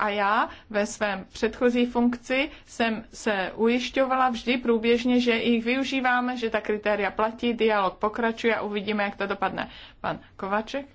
a já ve svém předchozí funkci jsem se ujišťovala vždy průběžně, že jich využíváme, že ta kritéria platí, dialog pokračuje a uvidíme, jak to dopadne. Pan Kovaček?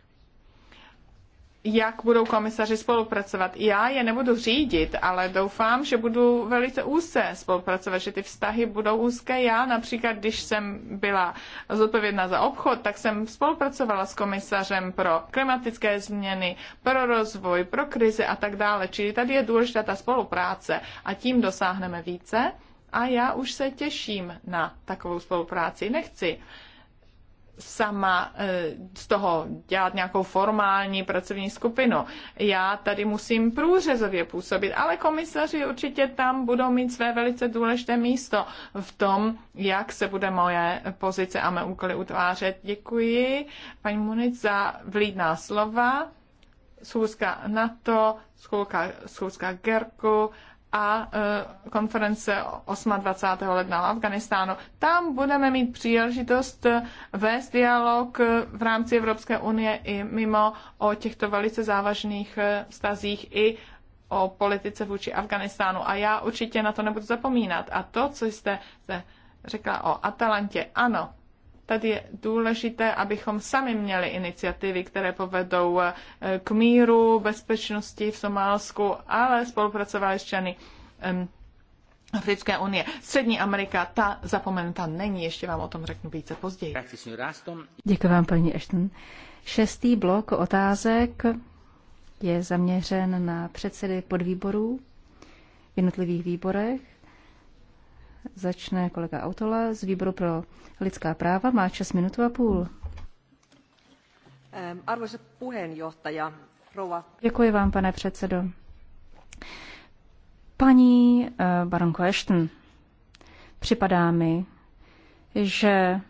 jak budou komisaři spolupracovat. Já je nebudu řídit, ale doufám, že budu velice úzce spolupracovat, že ty vztahy budou úzké. Já například, když jsem byla zodpovědná za obchod, tak jsem spolupracovala s komisařem pro klimatické změny, pro rozvoj, pro krizi a tak dále. Čili tady je důležitá ta spolupráce a tím dosáhneme více. A já už se těším na takovou spolupráci. Nechci sama eh, z toho dělat nějakou formální pracovní skupinu. Já tady musím průřezově působit, ale komisaři určitě tam budou mít své velice důležité místo v tom, jak se bude moje pozice a mé úkoly utvářet. Děkuji paní Munic za vlídná slova. Schůzka NATO, schůzka, schůzka GERKu, a e, konference 28. ledna v Afganistánu. Tam budeme mít příležitost e, vést dialog e, v rámci Evropské unie i mimo o těchto velice závažných stazích i o politice vůči Afganistánu. A já určitě na to nebudu zapomínat. A to, co jste, jste řekla o Atalantě, ano, Tady je důležité, abychom sami měli iniciativy, které povedou eh, k míru, bezpečnosti v Somálsku, ale spolupracovali s členy um, Africké unie. Střední Amerika, ta zapomenuta není, ještě vám o tom řeknu více později. Děkuji vám, paní Ashton. Šestý blok otázek je zaměřen na předsedy podvýborů v jednotlivých výborech. Začne kolega Autola z výboru pro lidská práva. Má čas minutu a půl. Arvoisa puheenjohtaja, rouva. Děkuji vám, pane předsedo. Paní eh, baronko Ashton, připadá mi, že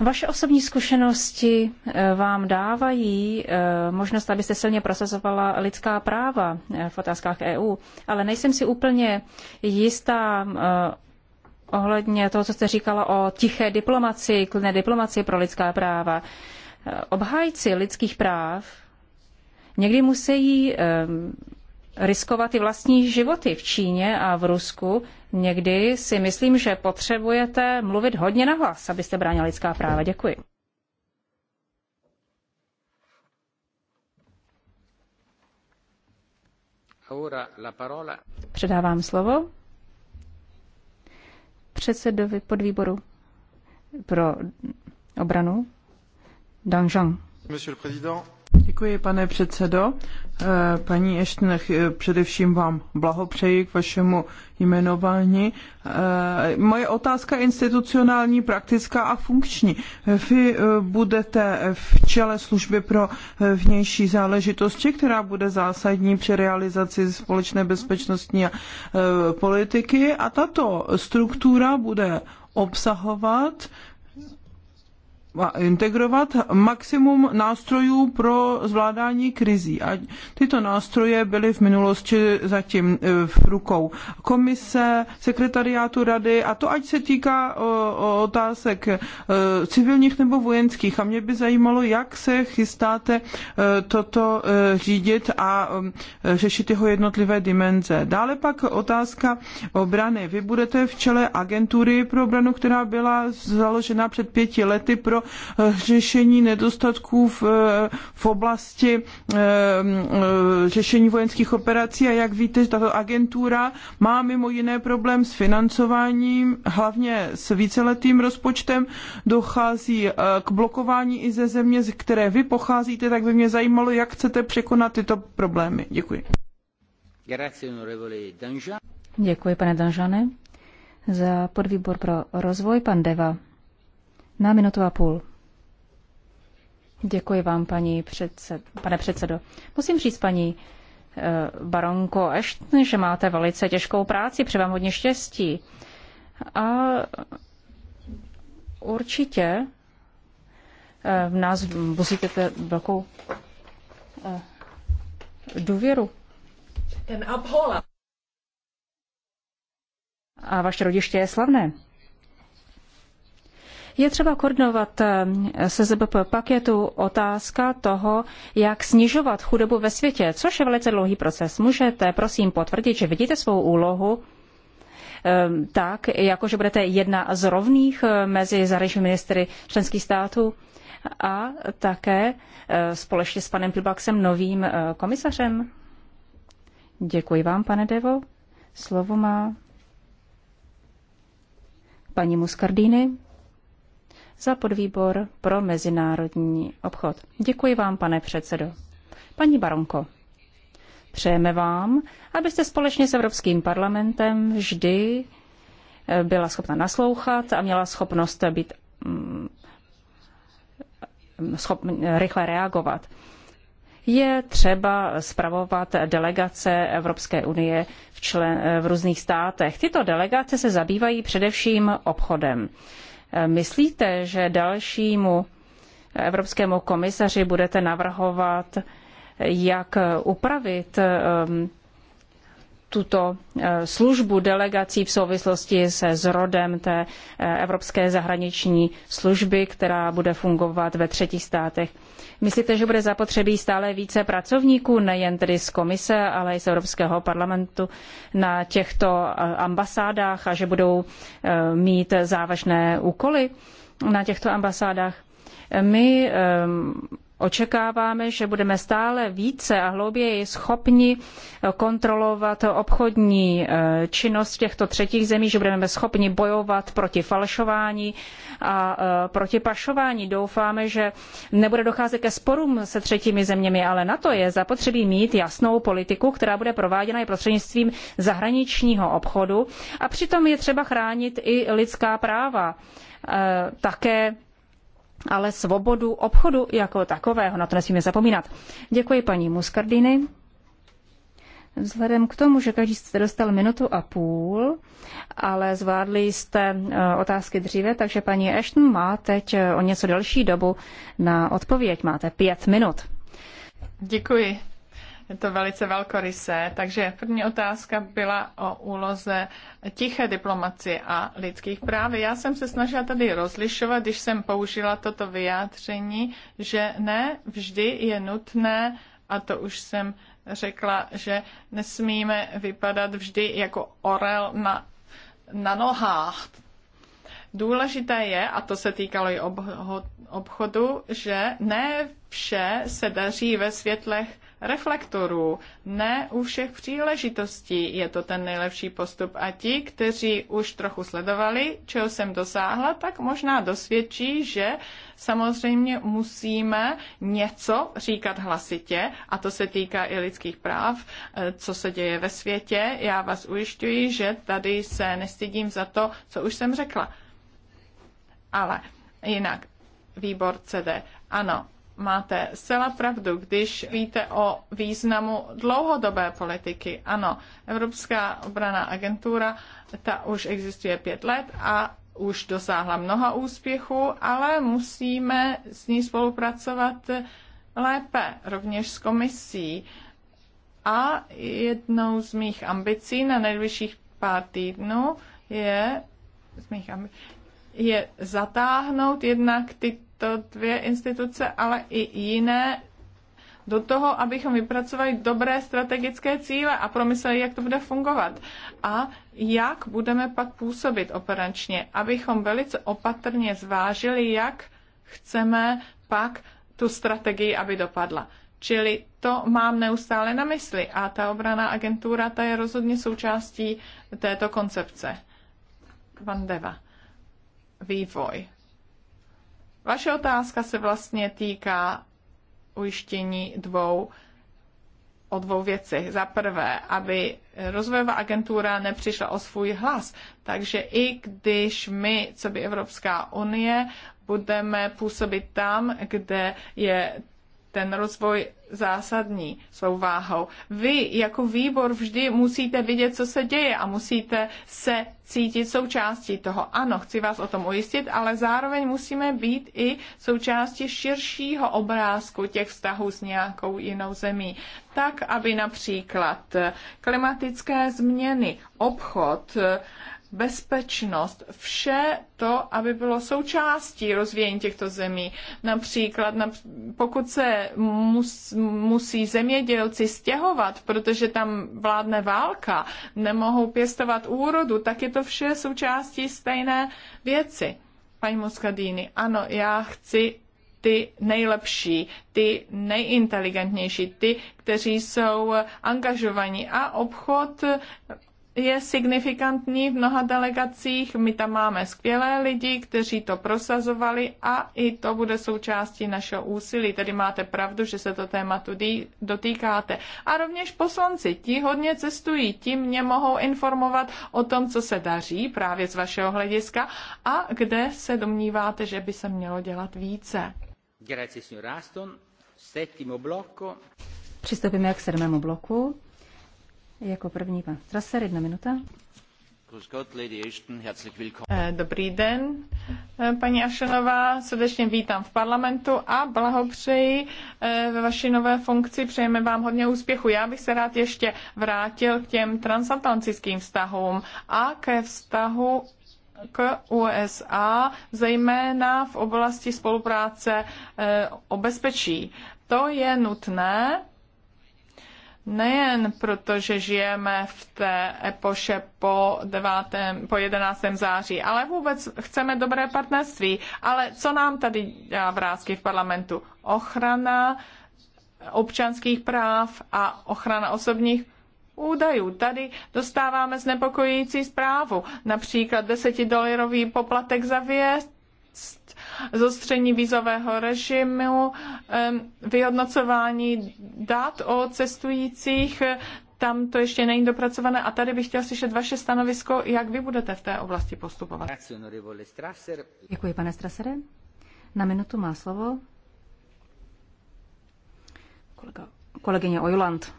vaše osobní zkušenosti eh, vám dávají eh, možnost, abyste silně prosazovala lidská práva eh, v otázkách EU, ale nejsem si úplně jistá ohledně toho, co jste říkala o tiché diplomacii, klidné diplomacii pro lidská práva. Obhájci lidských práv někdy musí riskovat i vlastní životy v Číně a v Rusku Někdy si myslím, že potřebujete mluvit hodně na hlas, abyste bránili lidská práva. Děkuji. Předávám slovo předsedovi podvýboru pro obranu Zhang. Děkuji, pane předsedo. Eh, paní Eštn, eh, především vám blahopřeji k vašemu jmenování. Eh, moje otázka je institucionální, praktická a funkční. Vy budete v čele služby pro vnější záležitosti, která bude zásadní při realizaci společné bezpečnostní politiky a tato struktura bude obsahovat integrovat maximum nástrojů pro zvládání krizí. A tyto nástroje byly v minulosti zatím e, v rukou komise, sekretariátu rady, a to ať se týká otázek e, civilních nebo vojenských. A mě by zajímalo, jak se chystáte e, toto řídit a řešit jeho jednotlivé dimenze. Dále pak otázka obrany. Vy budete v čele agentury pro obranu, která byla založena před pěti lety pro Eh, řešení nedostatků v, eh, v oblasti eh, řešení vojenských operací. A jak víte, tato agentura má mimo jiné problém s financováním, hlavně s víceletým rozpočtem. Dochází k blokování i ze země, z které vy pocházíte, tak by mě zajímalo, jak chcete překonat tyto problémy. Děkuji. Děkuji, pane Danžane. Za podvýbor pro rozvoj pan Deva na minutu a půl. Děkuji vám, paní předsed, pane předsedo. Musím říct, paní eh, baronko až, že máte velice těžkou práci, přeji vám hodně štěstí. A určitě eh, v nás musíte velkou eh, důvěru. Ten A vaše rodiště je slavné. Je třeba koordinovat eh, se ZBP. Pak je tu otázka toho, jak snižovat chudobu ve světě, což je velice dlouhý proces. Můžete prosím potvrdit, že vidíte svou úlohu eh, tak, jako že budete jedna z rovných eh, mezi zahraničními ministry členských států a také společně s panem Pilbaxem novým komisařem. Děkuji vám, pane Devo. Slovo má paní Muscardini za podvýbor pro mezinárodní obchod. Děkuji vám, pane předsedo. Paní Baronko, přejeme vám, abyste společně s Evropským parlamentem vždy eh, byla schopna naslouchat a měla schopnost být mm, mm, schop, rychle reagovat. Je třeba spravovat delegace Evropské unie v, člen, eh, v různých státech. Tyto delegace se zabývají především obchodem. Myslíte, že dalšímu evropskému komisaři budete navrhovat, jak upravit um, tuto eh, službu delegací v souvislosti se zrodem té eh, Evropské zahraniční služby, která bude fungovat ve třetích státech. Myslíte, že bude zapotřebí stále více pracovníků, nejen tedy z komise, ale i z Evropského parlamentu na těchto eh, ambasádách a že budou mít závažné úkoly na těchto ambasádách? My Očekáváme, že budeme stále více a hlouběji schopni kontrolovat obchodní eh, činnost těchto třetích zemí, že budeme schopni bojovat proti falšování a eh, proti pašování. Doufáme, že nebude docházet ke sporům se třetími zeměmi, ale na to je zapotřebí mít jasnou politiku, která bude prováděna i prostřednictvím zahraničního obchodu a přitom je třeba chránit i lidská práva. Eh, také ale svobodu obchodu jako takového. Na to nesmíme zapomínat. Děkuji paní Muscardini. Vzhledem k tomu, že každý jste dostal minutu a půl, ale zvládli jste e, otázky dříve, takže paní Ashton má teď e, o něco delší dobu na odpověď. Máte pět minut. Děkuji. Je to velice velkorysé. Takže první otázka byla o úloze tiché diplomacie a lidských práv. Já jsem se snažila tady rozlišovat, když jsem použila toto vyjádření, že ne vždy je nutné, a to už jsem řekla, že nesmíme vypadat vždy jako orel na, na nohách. Důležité je, a to se týkalo i obchodu, že ne vše se daří ve světlech reflektorů. Ne u všech příležitostí je to ten nejlepší postup a ti, kteří už trochu sledovali, čeho jsem dosáhla, tak možná dosvědčí, že samozřejmě musíme něco říkat hlasitě a to se týká i lidských práv, eh, co se děje ve světě. Já vás ujišťuji, že tady se nestydím za to, co už jsem řekla. Ale jinak, výbor CD. Ano, máte zcela pravdu, když víte o významu dlouhodobé politiky. Ano, Evropská obraná agentura, ta už existuje pět let a už dosáhla mnoha úspěchů, ale musíme s ní spolupracovat lépe, rovněž s komisí. A jednou z mých ambicí na nejbližších pár týdnů je, z mých ambicí, je zatáhnout jednak ty tyto dvě instituce, ale i jiné do toho, abychom vypracovali dobré strategické cíle a promysleli, jak to bude fungovat a jak budeme pak působit operačně, abychom velice opatrně zvážili, jak chceme pak tu strategii, aby dopadla. Čili to mám neustále na mysli a ta obraná agentura, ta je rozhodně součástí této koncepce. Vandeva. Vývoj. Vaše otázka se vlastně týká ujištění dvou o dvou věci. Za prvé, aby rozvojová agentura nepřišla o svůj hlas. Takže i když my, co by Evropská unie, budeme působit tam, kde je ten rozvoj zásadní svou váhou. Vy jako výbor vždy musíte vidět, co se děje a musíte se cítit součástí toho. Ano, chci vás o tom ujistit, ale zároveň musíme být i součástí širšího obrázku těch vztahů s nějakou jinou zemí. Tak, aby například klimatické změny, obchod, bezpečnost, vše to, aby bylo součástí rozvíjení těchto zemí. Například, pokud se musí zemědělci stěhovat, protože tam vládne válka, nemohou pěstovat úrodu, tak je to vše součástí stejné věci. Paní Muscadini, ano, já chci ty nejlepší, ty nejinteligentnější, ty, kteří jsou angažovaní. A obchod je signifikantní v mnoha delegacích. My tam máme skvělé lidi, kteří to prosazovali a i to bude součástí našeho úsilí. Tedy máte pravdu, že se to tématu dotýkáte. A rovněž poslanci, ti hodně cestují, ti mě mohou informovat o tom, co se daří právě z vašeho hlediska a kde se domníváte, že by se mělo dělat více. Přistoupíme k sedmému bloku. Jako první pan Strasser, jedna minuta. Eh, dobrý den, eh, paní Ašenová, srdečně vítám v parlamentu a blahopřeji eh, ve vaší nové funkci. Přejeme vám hodně úspěchu. Já bych se rád ještě vrátil k těm transatlantickým vztahům a ke vztahu k USA, zejména v oblasti spolupráce o bezpečí. To je nutné, nejen proto, že žijeme v té epoše po, 9, po 11. září, ale vůbec chceme dobré partnerství. Ale co nám tady dělá vrázky v parlamentu? Ochrana občanských práv a ochrana osobních údajů. Tady dostáváme znepokojící zprávu, například desetidolarový poplatek za věst zostření vízového režimu, vyhodnocování dat o cestujících, tam to ještě není dopracované a tady bych chtěl slyšet vaše stanovisko, jak vy budete v té oblasti postupovat. Děkuji, pane Strasere. Na minutu má slovo kolega kolegyně Ojuland.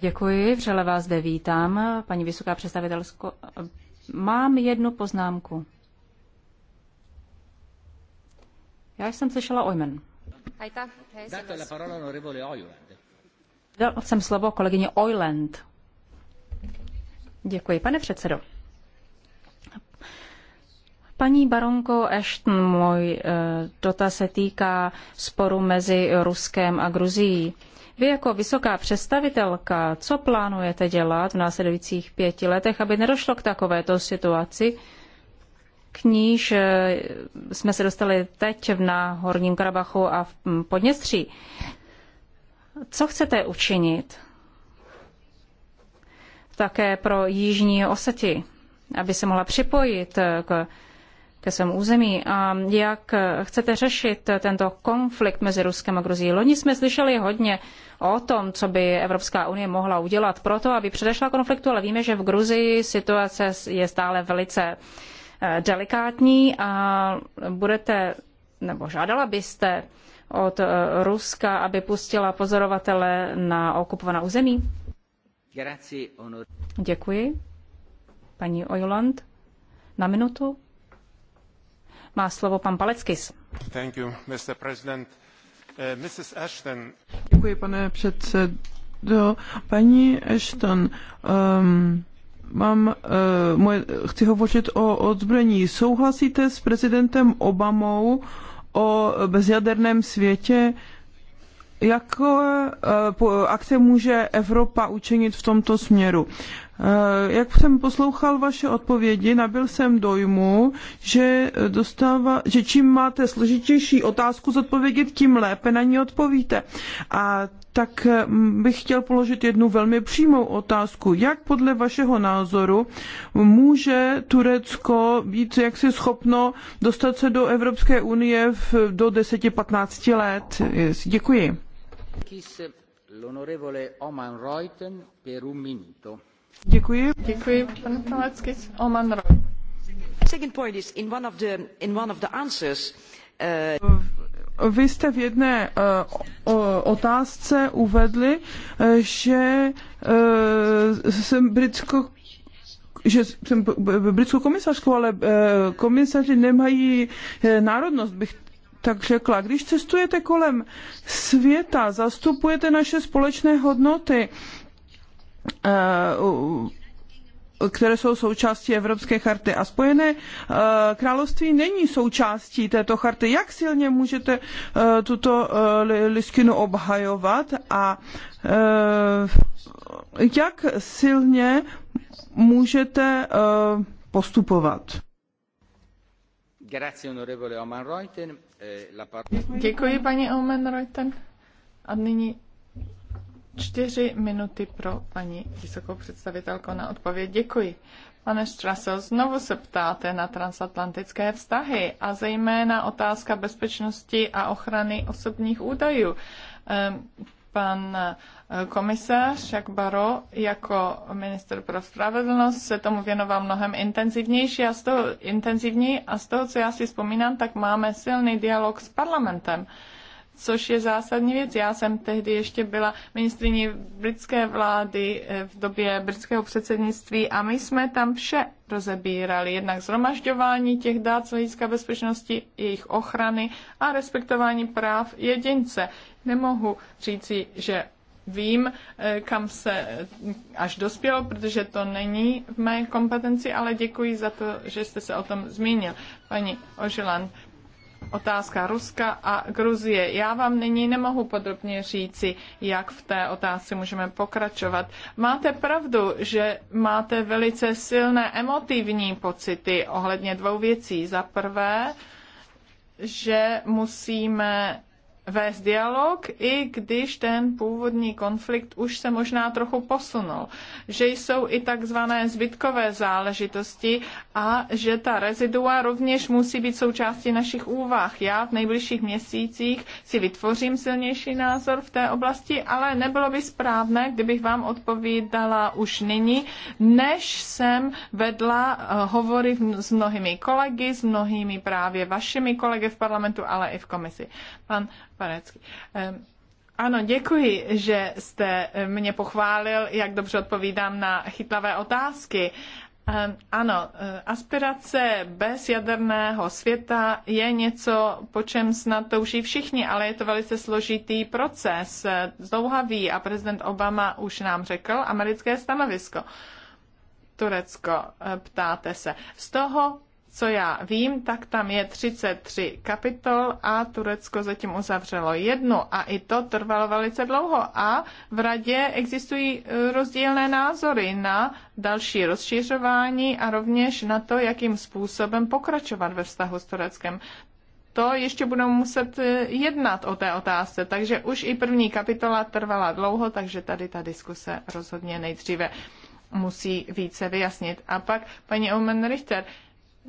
Děkuji, vřele vás zde vítám, paní vysoká představitelsko. Mám jednu poznámku. Já jsem slyšela Ojmen. Dal jsem slovo kolegyně Oyland. Děkuji, pane předsedo. Paní baronko Ashton, můj eh, dotaz se týká sporu mezi Ruskem a Gruzií. Vy jako vysoká představitelka, co plánujete dělat v následujících pěti letech, aby nedošlo k takovéto situaci, k níž eh, jsme se dostali teď na Horním Karabachu a v mm, Podněstří. Co chcete učinit také pro Jižní Osety, aby se mohla připojit eh, k, ke svému území? A jak eh, chcete řešit tento konflikt mezi Ruskem a Gruzí? Loni jsme slyšeli hodně o tom, co by Evropská unie mohla udělat proto, aby předešla konfliktu, ale víme, že v Gruzii situace je stále velice uh, Eh, delikátní a budete, nebo žádala byste od eh, Ruska, aby pustila pozorovatele na okupovaná území? Děkuji. Paní Ojuland, na minutu. Má slovo pan Paleckis. Thank you, Mr. President. Uh, eh, Mrs. Ashton. Děkuji, pane předsedo. Paní Ashton, um, mám, uh, moje, chci hovořit o odzbrojení. Souhlasíte s prezidentem Obamou o bezjaderném světě? Jak uh, eh, akce může Evropa učinit v tomto směru? Eh, jak jsem poslouchal vaše odpovědi, nabil jsem dojmu, že, dostává, že čím máte složitější otázku zodpovědět, tím lépe na ní odpovíte. A tak mm, bych chtěl položit jednu velmi přímou otázku. Jak podle vašeho názoru může Turecko být jaksi schopno dostat se do Evropské unie v, do 10-15 let? Děkuji. Oman Reuten per un minuto. Děkuji. Děkuji, Pan Palecky. Oman Roy. Second point is in one of the, in one of the answers, uh... Vy jste v jedné eh, otázce uvedli, eh, že jsem britskou že jsem britskou komisařkou, ale komisaři nemají národnost, bych tak řekla. Když cestujete kolem světa, zastupujete naše společné hodnoty, Eh, které jsou součástí Evropské charty. A Spojené eh, království není součástí této charty. Jak silně můžete eh, tuto listinu obhajovat a jak silně můžete postupovat? Děkuji, paní Reuten. A nyní Čtyři minuty pro paní vysokou představitelku na odpověď. Děkuji. Pane Straso, znovu se ptáte na transatlantické vztahy a zejména otázka bezpečnosti a ochrany osobních údajů. Ehm, pan eh, komisař Jacques Baro jako minister pro spravedlnost se tomu věnoval mnohem intenzivnější a z toho, intenzivněji a z toho, co já si vzpomínám, tak máme silný dialog s parlamentem což je zásadní věc. Já jsem tehdy ještě byla ministriní britské vlády eh, v době britského předsednictví a my jsme tam vše rozebírali. Jednak zhromažďování těch dát z hlediska bezpečnosti, jejich ochrany a respektování práv jedince. Nemohu říci, že vím, eh, kam se eh, až dospělo, protože to není v mé kompetenci, ale děkuji za to, že jste se o tom zmínil, paní Ožilan, otázka Ruska a Gruzie. Já vám nyní nemohu podrobně říci, jak v té otázce můžeme pokračovat. Máte pravdu, že máte velice silné emotivní pocity ohledně dvou věcí. Za prvé, že musíme vést dialog, i když ten původní konflikt už se možná trochu posunul. Že jsou i takzvané zbytkové záležitosti a že ta rezidua rovněž musí být součástí našich úvah. Já v nejbližších měsících si vytvořím silnější názor v té oblasti, ale nebylo by správné, kdybych vám odpovídala už nyní, než jsem vedla eh, hovory s mnohými kolegy, s mnohými právě vašimi kolegy v parlamentu, ale i v komisi. Pan Panecký. Ano, děkuji, že jste mě pochválil, jak dobře odpovídám na chytlavé otázky. Ano, eh, aspirace bez jaderného světa je něco, po čem snad touží všichni, ale je to velice složitý proces, eh, zdlouhavý a prezident Obama už nám řekl americké stanovisko. Turecko, eh, ptáte se. Z toho co já vím, tak tam je 33 kapitol a Turecko zatím uzavřelo jednu a i to trvalo velice dlouho a v radě existují e, rozdílné názory na další rozšiřování a rovněž na to, jakým způsobem pokračovat ve vztahu s Tureckem to ještě budeme muset e, jednat o té otázce. Takže už i první kapitola trvala dlouho, takže tady ta diskuse rozhodně nejdříve musí více vyjasnit. A pak paní Omen Richter,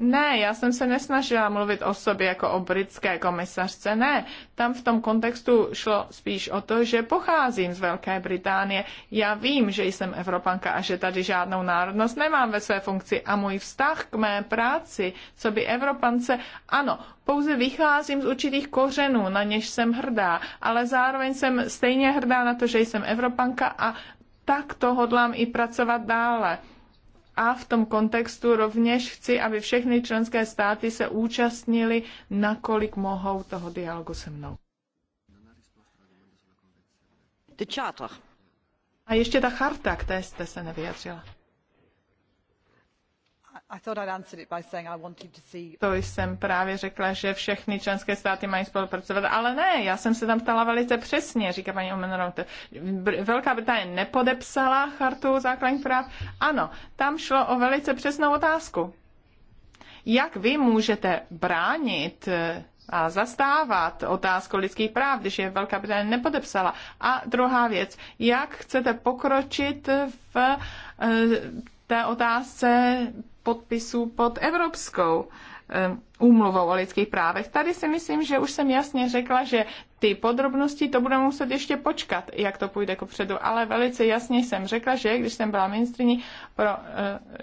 ne, já jsem se nesnažila mluvit o sobě jako o britské komisařce, ne. Tam v tom kontextu šlo spíš o to, že pocházím z Velké Británie. Já vím, že jsem Evropanka a že tady žádnou národnost nemám ve své funkci a můj vztah k mé práci, co by Evropance, ano, pouze vycházím z určitých kořenů, na něž jsem hrdá, ale zároveň jsem stejně hrdá na to, že jsem Evropanka a tak to hodlám i pracovat dále a v tom kontextu rovněž chci, aby všechny členské státy se účastnili, nakolik mohou toho dialogu se mnou. A ještě ta charta, k té jste se nevyjadřila. To jsem právě řekla, že všechny členské státy mají spolupracovat, ale ne, já jsem se tam ptala velice přesně, říká paní Omenorovte. Velká Británie nepodepsala chartu základních práv? Ano, tam šlo o velice přesnou otázku. Jak vy můžete bránit eh, a zastávat otázku lidských práv, když je Velká Británie nepodepsala. A druhá věc, jak chcete pokročit v eh, té otázce podpisů pod Evropskou eh, úmluvou o lidských právech. Tady si myslím, že už jsem jasně řekla, že ty podrobnosti to budeme muset ještě počkat, jak to půjde předu, ale velice jasně jsem řekla, že když jsem byla ministriní pro uh,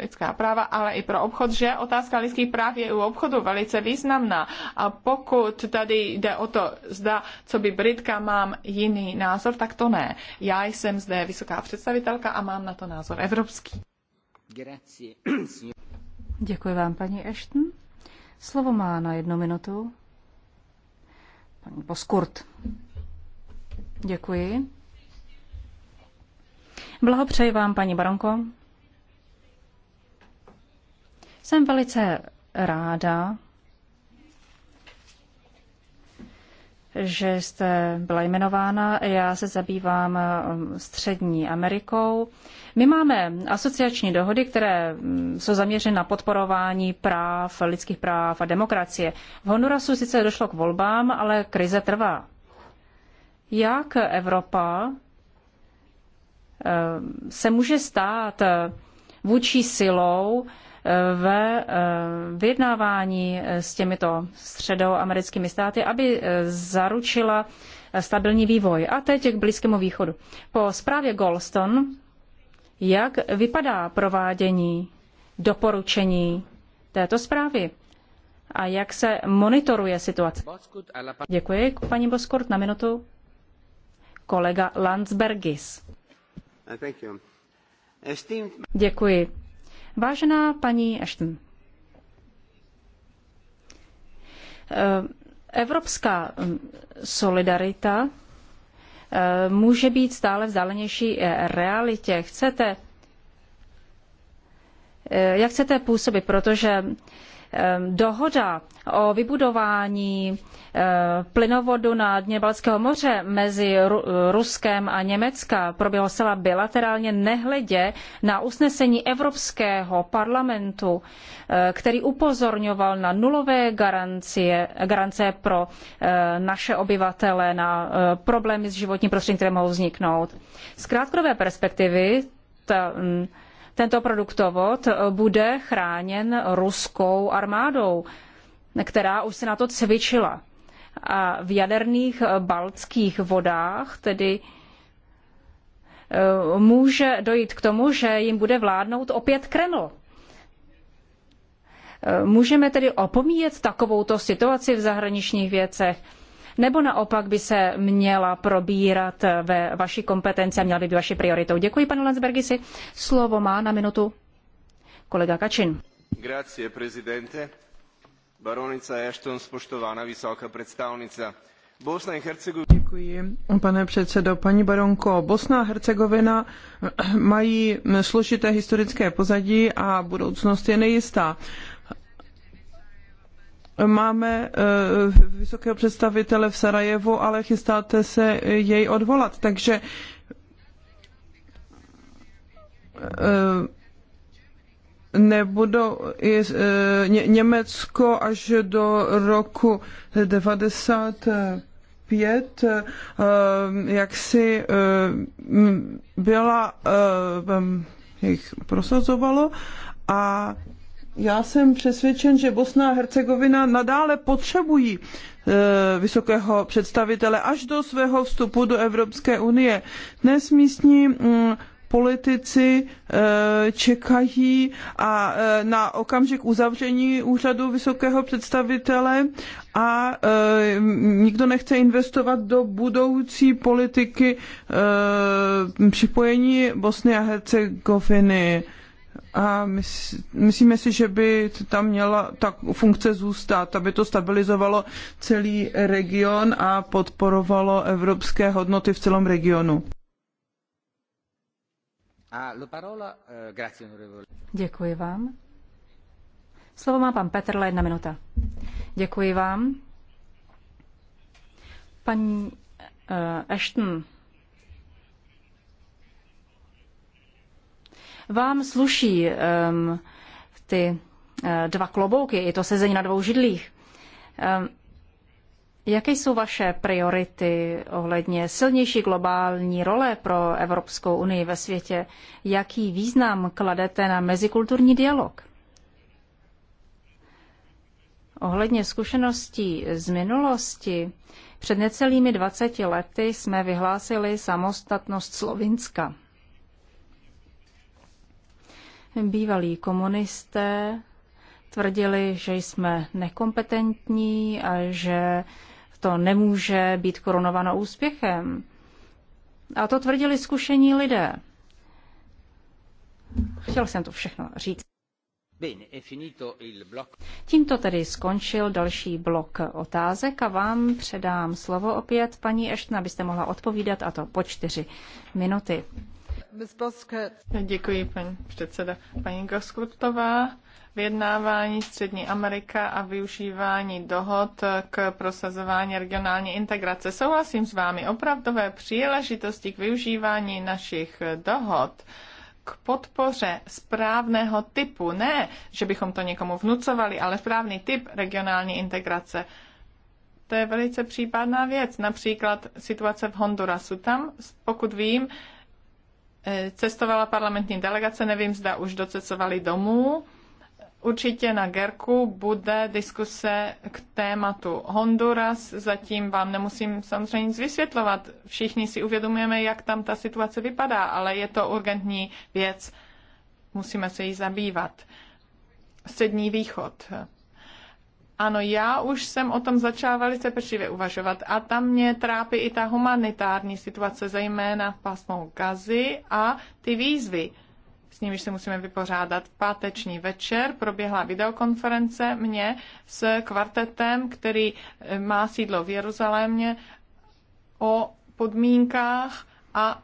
lidská práva, ale i pro obchod, že otázka lidských práv je u obchodu velice významná. A pokud tady jde o to, zda, co by Britka, mám jiný názor, tak to ne. Já jsem zde vysoká představitelka a mám na to názor evropský. Děkuji vám, paní Ashton. Slovo má na jednu minutu paní Boskurt. Děkuji. Blahopřeji vám, paní Baronko. Jsem velice ráda, že jste byla jmenována. Já se zabývám eh, Střední Amerikou. My máme asociační dohody, které mm, jsou zaměřeny na podporování práv, lidských práv a demokracie. V Hondurasu sice došlo k volbám, ale krize trvá. Jak Evropa eh, se může stát eh, vůči silou, ve eh, vyjednávání s těmito středoamerickými státy, aby eh, zaručila stabilní vývoj. A teď k Blízkému východu. Po zprávě Goldstone, jak vypadá provádění doporučení této zprávy? A jak se monitoruje situace? Děkuji, paní Boskort, na minutu. Kolega Landsbergis. Děkuji. Vážená paní Ashton, eh, evropská hm, solidarita eh, může být stále vzdálenější eh, realitě. Chcete, jak chcete působit, protože dohoda o vybudování eh, plynovodu na dně Balckého moře mezi Ruskem a Německa proběhla zcela bilaterálně nehledě na usnesení Evropského parlamentu, eh, který upozorňoval na nulové garancie, garance pro eh, naše obyvatele, na problémy s životním prostředím, které mohou vzniknout. Z krátkodobé perspektivy ta, mm, tento produktovod eh, bude chráněn ruskou armádou, která už se na to cvičila. A v jaderných eh, baltských vodách tedy eh, může dojít k tomu, že jim bude vládnout opět Kreml. Můžeme tedy opomíjet takovouto situaci v zahraničních věcech nebo naopak by se měla probírat ve vaší kompetenci a měla by být vaší prioritou? Děkuji, pane Landsbergisi. Slovo má na minutu kolega Kačin. Grazie, prezidente. Baronica Ashton, spoštovaná vysoká představnice. Bosna i Hercegovina. Děkuji, pane předsedo. Paní baronko, Bosna a Hercegovina mají složité historické pozadí a budoucnost je nejistá. Máme eh, vysokého představitele v Sarajevu, ale chystáte se jej odvolat. Takže eh, nebudou eh, Německo až do roku 95 jak si byla, jak prosazovalo a já jsem přesvědčen, že Bosna a Hercegovina nadále potřebují eh, vysokého představitele až do svého vstupu do Evropské unie. Dnes místní mm, politici eh, čekají a eh, na okamžik uzavření úřadu vysokého představitele a nikdo nechce investovat do budoucí politiky připojení Bosny a Hercegoviny a myslíme si, že by tam měla ta funkce zůstat, aby to stabilizovalo celý region a podporovalo evropské hodnoty v celém regionu. Eh, Děkuji vám. Slovo má pan Petrle, jedna minuta. Děkuji vám. Paní uh, Ashton, Vám sluší um, ty uh, dva klobouky, i to sezení na dvou židlích. Um, jaké jsou vaše priority ohledně silnější globální role pro Evropskou unii ve světě? Jaký význam kladete na mezikulturní dialog? Ohledně zkušeností z minulosti, před necelými 20 lety jsme vyhlásili samostatnost Slovinska. Bývalí komunisté tvrdili, že jsme nekompetentní a že to nemůže být korunováno úspěchem. A to tvrdili zkušení lidé. Chtěl jsem to všechno říct. Tímto tedy skončil další blok otázek a vám předám slovo opět, paní Eštna, abyste mohla odpovídat a to po čtyři minuty. Děkuji, paní předsedající Paní grossettová vyjednávání Střední Amerika a využívání dohod k prosazování regionální integrace. Souhlasím s vámi, opravdové příležitosti k využívání našich dohod k podpoře správného typu, ne, že bychom to někomu vnucovali, ale správný typ regionální integrace. To je velice případná věc. Například situace v Hondurasu. Tam, pokud vím, cestovala parlamentní delegace, nevím, zda už docestovali domů. Určitě na Gerku bude diskuse k tématu Honduras. Zatím vám nemusím samozřejmě nic vysvětlovat. Všichni si uvědomujeme, jak tam ta situace vypadá, ale je to urgentní věc. Musíme se jí zabývat. Střední východ. Ano, já už jsem o tom začala velice pečlivě uvažovat a tam mě trápí i ta humanitární situace, zejména v pásmu Gazy a ty výzvy, s nimiž se musíme vypořádat. Páteční večer proběhla videokonference mě s kvartetem, který eh, má sídlo v Jeruzalémě, o podmínkách a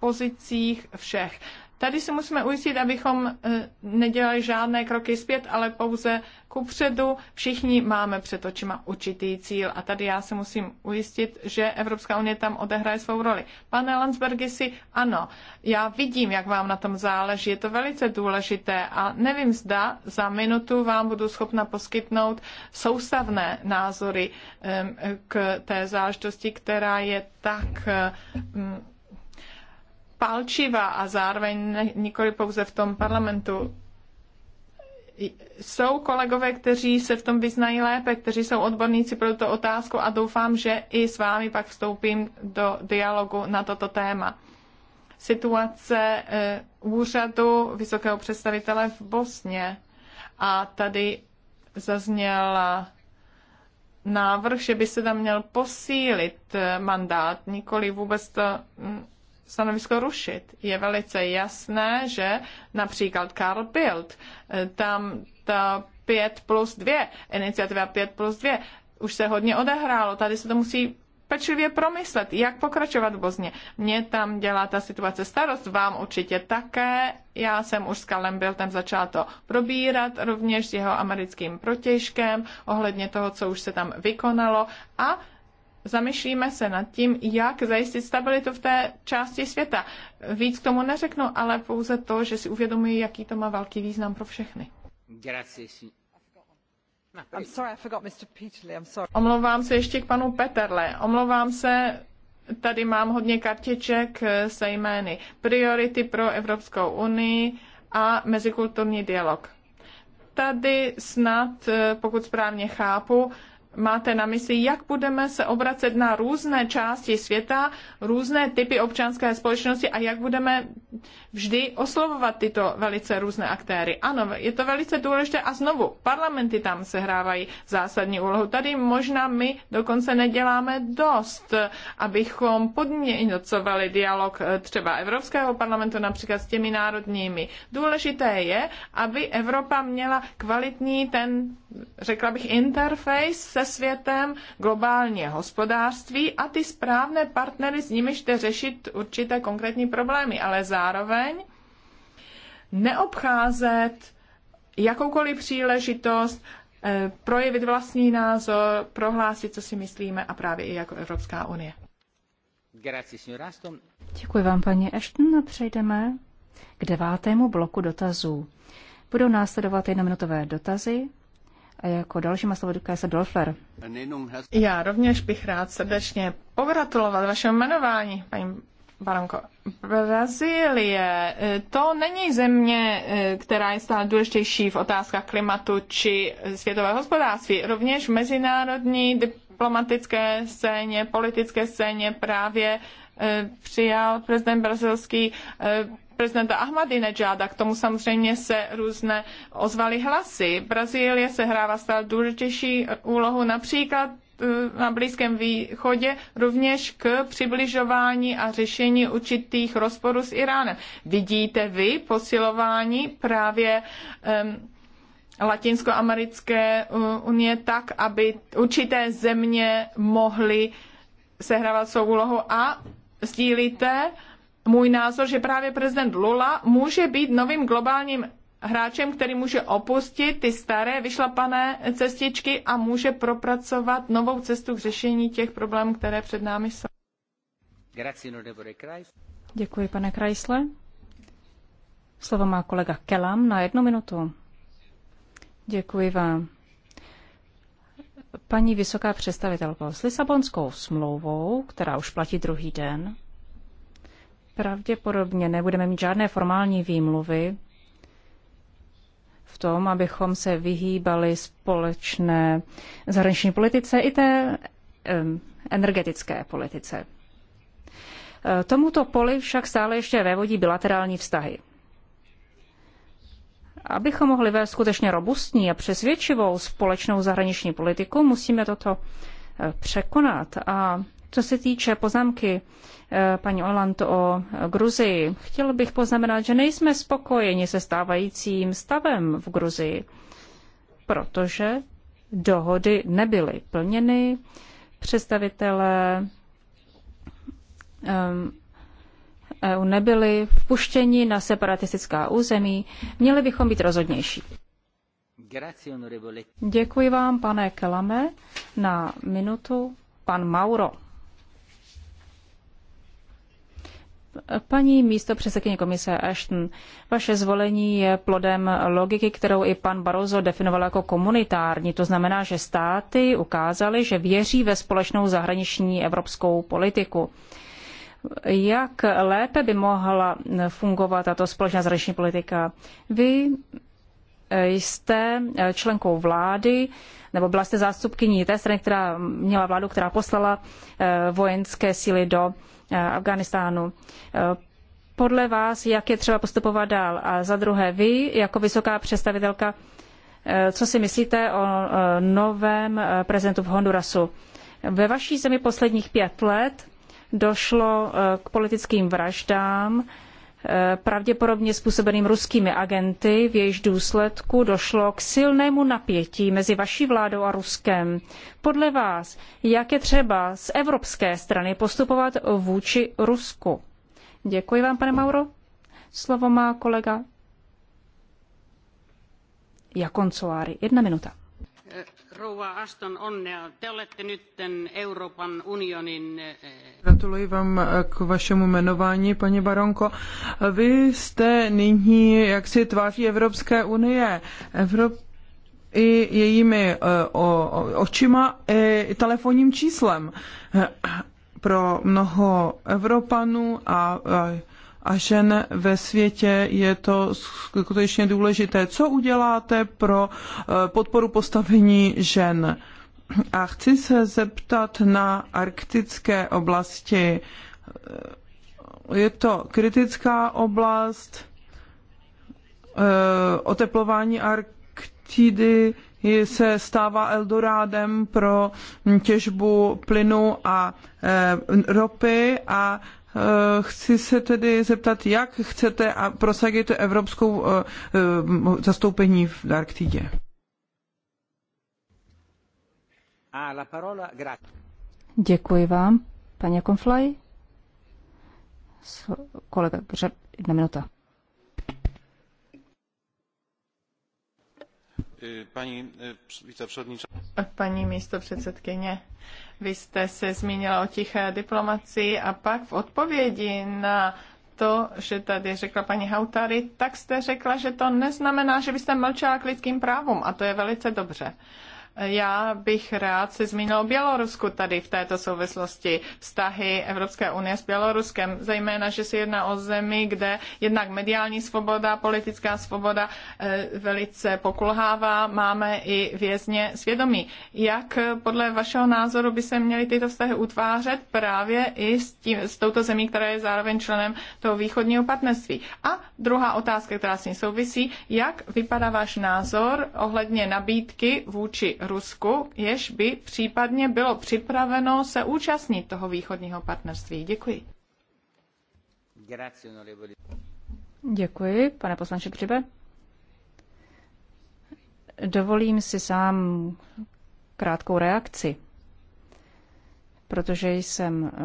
pozicích všech. Tady si musíme ujistit, abychom e, nedělali žádné kroky zpět, ale pouze ku předu. Všichni máme před očima určitý cíl a tady já se musím ujistit, že Evropská unie tam odehraje svou roli. Pane Landsbergy, si ano, já vidím, jak vám na tom záleží, je to velice důležité a nevím, zda za minutu vám budu schopna poskytnout soustavné názory k té záležitosti, která je tak palčivá a zároveň nikoli pouze v tom parlamentu. Jsou kolegové, kteří se v tom vyznají lépe, kteří jsou odborníci pro tuto otázku a doufám, že i s vámi pak vstoupím do dialogu na toto téma. Situace e, úřadu vysokého představitele v Bosně a tady zazněla návrh, že by se tam měl posílit e, mandát, nikoli vůbec to stanovisko rušit. Je velice jasné, že například Karl Bild, eh, tam ta 5 plus 2, iniciativa 5 plus 2, už se hodně odehrálo, tady se to musí pečlivě promyslet, jak pokračovat v Bosně. Mě tam dělá ta situace starost, vám určitě také. Já jsem už s Kalem byl, tam začala to probírat, rovněž s jeho americkým protěžkem, ohledně toho, co už se tam vykonalo a Zamýšlíme se nad tím, jak zajistit stabilitu v té části světa. Víc k tomu neřeknu, ale pouze to, že si uvědomuji, jaký to má velký význam pro všechny. No, Omlouvám se ještě k panu Peterle. Omlouvám se, tady mám hodně kartiček eh, se jmény. Priority pro Evropskou unii a mezikulturní dialog. Tady snad, eh, pokud správně chápu, máte na mysli, jak budeme se obracet na různé části světa, různé typy občanské společnosti a jak budeme vždy oslovovat tyto velice různé aktéry. Ano, je to velice důležité a znovu, parlamenty tam sehrávají zásadní úlohu. Tady možná my dokonce neděláme dost, abychom podměňocovali dialog eh, třeba Evropského parlamentu například s těmi národními. Důležité je, aby Evropa měla kvalitní ten, řekla bych, interface se se světem, globálně hospodářství a ty správné partnery, s nimiž jste řešit určité konkrétní problémy, ale zároveň neobcházet jakoukoliv příležitost eh, projevit vlastní názor, prohlásit, co si myslíme a právě i jako Evropská unie. Děkuji vám, paní Ashton. Přejdeme k devátému bloku dotazů. Budou následovat jednominutové dotazy a jako další má slovo se Dolfer. Já rovněž bych rád srdečně pogratulovat vašemu jmenování, paní Baronko. Brazílie, e, to není země, e, která je stále důležitější v otázkách klimatu či světového hospodářství. Rovněž v mezinárodní diplomatické scéně, politické scéně právě e, přijal prezident brazilský prezidenta Ahmadinejada, k tomu samozřejmě se různé ozvaly hlasy. Brazílie se hrává stále důležitější úlohu například eh, na Blízkém východě rovněž k přibližování a řešení určitých rozporů s Iránem. Vidíte vy posilování právě um, Latinskoamerické eh, unie tak, aby určité země mohly sehrávat svou úlohu a sdílíte uh, můj názor, že právě prezident Lula může být novým globálním hráčem, který může opustit ty staré vyšlapané cestičky a může propracovat novou cestu k řešení těch problémů, které před námi jsou. Děkuji, pane Krajsle. Slovo má kolega Kelam na jednu minutu. Děkuji vám. Paní vysoká představitelko, s Lisabonskou smlouvou, která už platí druhý den, pravděpodobně nebudeme mít žádné formální výmluvy v tom, abychom se vyhýbali společné zahraniční politice i té energetické politice. E, tomuto poli však stále ještě vévodí bilaterální vztahy. Abychom mohli vést skutečně robustní a přesvědčivou společnou zahraniční politiku, musíme toto e, překonat a co se týče poznámky eh, paní Oland o Gruzii, chtěl bych poznamenat, že nejsme spokojeni se stávajícím stavem v Gruzii, protože dohody nebyly plněny. Představitelé eh, eh, EU nebyli vpuštěni na separatistická území. Měli bychom být rozhodnější. Děkuji vám, pane Kelame. Na minutu pan Mauro. Paní místo předsedkyně komise Ashton, vaše zvolení je plodem logiky, kterou i pan Barroso definoval jako komunitární. To znamená, že státy ukázaly, že věří ve společnou zahraniční evropskou politiku. Jak lépe by mohla fungovat tato společná zahraniční politika? Vy jste členkou vlády, nebo byla jste zástupkyní té strany, která měla vládu, která poslala eh, vojenské síly do Eh, Afganistánu. Eh, podle vás, jak je třeba postupovat dál? A za druhé, vy jako vysoká představitelka, eh, co si myslíte o novém prezidentu v Hondurasu? Ve vaší zemi posledních pět let došlo k politickým vraždám, pravděpodobně způsobeným ruskými agenty, v jejíž důsledku došlo k silnému napětí mezi vaší vládou a Ruskem. Podle vás, jak je třeba z evropské strany postupovat vůči Rusku? Děkuji vám, pane Mauro. Slovo má kolega Jakoncolári. Jedna minuta. Eh, Gratuluji vám eh, k vašemu jmenování, paní Baronko. Vy jste nyní jaksi tváří Evropské unie. Evrop i jejími eh, o, očima i telefonním číslem pro mnoho Evropanů a, a a žen ve světě je to skutečně důležité. Co uděláte pro eh, podporu postavení žen? A chci se zeptat na arktické oblasti. Je to kritická oblast, eh, oteplování Arktidy se stává Eldorádem pro těžbu plynu a eh, ropy a Eh, chci se tedy zeptat, jak chcete a prosadit evropskou eh, eh, zastoupení v Arktidě. Ah, Děkuji vám, paní Konflaj. Kolega jedna minuta. paní e, viceprzewodnicząca. Paní místopředsedkyně, vy jste se zmínila o tiché diplomacii a pak v odpovědi na to, že tady řekla paní Hautary, tak jste řekla, že to neznamená, že byste mlčela k lidským právům a to je velice dobře. Já bych rád se zmínil o Bělorusku tady v této souvislosti. Vztahy Evropské unie s Běloruskem, zejména, že se jedná o zemi, kde jednak mediální svoboda, politická svoboda eh, velice pokulhává, máme i vězně svědomí. Jak podle vašeho názoru by se měly tyto vztahy utvářet právě i s, tím, s touto zemí, která je zároveň členem toho východního partnerství? A druhá otázka, která s ní souvisí, jak vypadá váš názor ohledně nabídky vůči Rusku, jež by případně bylo připraveno se účastnit toho východního partnerství. Děkuji. Děkuji, pane poslanče Přibe. Dovolím si sám krátkou reakci, protože jsem eh,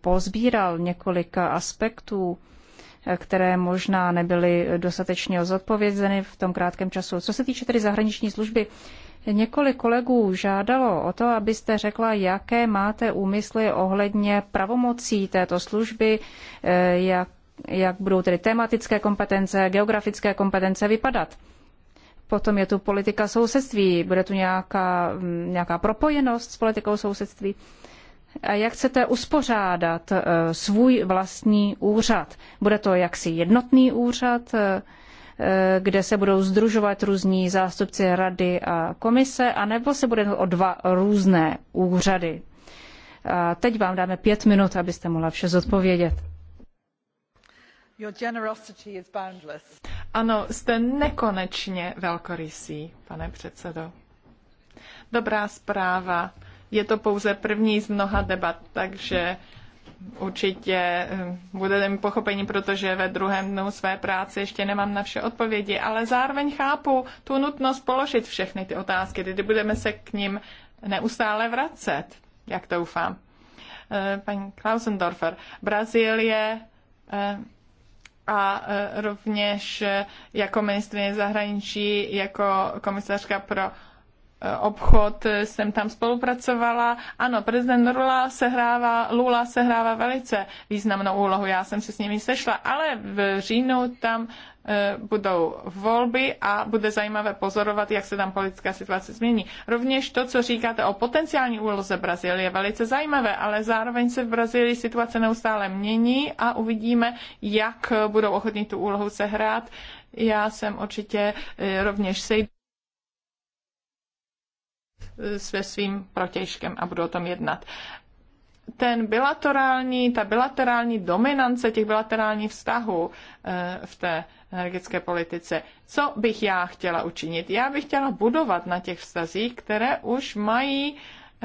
pozbíral několika aspektů, eh, které možná nebyly dostatečně zodpovězeny v tom krátkém času. Co se týče tedy zahraniční služby, Několik kolegů žádalo o to, abyste řekla, jaké máte úmysly ohledně pravomocí této služby, eh, jak, jak budou tedy tematické kompetence, geografické kompetence vypadat. Potom je tu politika sousedství, bude tu nějaká, mm, nějaká propojenost s politikou sousedství. A jak chcete uspořádat eh, svůj vlastní úřad? Bude to jaksi jednotný úřad? Eh, Eh, kde se budou združovat různí zástupci rady a komise, anebo se bude o dva různé úřady. A teď vám dáme pět minut, abyste mohla vše zodpovědět. Your generosity is boundless. Ano, jste nekonečně velkorysý, pane předsedo. Dobrá zpráva. Je to pouze první z mnoha debat, takže určitě eh, budete mi pochopení, protože ve druhém dnu své práce ještě nemám na vše odpovědi, ale zároveň chápu tu nutnost položit všechny ty otázky, kdy budeme se k ním neustále vracet, jak to doufám. Eh, paní Klausendorfer, Brazílie eh, a rovněž jako ministrině zahraničí, jako komisařka pro obchod, eh, jsem tam spolupracovala. Ano, prezident Lula sehrává, Lula sehrává velice významnou úlohu, já jsem se s nimi sešla, ale v říjnu tam eh, budou volby a bude zajímavé pozorovat, jak se tam politická situace změní. Rovněž to, co říkáte o potenciální úloze Brazílie, je velice zajímavé, ale zároveň se v Brazílii situace neustále mění a uvidíme, jak budou ochotní tu úlohu sehrát. Já jsem určitě eh, rovněž sejdu se svým protějškem a budu o tom jednat. Ten bilaterální, ta bilaterální dominance těch bilaterálních vztahů eh, v té energetické politice. Co bych já chtěla učinit? Já bych chtěla budovat na těch vztazích, které už mají uh,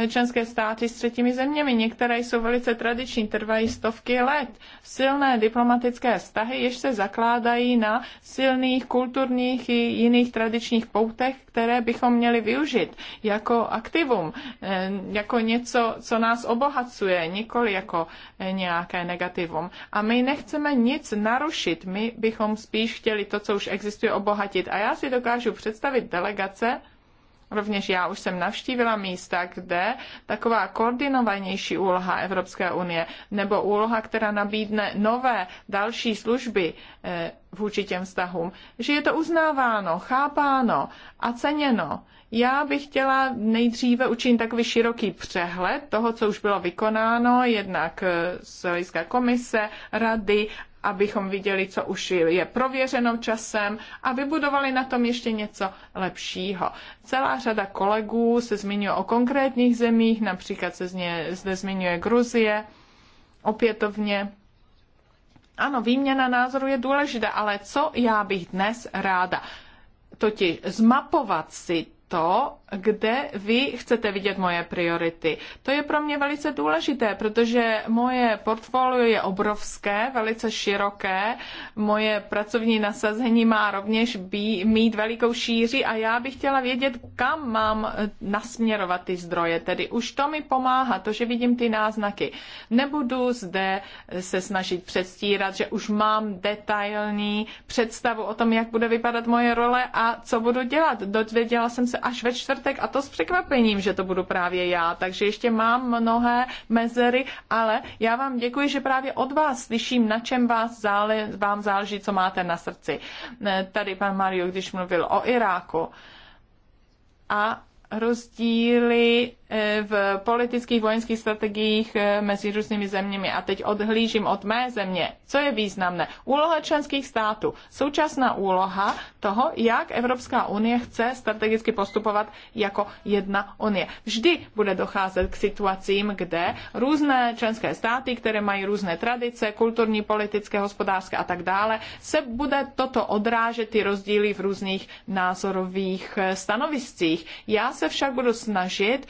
členské státy s třetími zeměmi. Některé jsou velice tradiční, trvají stovky let. Silné diplomatické vztahy, jež se zakládají na silných kulturních i jiných tradičních poutech, které bychom měli využít jako aktivum, eh, jako něco, co nás obohacuje, nikoli jako eh, nějaké negativum. A my nechceme nic narušit, my bychom spíš chtěli to, co už existuje, obohatit. A já si dokážu představit delegace, Rovněž já už jsem navštívila místa, kde taková koordinovanější úloha Evropské unie nebo úloha, která nabídne nové další služby eh, vůči těm vztahům, že je to uznáváno, chápáno a ceněno. Já bych chtěla nejdříve učinit takový široký přehled toho, co už bylo vykonáno, jednak eh, z hlediska komise, rady abychom viděli, co už je prověřeno časem a vybudovali na tom ještě něco lepšího. Celá řada kolegů se zmiňuje o konkrétních zemích, například se zně, zde zmiňuje Gruzie opětovně. Ano, výměna názoru je důležitá, ale co já bych dnes ráda? Totiž zmapovat si to, kde vy chcete vidět moje priority. To je pro mě velice důležité, protože moje portfolio je obrovské, velice široké, moje pracovní nasazení má rovněž být, mít velikou šíři a já bych chtěla vědět, kam mám eh, nasměrovat ty zdroje. Tedy už to mi pomáhá, to, že vidím ty náznaky. Nebudu zde eh, se snažit předstírat, že už mám detailní představu o tom, jak bude vypadat moje role a co budu dělat. Dozvěděla jsem se až ve čtvrt čtvrtek a to s překvapením, že to budu právě já, takže ještě mám mnohé mezery, ale já vám děkuji, že právě od vás slyším, na čem vás zále, vám záleží, co máte na srdci. Tady pan Mario, když mluvil o Iráku a rozdíly Eh, v politických vojenských strategiích eh, mezi různými zeměmi. A teď odhlížím od mé země. Co je významné? Úloha členských států. Současná úloha toho, jak Evropská unie chce strategicky postupovat jako jedna unie. Vždy bude docházet k situacím, kde různé členské státy, které mají různé tradice, kulturní, politické, hospodářské a tak dále, se bude toto odrážet ty rozdíly v různých názorových eh, stanoviscích. Já se však budu snažit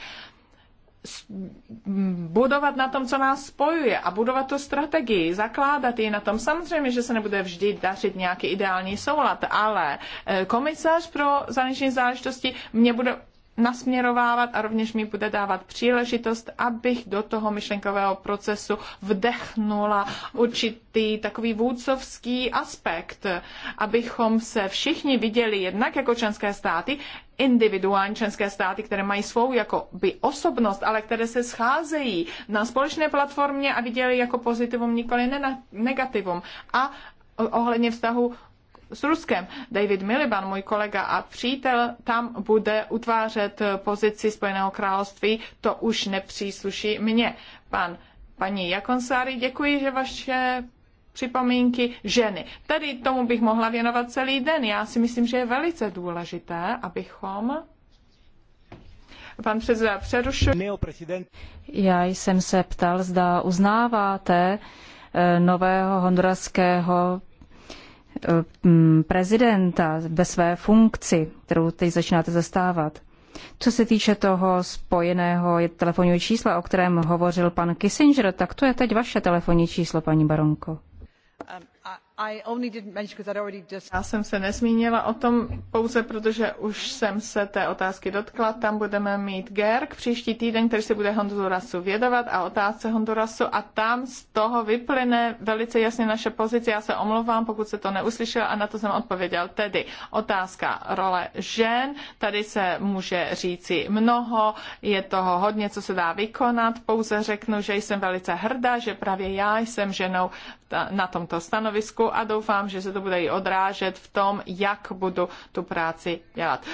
budovat na tom, co nás spojuje a budovat tu strategii, zakládat ji na tom. Samozřejmě, že se nebude vždy dařit nějaký ideální soulad, ale eh, komisař pro zahraniční záležitosti mě bude nasměrovávat a rovněž mi bude dávat příležitost, abych do toho myšlenkového procesu vdechnula určitý takový vůdcovský aspekt, abychom se všichni viděli jednak jako členské státy, individuální členské státy, které mají svou jako by osobnost, ale které se scházejí na společné platformě a viděli jako pozitivum, nikoli ne negativum. A ohledně vztahu s Ruskem. David Miliban, můj kolega a přítel, tam bude utvářet pozici Spojeného království, to už nepřísluší mně. Pan, paní Jakonsári, děkuji, že vaše připomínky ženy. Tady tomu bych mohla věnovat celý den. Já si myslím, že je velice důležité, abychom Pan předseda přerušuje. Já jsem se ptal, zda uznáváte eh, nového honduraského Eh, mm, prezidenta ve své funkci, kterou teď začínáte zastávat. Co se týče toho spojeného telefonního čísla, o kterém hovořil pan Kissinger, tak to je teď vaše telefonní číslo, paní Baronko. Já jsem se nezmínila o tom pouze, protože už jsem se té otázky dotkla. Tam budeme mít GERK příští týden, který se bude Hondurasu vědovat a otázce Hondurasu a tam z toho vyplyne velice jasně naše pozice. Já se omlouvám, pokud se to neuslyšel a na to jsem odpověděl. Tedy otázka role žen. Tady se může říci mnoho, je toho hodně, co se dá vykonat. Pouze řeknu, že jsem velice hrdá, že právě já jsem ženou na tomto stanovisku Česku a doufám, že se to bude i odrážet v tom, jak budu tu práci dělat.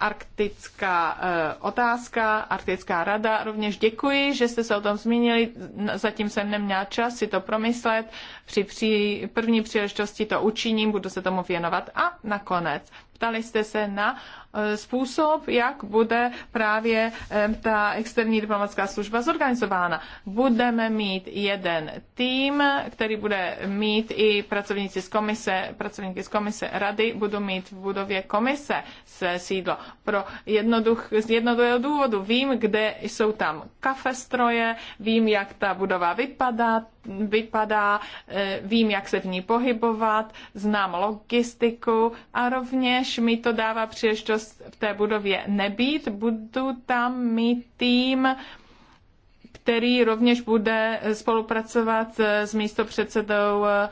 Arktická eh, otázka, Arktická rada, rovněž děkuji, že jste se o tom zmínili, zatím jsem neměla čas si to promyslet, při, při první příležitosti to učiním, budu se tomu věnovat a nakonec. Ptali jste se na Eh, způsob, jak bude právě eh, ta externí diplomatická služba zorganizována. Budeme mít jeden tým, který bude mít i pracovníci z komise, pracovníky z komise rady budou mít v budově komise se sídlo. Pro jednoduch, z jednoduchého důvodu vím, kde jsou tam kafestroje, vím, jak ta budova vypadá, vypadá, eh, vím, jak se v ní pohybovat, znám logistiku a rovněž mi to dává příležitost v té budově nebýt. Budu tam mít tým, který rovněž bude spolupracovat s místopředsedou eh,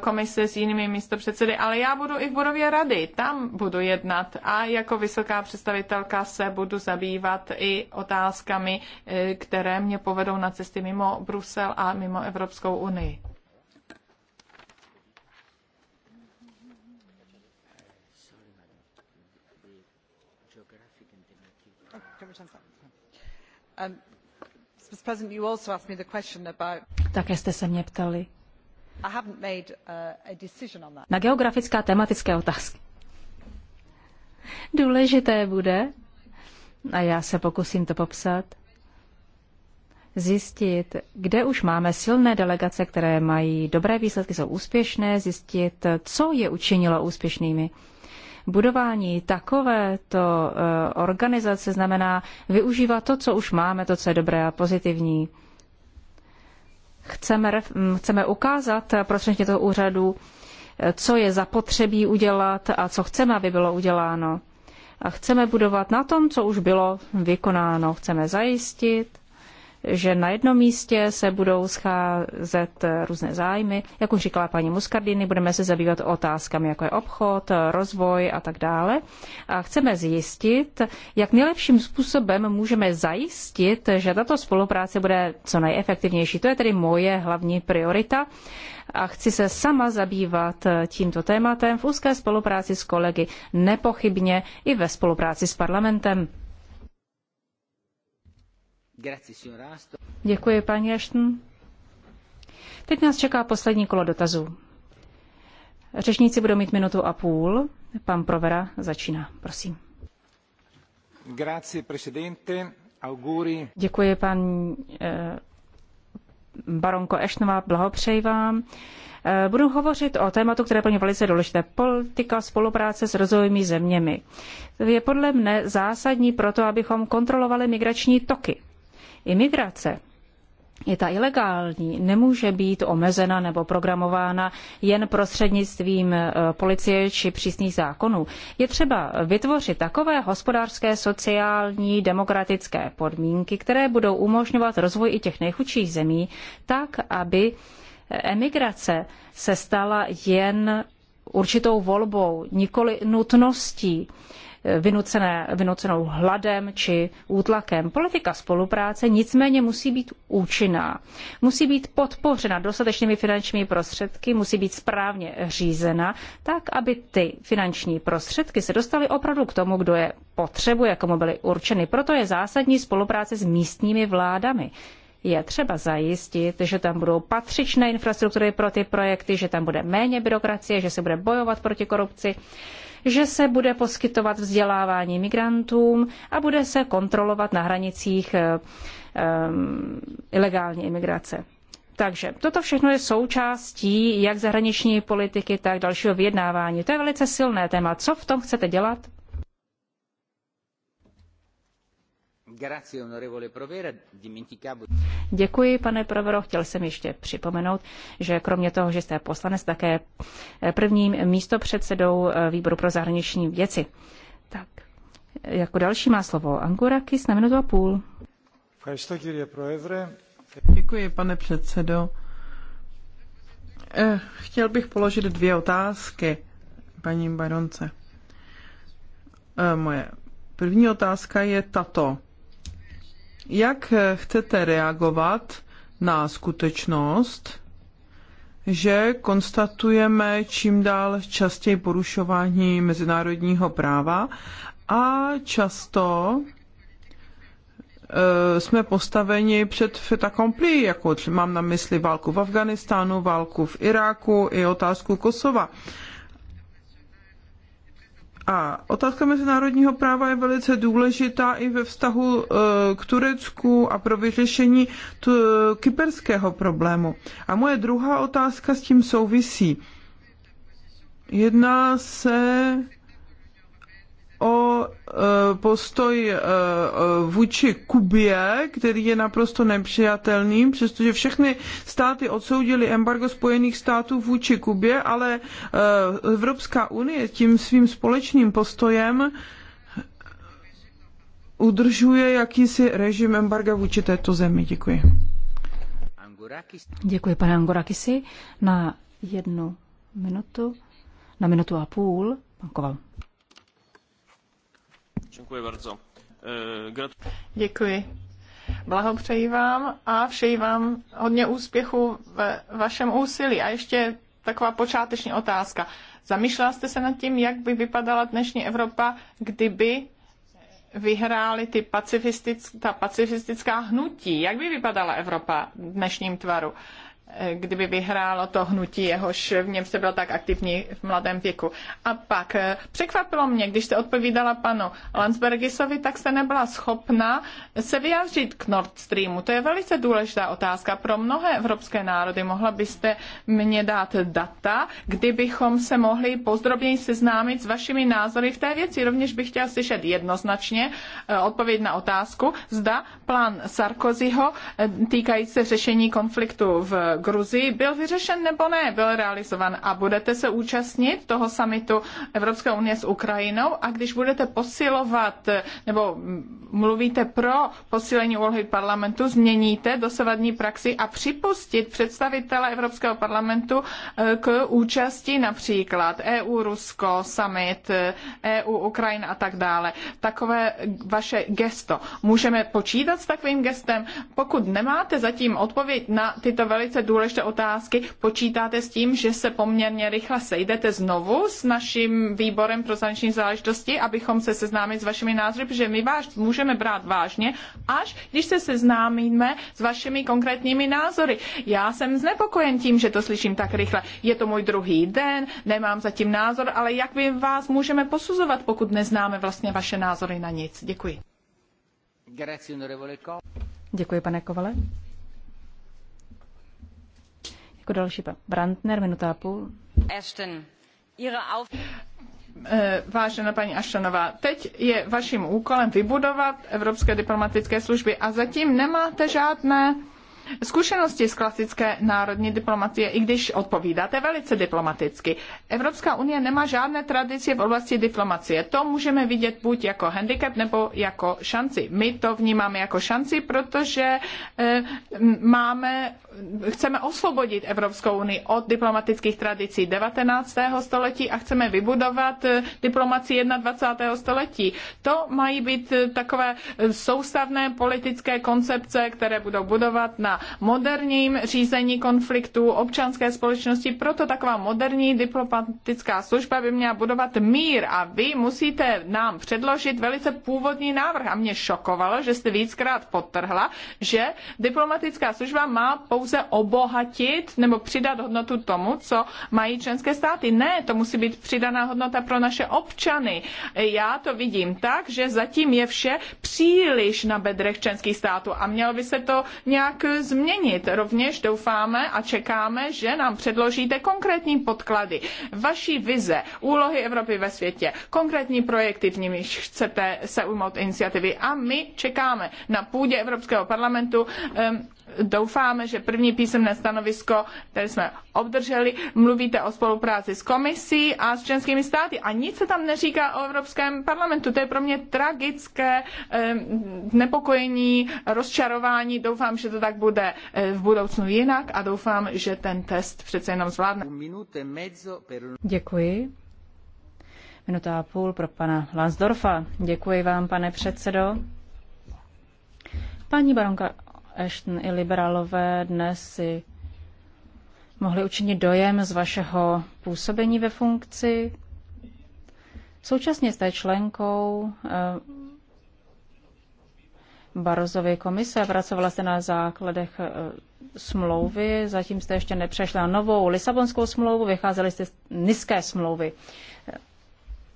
komise s jinými místopředsedy, ale já budu i v budově rady, tam budu jednat a jako vysoká představitelka se budu zabývat i otázkami, eh, které mě povedou na cesty mimo Brusel a mimo Evropskou unii. Také jste se mě ptali uh, na geografická tematické otázky. Důležité bude, a já se pokusím to popsat, zjistit, kde už máme silné delegace, které mají dobré výsledky, jsou úspěšné, zjistit, co je učinilo úspěšnými budování takovéto eh, organizace znamená využívat to, co už máme, to, co je dobré a pozitivní. Chceme, mm, chceme ukázat eh, prostřednictvím toho úřadu, eh, co je zapotřebí udělat a co chceme, aby bylo uděláno. A chceme budovat na tom, co už bylo vykonáno. Chceme zajistit, že na jednom místě se budou scházet různé zájmy. Jak už říkala paní Muscardini, budeme se zabývat otázkami, jako je obchod, rozvoj a tak dále. A chceme zjistit, jak nejlepším způsobem můžeme zajistit, že tato spolupráce bude co nejefektivnější. To je tedy moje hlavní priorita a chci se sama zabývat tímto tématem v úzké spolupráci s kolegy, nepochybně i ve spolupráci s parlamentem. Děkuji, paní Ashton. Teď nás čeká poslední kolo dotazů. Řečníci budou mít minutu a půl. Pan Provera začíná, prosím. Děkuji, pan eh, baronko Ešnová, blahopřeji vám. Eh, budu hovořit o tématu, které je pro velice důležité. Politika spolupráce s rozvojovými zeměmi. Je podle mne zásadní proto, abychom kontrolovali migrační toky Imigrace, je ta ilegální, nemůže být omezena nebo programována jen prostřednictvím e, policie či přísných zákonů. Je třeba vytvořit takové hospodářské, sociální, demokratické podmínky, které budou umožňovat rozvoj i těch nejchudších zemí, tak, aby emigrace se stala jen určitou volbou, nikoli nutností vynucené, vynucenou hladem či útlakem. Politika spolupráce nicméně musí být účinná. Musí být podpořena dostatečnými finančními prostředky, musí být správně řízena, tak, aby ty finanční prostředky se dostaly opravdu k tomu, kdo je potřebuje, komu byly určeny. Proto je zásadní spolupráce s místními vládami je třeba zajistit, že tam budou patřičné infrastruktury pro ty projekty, že tam bude méně byrokracie, že se bude bojovat proti korupci, že se bude poskytovat vzdělávání migrantům a bude se kontrolovat na hranicích um, ilegální imigrace. Takže toto všechno je součástí jak zahraniční politiky, tak dalšího vyjednávání. To je velice silné téma. Co v tom chcete dělat? Děkuji, pane Provero. Chtěl jsem ještě připomenout, že kromě toho, že jste poslanec, také eh, prvním místopředsedou eh, výboru pro zahraniční věci. Tak, jako další má slovo Angurakis na minutu a půl. Děkuji, pane předsedo. Eh, chtěl bych položit dvě otázky paní baronce. Moje první otázka je tato. Jak chcete reagovat na skutečnost, že konstatujeme čím dál častěji porušování mezinárodního práva a často eh, jsme postaveni před fait accompli, jako mám na mysli válku v Afganistánu, válku v Iráku i otázku Kosova. A otázka mezinárodního práva je velice důležitá i ve vztahu e, k Turecku a pro vyřešení e, kyperského problému. A moje druhá otázka s tím souvisí. Jedná se o e, postoj e, e, vůči Kubě, který je naprosto nepřijatelný, přestože všechny státy odsoudily embargo Spojených států vůči Kubě, ale Evropská unie tím svým společným postojem udržuje jakýsi režim embarga vůči této zemi. Děkuji. Děkuji, pane Angorakisi. Na jednu minutu, na minutu a půl, pan Koval. Eh, Děkuji Blahopřeji vám a všeji vám hodně úspěchu ve vašem úsilí. A ještě taková počáteční otázka. Zamýšlela jste se nad tím, jak by vypadala dnešní Evropa, kdyby vyhrály ty pacifistická, ta pacifistická hnutí? Jak by vypadala Evropa v dnešním tvaru? kdyby vyhrálo to hnutí, jehož v něm se byl tak aktivní v mladém věku. A pak eh, překvapilo mě, když se odpovídala panu Landsbergisovi, tak se nebyla schopna se vyjádřit k Nord Streamu. To je velice důležitá otázka pro mnohé evropské národy. Mohla byste mě dát data, kdybychom se mohli pozdrobněji seznámit s vašimi názory v té věci. Rovněž bych chtěla slyšet jednoznačně eh, odpověď na otázku, zda plán Sarkozyho eh, týkající se řešení konfliktu v Gruzii byl vyřešen nebo ne, byl realizovan. A budete se účastnit toho samitu Evropské unie s Ukrajinou a když budete posilovat nebo mluvíte pro posílení úlohy parlamentu, změníte dosavadní praxi a připustit představitele Evropského parlamentu eh, k účasti například EU-Rusko, summit, EU-Ukrajina eh, e a tak dále. Takové vaše gesto. Můžeme počítat s takovým gestem? Pokud nemáte zatím odpověď na tyto velice důležité důležité otázky. Počítáte s tím, že se poměrně rychle sejdete znovu s naším výborem pro zahraniční záležitosti, abychom se seznámili s vašimi názory, protože my vás můžeme brát vážně, až když se seznámíme s vašimi konkrétními názory. Já jsem znepokojen tím, že to slyším tak rychle. Je to můj druhý den, nemám zatím názor, ale jak my vás můžeme posuzovat, pokud neznáme vlastně vaše názory na nic? Děkuji. Děkuji, pane Kovale. Jako další Brandner, minuta a půl. Ashton, eh, Vážená paní Aštonová, teď je vaším úkolem vybudovat Evropské diplomatické služby a zatím nemáte žádné zkušenosti z klasické národní diplomacie, i když odpovídáte velice diplomaticky. Evropská unie nemá žádné tradice v oblasti diplomacie. To můžeme vidět buď jako handicap nebo jako šanci. My to vnímáme jako šanci, protože eh, máme, chceme osvobodit Evropskou unii od diplomatických tradicí 19. století a chceme vybudovat eh, diplomaci 21. století. To mají být eh, takové soustavné politické koncepce, které budou budovat na moderním řízení konfliktů občanské společnosti. Proto taková moderní diplomatická služba by měla budovat mír a vy musíte nám předložit velice původní návrh. A mě šokovalo, že jste víckrát podtrhla, že diplomatická služba má pouze obohatit nebo přidat hodnotu tomu, co mají členské státy. Ne, to musí být přidaná hodnota pro naše občany. Já to vidím tak, že zatím je vše příliš na bedrech členských států a mělo by se to nějak změnit. Rovněž doufáme a čekáme, že nám předložíte konkrétní podklady, vaší vize, úlohy Evropy ve světě, konkrétní projekty, v nimiž chcete se ujmout iniciativy. A my čekáme na půdě Evropského parlamentu um, doufáme, že první písemné stanovisko, které jsme obdrželi, mluvíte o spolupráci s komisí a s členskými státy a nic se tam neříká o Evropském parlamentu. To je pro mě tragické nepokojení, rozčarování. Doufám, že to tak bude eh, v budoucnu jinak a doufám, že ten test přece jenom zvládne. E Děkuji. Minuta a půl pro pana Lansdorfa. Děkuji vám, pane předsedo. Paní baronka Ashton i liberálové dnes si mohli učinit dojem z vašeho působení ve funkci. Současně jste členkou eh, Barozovy komise, pracovala jste na základech eh, smlouvy, zatím jste ještě nepřešli na novou Lisabonskou smlouvu, vycházeli jste z nízké smlouvy.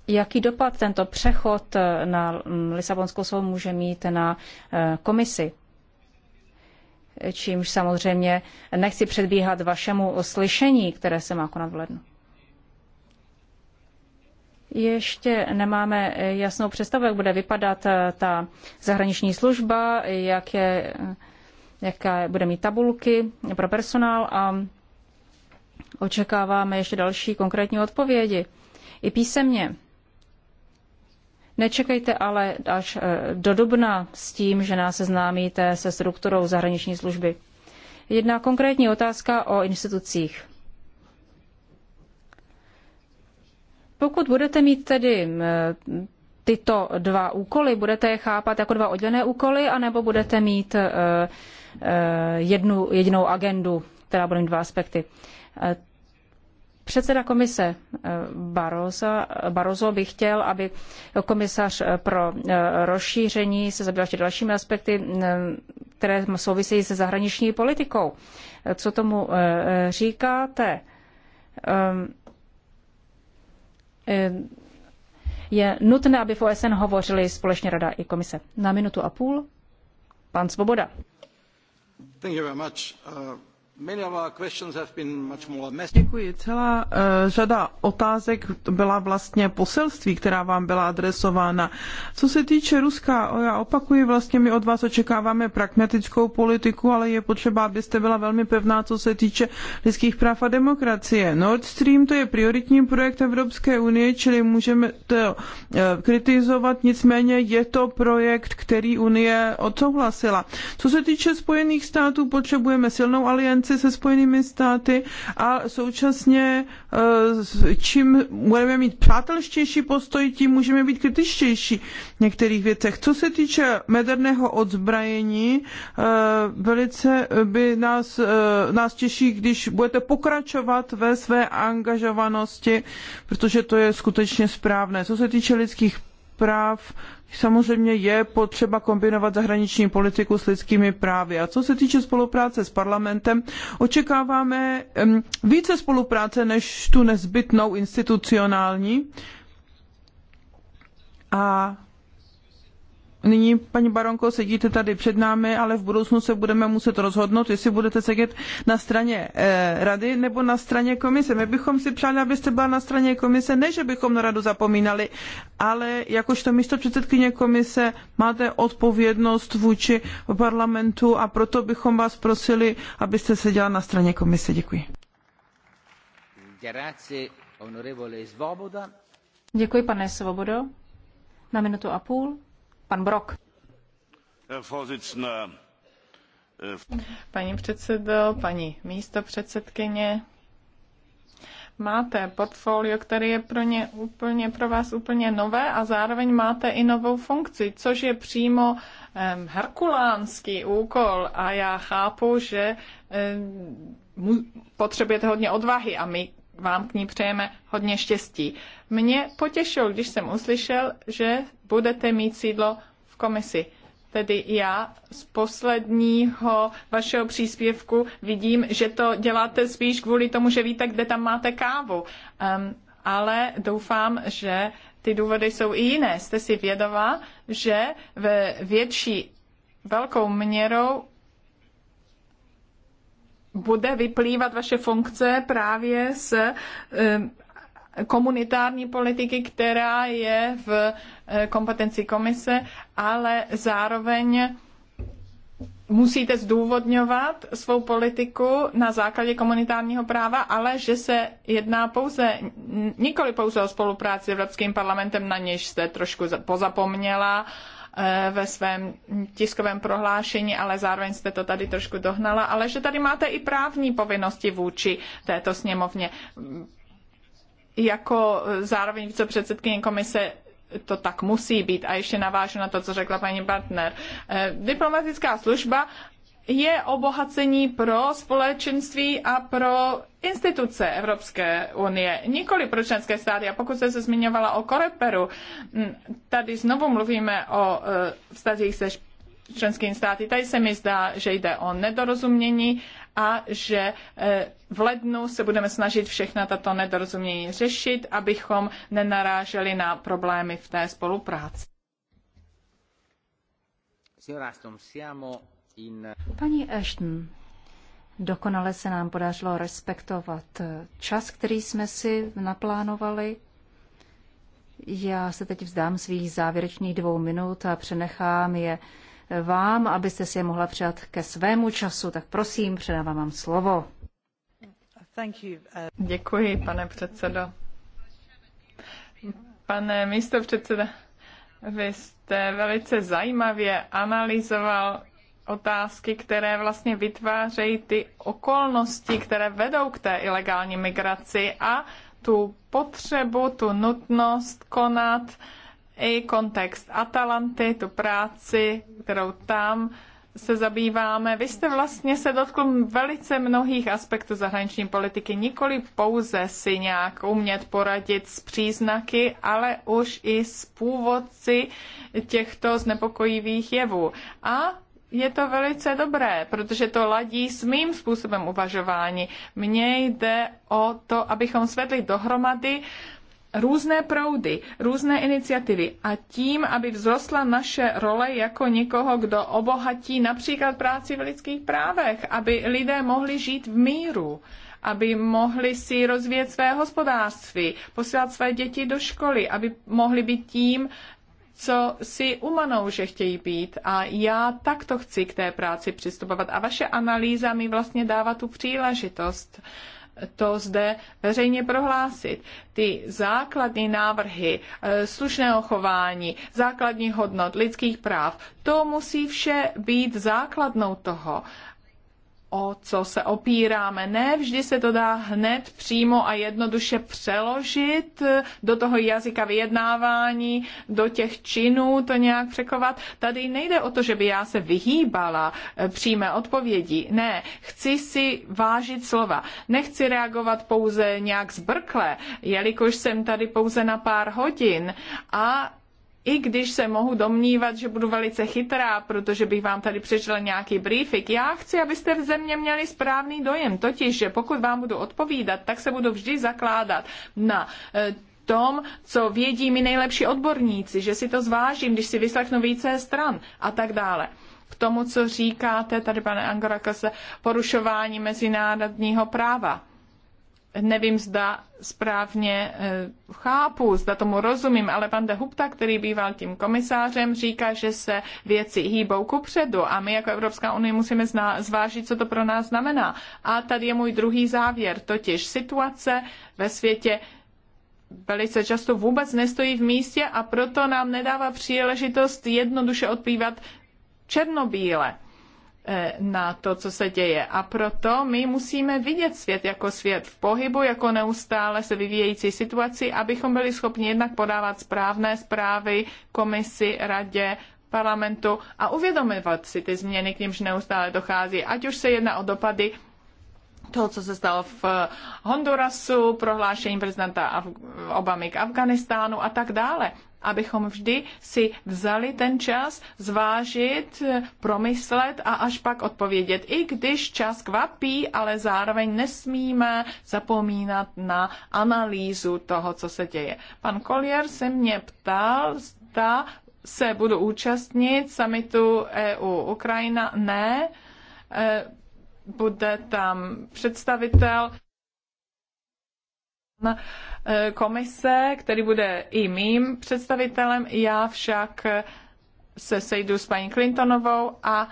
Jaký dopad tento přechod eh, na mm, Lisabonskou smlouvu může mít na komisi? čímž samozřejmě nechci předbíhat vašemu slyšení, které se má konat v lednu. Ještě nemáme jasnou představu, jak bude vypadat ta zahraniční služba, jak je, jaká bude mít tabulky pro personál a očekáváme ještě další konkrétní odpovědi. I písemně. Nečekejte ale až eh, do dubna s tím, že nás seznámíte se strukturou zahraniční služby. Jedna konkrétní otázka o institucích. Pokud budete mít tedy eh, tyto dva úkoly, budete je chápat jako dva oddělené úkoly, anebo budete mít eh, jednu jedinou agendu, která bude mít dva aspekty. Předseda komise eh, Barroso. Barroso by chtěl, aby komisař eh, pro eh, rozšíření se zabýval ještě dalšími aspekty, které souvisejí se zahraniční politikou. Co tomu říkáte? Je nutné, aby v OSN hovořili společně Rada i komise. Na minutu a půl pan Svoboda. Thank you very much. Uh... Celá eh, řada otázek byla vlastně poselství, která vám byla adresována. Co se týče Ruska, já opakuji, vlastně my od vás očekáváme pragmatickou politiku, ale je potřeba, abyste byla velmi pevná, co se týče lidských práv a demokracie. Nord Stream to je prioritní projekt Evropské unie, čili můžeme to uh, kritizovat, nicméně je to projekt, který unie odsouhlasila. Co se týče Spojených států, potřebujeme silnou alianci spolupráci se Spojenými státy a současně eh, čím budeme mít přátelštější postoj, tím můžeme být kritičtější v některých věcech. Co se týče mederného odzbrajení, eh, velice by nás, eh, nás těší, když budete pokračovat ve své angažovanosti, protože to je skutečně správné. Co se týče lidských práv samozřejmě je potřeba kombinovat zahraniční politiku s lidskými právy. A co se týče spolupráce s parlamentem, očekáváme více spolupráce než tu nezbytnou institucionální. A Nyní, paní baronko, sedíte tady před námi, ale v budoucnu se budeme muset rozhodnout, jestli budete sedět na straně eh, rady nebo na straně komise. My bychom si přáli, abyste byla na straně komise, ne, že bychom na radu zapomínali, ale jakožto místo předsedkyně komise máte odpovědnost vůči parlamentu a proto bychom vás prosili, abyste seděla na straně komise. Děkuji. Děkuji, pane Svobodo. Na minutu a půl. Pane Brok. Äh, paní předsedo, paní místo předsedkyně, máte portfolio, které je pro, ně úplně, pro vás úplně nové a zároveň máte i novou funkci, což je přímo um, herkulánský úkol a já chápu, že um, potřebujete hodně odvahy a my vám k ní přejeme hodně štěstí. Mě potěšilo, když jsem uslyšel, že budete mít sídlo v komisi. Tedy já z posledního vašeho příspěvku vidím, že to děláte spíš kvůli tomu, že víte, kde tam máte kávu. Um, ale doufám, že ty důvody jsou i jiné. Jste si vědová, že ve větší velkou měrou bude vyplývat vaše funkce právě z eh, komunitární politiky, která je v eh, kompetenci komise, ale zároveň musíte zdůvodňovat svou politiku na základě komunitárního práva, ale že se jedná pouze, nikoli pouze o spolupráci s Evropským parlamentem, na něž jste trošku pozapomněla, Eh, ve svém tiskovém prohlášení, ale zároveň jste to tady trošku dohnala, ale že tady máte i právní povinnosti vůči této sněmovně. Jako zároveň vicepředsedkyně komise to tak musí být. A ještě navážu na to, co řekla paní Bartner. Eh, diplomatická služba je obohacení pro společenství a pro instituce Evropské unie, nikoli pro členské státy. A pokud jste se zmiňovala o Koreperu, tady znovu mluvíme o e, vztazích se členskými státy. Tady se mi zdá, že jde o nedorozumění a že e, v lednu se budeme snažit všechna tato nedorozumění řešit, abychom nenaráželi na problémy v té spolupráci. Paní Ashton, Dokonale se nám podařilo respektovat čas, který jsme si naplánovali. Já se teď vzdám svých závěrečných dvou minut a přenechám je vám, abyste si je mohla přijat ke svému času. Tak prosím, předávám vám slovo. Uh, Děkuji, pane předsedo. Pane místo předseda, vy jste velice zajímavě analyzoval otázky, které vlastně vytvářejí ty okolnosti, které vedou k té ilegální migraci a tu potřebu, tu nutnost konat i kontext Atalanty, tu práci, kterou tam se zabýváme. Vy jste vlastně se dotkl velice mnohých aspektů zahraniční politiky, nikoli pouze si nějak umět poradit s příznaky, ale už i s původci těchto znepokojivých jevů. A je to velice dobré, protože to ladí s mým způsobem uvažování. Mně jde o to, abychom svedli dohromady různé proudy, různé iniciativy a tím, aby vzrostla naše role jako někoho, kdo obohatí například práci v lidských právech, aby lidé mohli žít v míru, aby mohli si rozvíjet své hospodářství, posílat své děti do školy, aby mohli být tím co si umanou, že chtějí být. A já takto chci k té práci přistupovat. A vaše analýza mi vlastně dává tu příležitost to zde veřejně prohlásit. Ty základní návrhy e, slušného chování, základní hodnot, lidských práv, to musí vše být základnou toho, o co se opíráme. Ne vždy se to dá hned přímo a jednoduše přeložit do toho jazyka vyjednávání, do těch činů to nějak překovat. Tady nejde o to, že by já se vyhýbala eh, přímé odpovědi. Ne, chci si vážit slova. Nechci reagovat pouze nějak zbrkle, jelikož jsem tady pouze na pár hodin a i když se mohu domnívat, že budu velice chytrá, protože bych vám tady přečetla nějaký briefing, já chci, abyste v země měli správný dojem, totiž, že pokud vám budu odpovídat, tak se budu vždy zakládat na eh, tom, co vědí mi nejlepší odborníci, že si to zvážím, když si vyslechnu více stran a tak dále k tomu, co říkáte tady, pane Angorakase, porušování mezinárodního práva nevím, zda správně eh, chápu, zda tomu rozumím, ale pan de Hupta, který býval tím komisářem, říká, že se věci hýbou ku předu a my jako Evropská unie musíme zvážit, co to pro nás znamená. A tady je můj druhý závěr, totiž situace ve světě velice často vůbec nestojí v místě a proto nám nedává příležitost jednoduše odpívat černobíle Eh, na to, co se děje. A proto my musíme vidět svět jako svět v pohybu, jako neustále se vyvíjející situaci, abychom byli schopni jednak podávat správné zprávy komisi, radě, parlamentu a uvědomovat si ty změny, k nimž neustále dochází, ať už se jedná o dopady toho, co se stalo v Hondurasu, prohlášení prezidenta Obamy k Afganistánu a tak dále. Abychom vždy si vzali ten čas zvážit, promyslet a až pak odpovědět. I když čas kvapí, ale zároveň nesmíme zapomínat na analýzu toho, co se děje. Pan Collier se mě ptal, zda se budu účastnit samitu EU Ukrajina. Ne e, bude tam představitel komise, který bude i mým představitelem. Já však se sejdu s paní Clintonovou a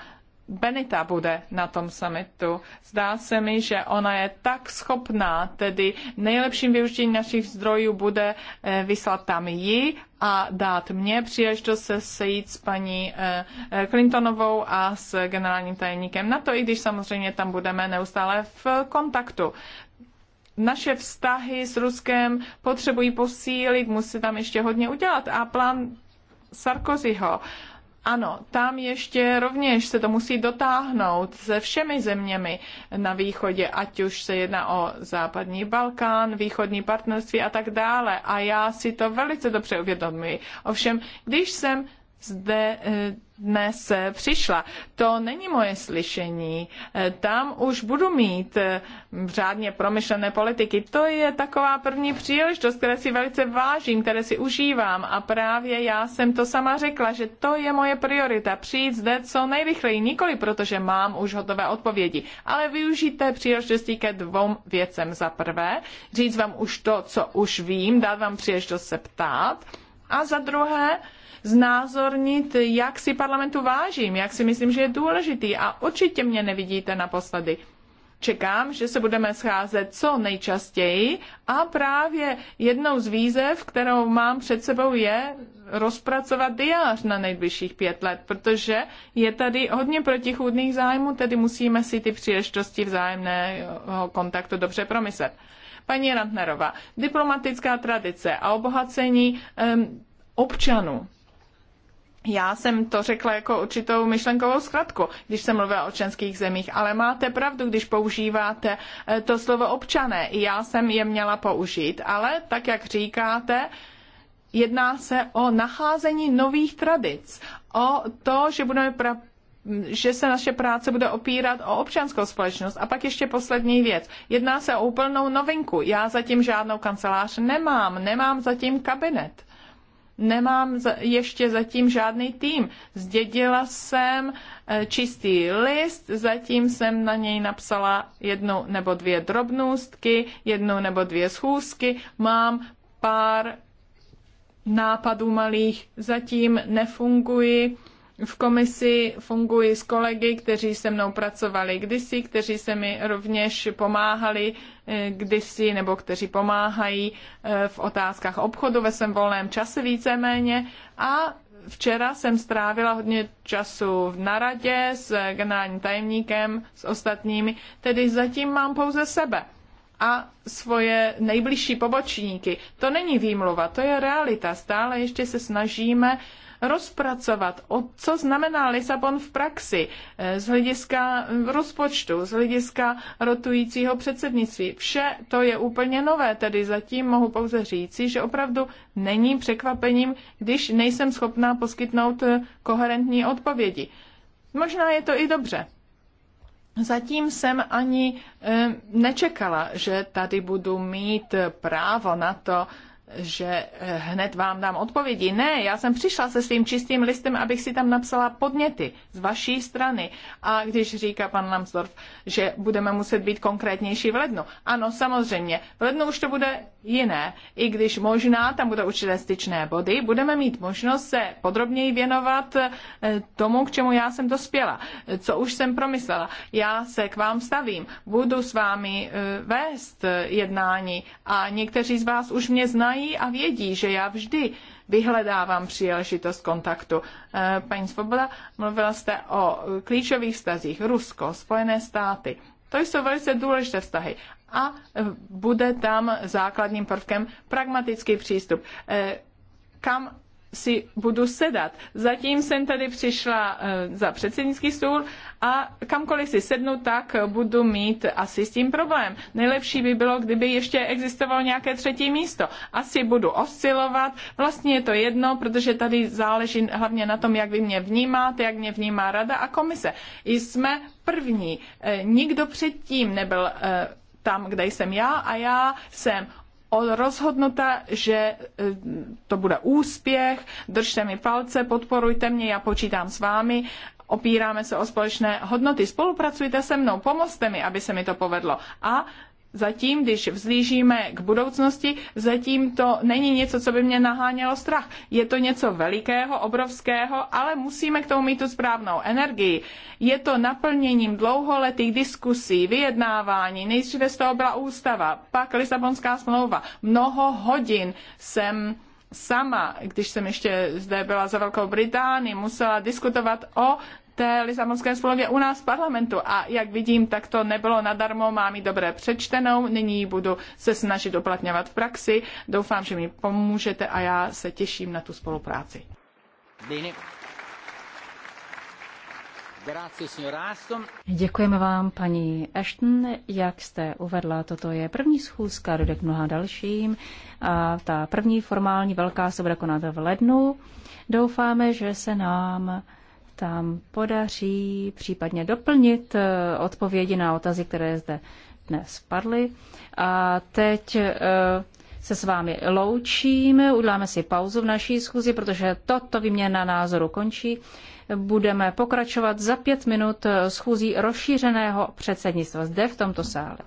Benita bude na tom summitu. Zdá se mi, že ona je tak schopná, tedy nejlepším využitím našich zdrojů bude eh, vyslat tam ji a dát mě příležitost se sejít s paní eh, eh, Clintonovou a s generálním tajemníkem to i když samozřejmě tam budeme neustále v kontaktu naše vztahy s Ruskem potřebují posílit, musí tam ještě hodně udělat. A plán Sarkozyho ano, tam ještě rovněž se to musí dotáhnout se všemi zeměmi na východě, ať už se jedná o západní Balkán, východní partnerství a tak dále. A já si to velice dobře uvědomuji. Ovšem, když jsem zde eh, dnes eh, přišla. To není moje slyšení. Eh, tam už budu mít řádně promyšlené politiky. To je taková první příležitost, které si velice vážím, které si užívám. A právě já jsem to sama řekla, že to je moje priorita. Přijít zde co nejrychleji, nikoli protože mám už hotové odpovědi, ale využít té příležitosti ke dvou věcem. Za prvé, říct vám už to, co už vím, dát vám příležitost se ptát. A za druhé, znázornit, jak si parlamentu vážím, jak si myslím, že je důležitý a určitě mě nevidíte naposledy. Čekám, že se budeme scházet co nejčastěji a právě jednou z výzev, kterou mám před sebou, je rozpracovat diář na nejbližších pět let, protože je tady hodně protichůdných zájmů, tedy musíme si ty příležitosti vzájemného kontaktu dobře promyslet. Paní Rantnerová, diplomatická tradice a obohacení um, občanů já jsem to řekla jako určitou myšlenkovou zkratku, když jsem mluvila o členských zemích, ale máte pravdu, když používáte eh, to slovo občané. Já jsem je měla použít, ale tak, jak říkáte, jedná se o nacházení nových tradic, o to, že budeme pra- že se naše práce bude opírat o občanskou společnost. A pak ještě poslední věc. Jedná se o úplnou novinku. Já zatím žádnou kancelář nemám, nemám zatím kabinet nemám ještě zatím žádný tým. Zdědila jsem eh, čistý list, zatím jsem na něj napsala jednu nebo dvě drobnůstky, jednu nebo dvě schůzky, mám pár nápadů malých, zatím nefunguji v komisi funguji s kolegy, kteří se mnou pracovali kdysi, kteří se mi rovněž pomáhali eh, kdysi nebo kteří pomáhají eh, v otázkách obchodu ve svém volném čase víceméně a Včera jsem strávila hodně času v naradě s generálním tajemníkem, s ostatními, tedy zatím mám pouze sebe a svoje nejbližší pobočníky. To není výmluva, to je realita. Stále ještě se snažíme uh, rozpracovat, co znamená Lisabon v praxi eh, z hlediska rozpočtu, z hlediska rotujícího předsednictví. Vše to je úplně nové, tedy zatím mohu pouze říci, že opravdu není překvapením, když nejsem schopná poskytnout eh, koherentní odpovědi. Možná je to i dobře. Zatím jsem ani eh, nečekala, že tady budu mít právo na to že eh, hned vám dám odpovědi. Ne, já jsem přišla se svým čistým listem, abych si tam napsala podněty z vaší strany. A když říká pan Lambsdorff, že budeme muset být konkrétnější v lednu. Ano, samozřejmě, v lednu už to bude jiné. I když možná tam budou určité styčné body, budeme mít možnost se podrobněji věnovat eh, tomu, k čemu já jsem dospěla, co už jsem promyslela. Já se k vám stavím, budu s vámi eh, vést jednání a někteří z vás už mě znají znají a vědí, že já vždy vyhledávám příležitost kontaktu. Eh, paní Svoboda, mluvila jste o klíčových vztazích Rusko, Spojené státy. To jsou velice důležité vztahy a eh, bude tam základním prvkem pragmatický přístup. Eh, kam si budu sedat. Zatím jsem tady přišla za předsednický stůl a kamkoliv si sednu, tak budu mít asi s tím problém. Nejlepší by bylo, kdyby ještě existovalo nějaké třetí místo. Asi budu oscilovat, vlastně je to jedno, protože tady záleží hlavně na tom, jak vy mě vnímáte, jak mě vnímá rada a komise. Jsme první. Eh, nikdo předtím nebyl eh, tam, kde jsem já a já jsem rozhodnuta, že eh, to bude úspěch, držte mi palce, podporujte mě, já počítám s vámi opíráme se o společné hodnoty. Spolupracujte se mnou, pomozte mi, aby se mi to povedlo. A Zatím, když vzlížíme k budoucnosti, zatím to není něco, co by mě nahánělo strach. Je to něco velikého, obrovského, ale musíme k tomu mít tu správnou energii. Je to naplněním dlouholetých diskusí, vyjednávání. Nejdříve z toho byla ústava, pak Lisabonská smlouva. Mnoho hodin jsem sama, když jsem ještě zde byla za Velkou Británii, musela diskutovat o té Lisabonské smlouvě u nás v parlamentu. A jak vidím, tak to nebylo nadarmo, mám ji dobré přečtenou, nyní budu se snažit uplatňovat v praxi. Doufám, že mi pomůžete a já se těším na tu spolupráci. Bene. Děkujeme vám, paní Ashton. Jak jste uvedla, toto je první schůzka, dojde k mnoha dalším. A ta první formální velká se bude konat v lednu. Doufáme, že se nám tam podaří případně doplnit eh, odpovědi na otazy, které zde dnes padly. A teď eh, se s vámi loučíme, uděláme si pauzu v naší schůzi, protože toto výměna názoru končí budeme pokračovat za pět minut schůzí rozšířeného předsednictva zde v tomto sále.